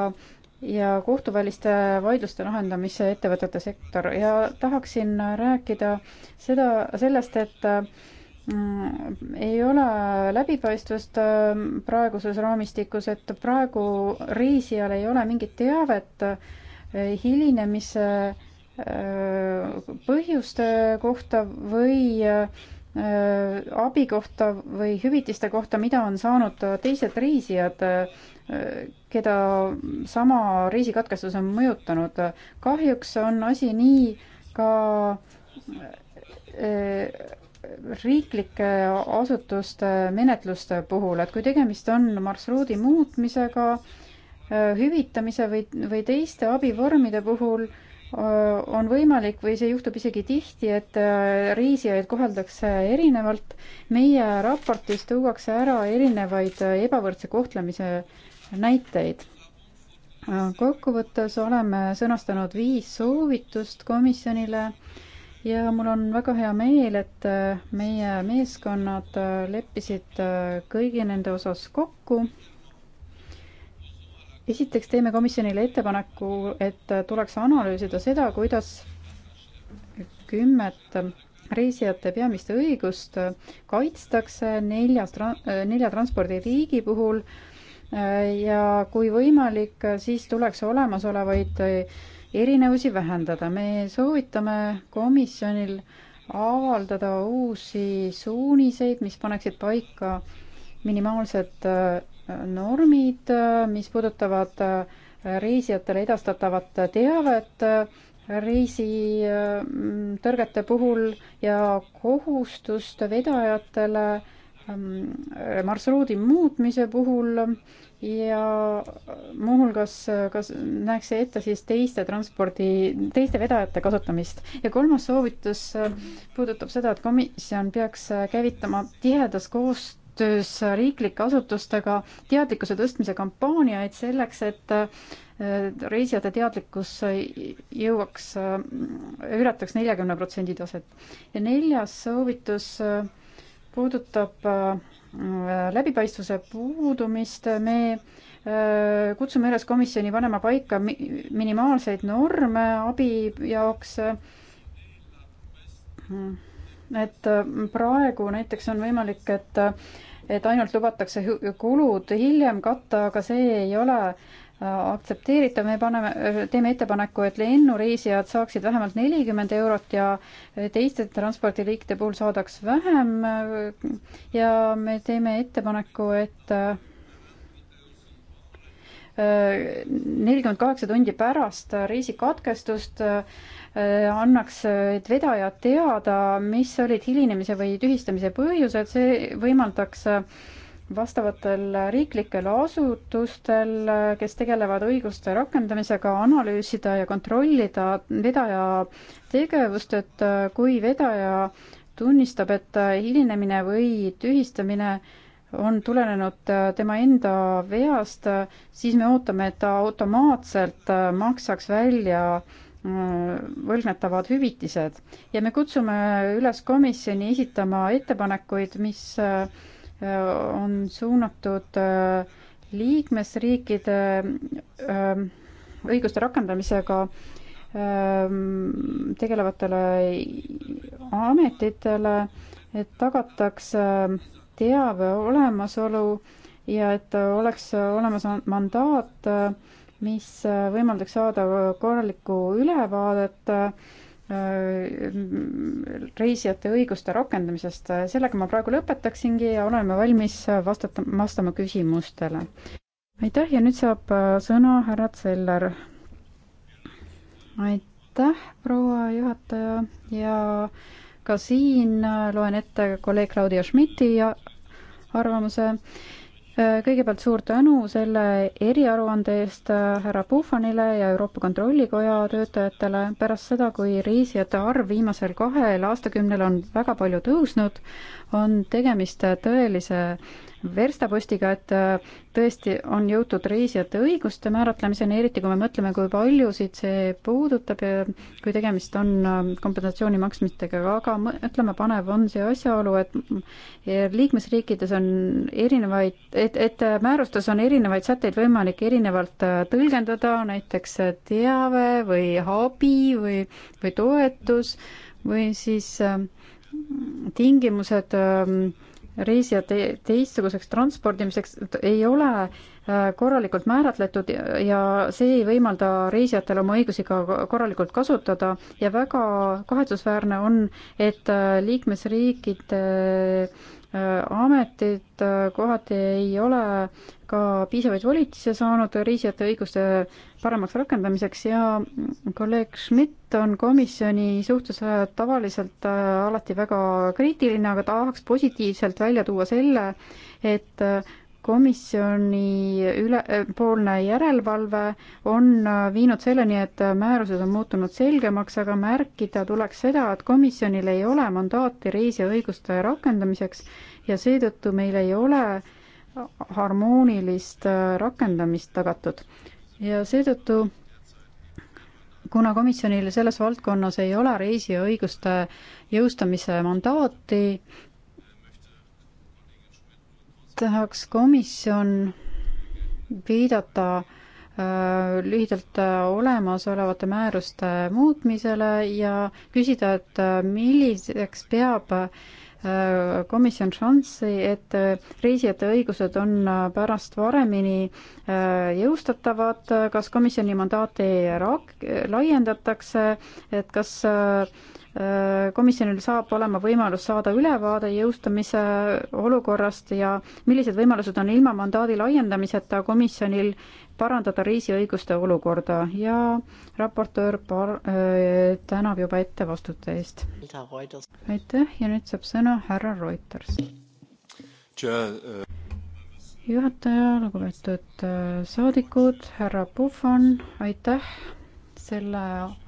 [SPEAKER 1] ja kohtuväliste vaidluste lahendamise ettevõtete sektor ja tahaksin rääkida seda, sellest, et mm, ei ole läbipaistvust mm, praeguses raamistikus, et praegu reisijal ei ole mingit teavet eh, hilinemise eh, põhjuste kohta või eh, abi kohta või hüvitiste kohta, mida on saanud teised reisijad keda sama reisikatkestus on mõjutanud. kahjuks on asi nii ka äh, riiklike asutuste menetluste puhul, et kui tegemist on marsruudi muutmisega, äh, hüvitamise või, või teiste abivormide puhul, äh, on võimalik või see juhtub isegi tihti, et reisijaid koheldakse erinevalt. meie raportis tuuakse ära erinevaid ebavõrdse kohtlemise näiteid. kokkuvõttes oleme sõnastanud viis soovitust komisjonile ja mul on väga hea meel, et meie meeskonnad leppisid kõigi nende osas kokku esiteks teeme komisjonile ettepaneku, et tuleks analüüsida seda, kuidas kümmet reisijate peamist õigust kaitstakse nelja, nelja transpordiliigi puhul ja kui võimalik, siis tuleks olemasolevaid erinevusi vähendada. me soovitame komisjonil avaldada uusi suuniseid, mis paneksid paika minimaalsed äh, normid, äh, mis puudutavad äh, reisijatele edastatavat teavet reisitõrgete puhul ja kohustust vedajatele Ähm, marsruudi muutmise puhul ja muuhulgas kas nähakse ette siis teiste transpordi, teiste vedajate kasutamist. ja kolmas soovitus äh, puudutab seda, et komisjon peaks äh, käivitama tihedas koostöös riiklike asutustega teadlikkuse tõstmise kampaaniaid selleks, et äh, reisijate teadlikkus jõuaks ületaks, ületaks neljakümne protsendi taset. ja neljas soovitus puudutab äh, läbipaistvuse puudumist, me äh, kutsume üles komisjoni panema paika minimaalseid norme abi jaoks. Äh, et praegu näiteks on võimalik, et et ainult lubatakse kulud hiljem katta, aga see ei ole äh, aktsepteeritav, me paneme, teeme ettepaneku, et lennureisijad saaksid vähemalt nelikümmend eurot ja teiste transpordiliikide puhul saadaks vähem ja me teeme ettepaneku, et äh, nelikümmend kaheksa tundi pärast reisi katkestust äh, annaks vedajad teada, mis olid hilinemise või tühistamise põhjused, see võimaldaks äh, vastavatel riiklikel asutustel, kes tegelevad õiguste rakendamisega, analüüsida ja kontrollida vedaja tegevust, et äh, kui vedaja tunnistab, et äh, hilinemine või tühistamine on tulenenud äh, tema enda veast, siis me ootame, et ta automaatselt maksaks välja võlgnetavad hüvitised ja me kutsume üles komisjoni esitama ettepanekuid, mis äh, on suunatud äh, liikmesriikide ähm, õiguste rakendamisega ähm, tegelevatele ametitele, et tagatakse ähm, teave olemasolu ja et oleks olemas mandaat, äh, mis äh, võimaldaks saada korralikku ülevaadet äh, reisijate õiguste rakendamisest. sellega ma praegu lõpetaksingi ja oleme valmis vastata, vastama küsimustele. aitäh ja nüüd saab äh, sõna härra Zeller. aitäh, proua juhataja ja ka siin äh, loen ette kolleeg Claudia Schmidti arvamuse kõigepealt suur tänu selle eriaruande eest äh, härra Puhvanile ja Euroopa Kontrollikoja töötajatele. pärast seda, kui reisijate arv viimasel kahel aastakümnel on väga palju tõusnud, on tegemist tõelise verstapostiga, et äh, tõesti on jõutud reisijate õiguste määratlemiseni, eriti kui me mõtleme, kui paljusid see puudutab ja kui tegemist on äh, kompensatsiooni maksmistega, aga mõtlemapanev on see asjaolu, et liikmesriikides on erinevaid, et, et äh, määrustes on erinevaid sätteid võimalik erinevalt tõlgendada, näiteks teave või abi või, või toetus või siis tingimused äh, reisijate teistsuguseks transpordimiseks ei ole äh, korralikult määratletud ja see ei võimalda reisijatel oma õigusi ka korralikult kasutada ja väga kahetsusväärne on, et äh, liikmesriikide ametid kohati ei ole ka piisavaid volitusi saanud reisijate õiguste paremaks rakendamiseks ja kolleeg Schmidt on komisjoni suhtes äh, tavaliselt äh, alati väga kriitiline, aga tahaks positiivselt välja tuua selle, et äh, komisjoni üle, poolne järelevalve on viinud selleni, et määrused on muutunud selgemaks, aga märkida tuleks seda, et komisjonil ei ole mandaati reisiõiguste rakendamiseks ja seetõttu meil ei ole harmoonilist rakendamist tagatud. ja seetõttu kuna komisjonil selles valdkonnas ei ole reisiõiguste jõustamise mandaati, tahaks komisjon viidata äh, lühidalt äh, olemasolevate määruste muutmisele ja küsida, et äh, milliseks peab komisjon šanssi, et reisijate õigused on pärast varemini jõustatavad, kas komisjoni mandaati rak-, laiendatakse, et kas äh, Äh, komisjonil saab olema võimalus saada ülevaade jõustamise olukorrast ja millised võimalused on ilma mandaadi laiendamiseta komisjonil parandada reisiõiguste olukorda ja raportöör par-, äh, tänab juba ette vastute eest.
[SPEAKER 2] aitäh
[SPEAKER 1] ja nüüd saab sõna härra Reuters.
[SPEAKER 2] Äh
[SPEAKER 1] juhataja, lugupeetud äh, saadikud, härra Puhvan, aitäh selle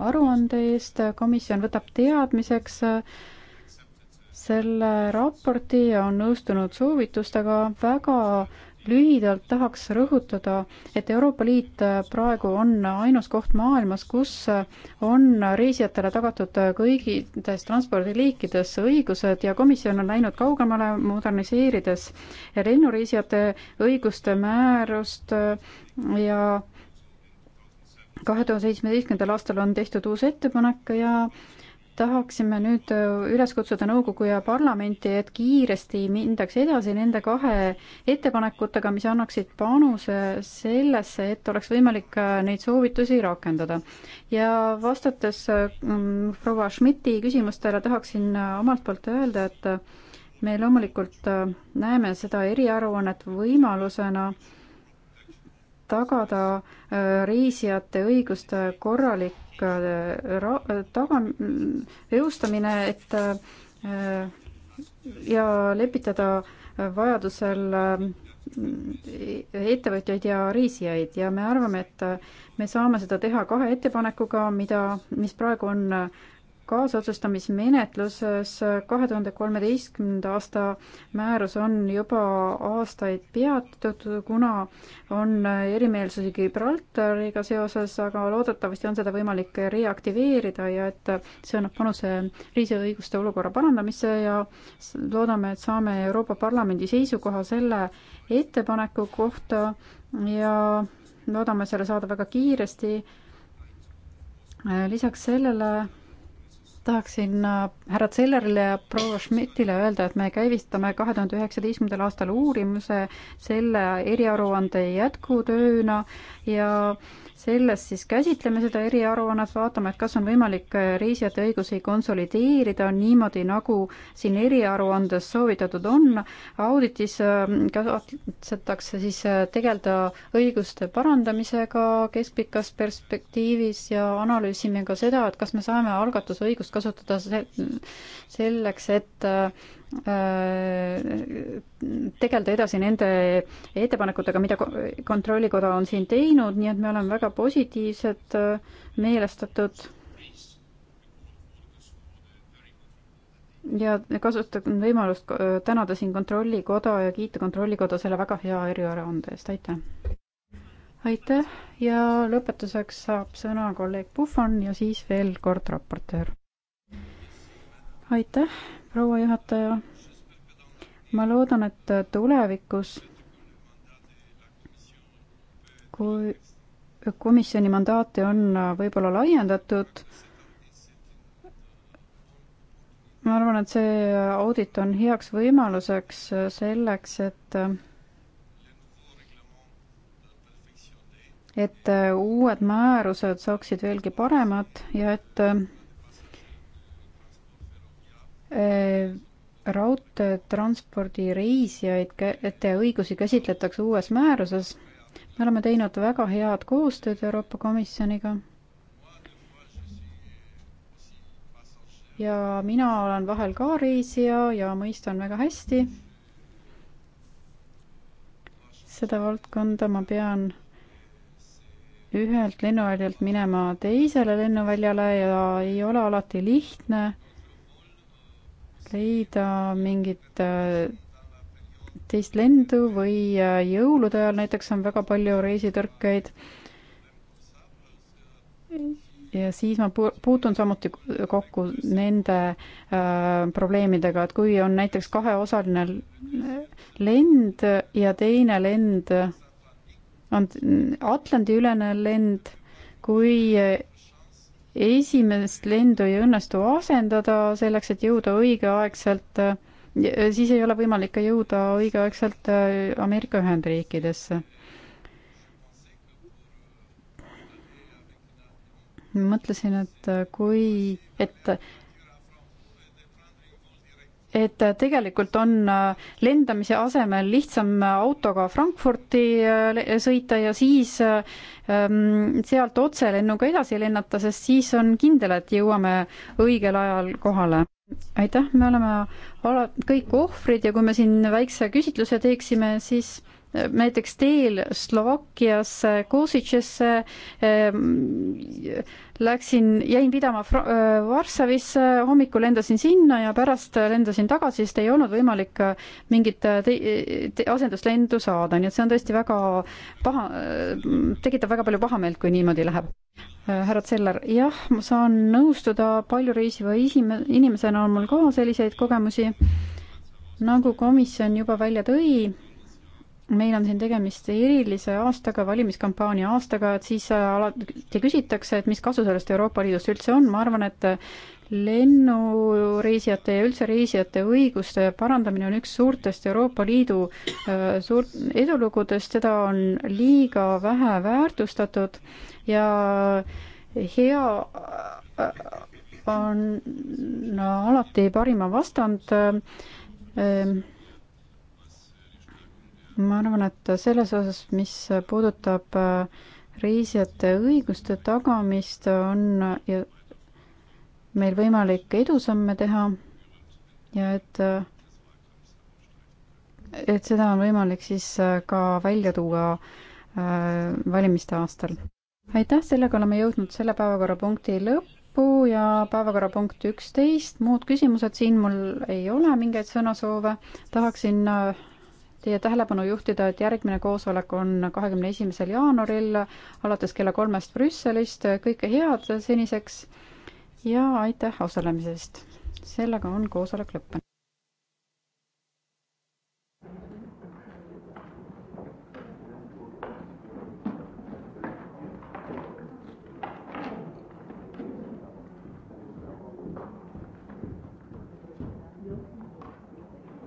[SPEAKER 1] aruande eest, komisjon võtab teadmiseks selle raporti ja on nõustunud soovitustega väga lühidalt tahaks rõhutada, et Euroopa Liit praegu on ainus koht maailmas, kus on reisijatele tagatud kõigides transpordiliikides õigused ja komisjon on läinud kaugemale, moderniseerides lennureisijate õiguste määrust ja kahe tuhande seitsmeteistkümnendal aastal on tehtud uus ettepanek ja tahaksime nüüd äh, üles kutsuda nõukogu ja parlamenti, et kiiresti mindaks edasi nende kahe ettepanekutega, mis annaksid panuse sellesse, et oleks võimalik äh, neid soovitusi rakendada. ja vastates äh, mm, proua Schmidti küsimustele tahaksin omalt poolt öelda, et me loomulikult näeme seda eriaruannet võimalusena äh, tagada äh, reisijate õiguste korralik äh, taga, jõustamine, et äh, ja lepitada vajadusel ettevõtjaid ja reisijaid ja me arvame, et me saame seda teha kahe ettepanekuga, mida, mis praegu on kaasotsustamismenetluses kahe tuhande kolmeteistkümnenda aasta määrus on juba aastaid peatatud, kuna on erimeelsusi Gibraltariga seoses, aga loodetavasti on seda võimalik reaktiveerida ja et see annab panuse reisiõiguste olukorra parandamisse ja loodame, et saame Euroopa Parlamendi seisukoha selle ettepaneku kohta ja loodame selle saada väga kiiresti. lisaks sellele tahaksin äh, härra Zellerile ja proua Schmidtile öelda, et me käivistame kahe tuhande üheksateistkümnendal aastal uurimuse selle eriaruande jätkutööna ja selles siis käsitleme seda eriaruannet, vaatame, et kas on võimalik äh, reisijate õigusi konsolideerida niimoodi, nagu siin eriaruandes soovitatud on. auditis äh, kavatsetakse siis äh, tegeleda õiguste parandamisega keskpikas perspektiivis ja analüüsime ka seda, et kas me saame algatusõigust kasutada selleks, et Äh, tegeleda edasi nende ettepanekutega, mida Kontrollikoda on siin teinud, nii et me oleme väga positiivsed, äh, meelestatud. ja kasutan võimalust äh, tänada siin Kontrollikoda ja kiita Kontrollikoda selle väga hea eriaruande eest, aitäh! aitäh ja lõpetuseks saab sõna kolleeg Puhvan ja siis veel kord raportöör. aitäh! proua juhataja. ma loodan, et tulevikus, kui komisjoni mandaate on võib-olla laiendatud, ma arvan, et see audit on heaks võimaluseks selleks, et et uued määrused saaksid veelgi paremad ja et Äh, raudteetranspordi reisijaid õigusi käsitletakse uues määruses. me oleme teinud väga head koostööd Euroopa Komisjoniga. ja mina olen vahel ka reisija ja mõistan väga hästi seda valdkonda, ma pean ühelt lennuväljalt minema teisele lennuväljale ja ei ole alati lihtne leida mingit äh, teist lendu või äh, jõulude ajal näiteks on väga palju reisitõrkeid. ja siis ma puutun samuti kokku nende äh, probleemidega, et kui on näiteks kaheosaline lend ja teine lend on Atlandi-ülene lend, kui esimest lendu ei õnnestu asendada selleks, et jõuda õigeaegselt, siis ei ole võimalik ka jõuda õigeaegselt äh, Ameerika Ühendriikidesse. mõtlesin, et kui, et et tegelikult on äh, lendamise asemel lihtsam autoga Frankfurti äh, sõita ja siis ähm, sealt otselennuga edasi lennata, sest siis on kindel, et jõuame õigel ajal kohale. aitäh, me oleme ala-, kõik ohvrid ja kui me siin väikse küsitluse teeksime, siis näiteks teel Slovakkiasse, Kosicesse ehm, läksin, jäin pidama äh, Varssavisse, hommikul lendasin sinna ja pärast lendasin tagasi, sest ei olnud võimalik äh, mingit äh, asenduslendu saada, nii et see on tõesti väga paha, tekitab väga palju pahameelt, kui niimoodi läheb. härra Zeller, jah, ma saan nõustuda palju reisiva isime-, inimesena on mul ka selliseid kogemusi, nagu komisjon juba välja tõi meil on siin tegemist erilise aastaga, valimiskampaania aastaga, et siis äh, alati küsitakse, et mis kasu sellest Euroopa Liidust üldse on, ma arvan, et lennureisijate ja üldse reisijate õiguste parandamine on üks suurtest Euroopa Liidu äh, suurt edulugudest, seda on liiga vähe väärtustatud ja hea äh, on no, alati parima vastand ähm, ma arvan, et selles osas, mis puudutab äh, reisijate õiguste tagamist, on meil võimalik edusamme teha ja et, äh, et seda on võimalik siis äh, ka välja tuua valimiste aastal. aitäh, sellega oleme jõudnud selle päevakorrapunkti lõppu lõppu ja päevakorrapunkt üksteist, muud küsimused siin mul ei ole, mingeid sõnasoove. tahaksin teie tähelepanu juhtida, et järgmine koosolek on kahekümne esimesel jaanuaril alates kella kolmest Brüsselist. kõike head seniseks ja aitäh osalemisest. sellega on koosolek lõppenud.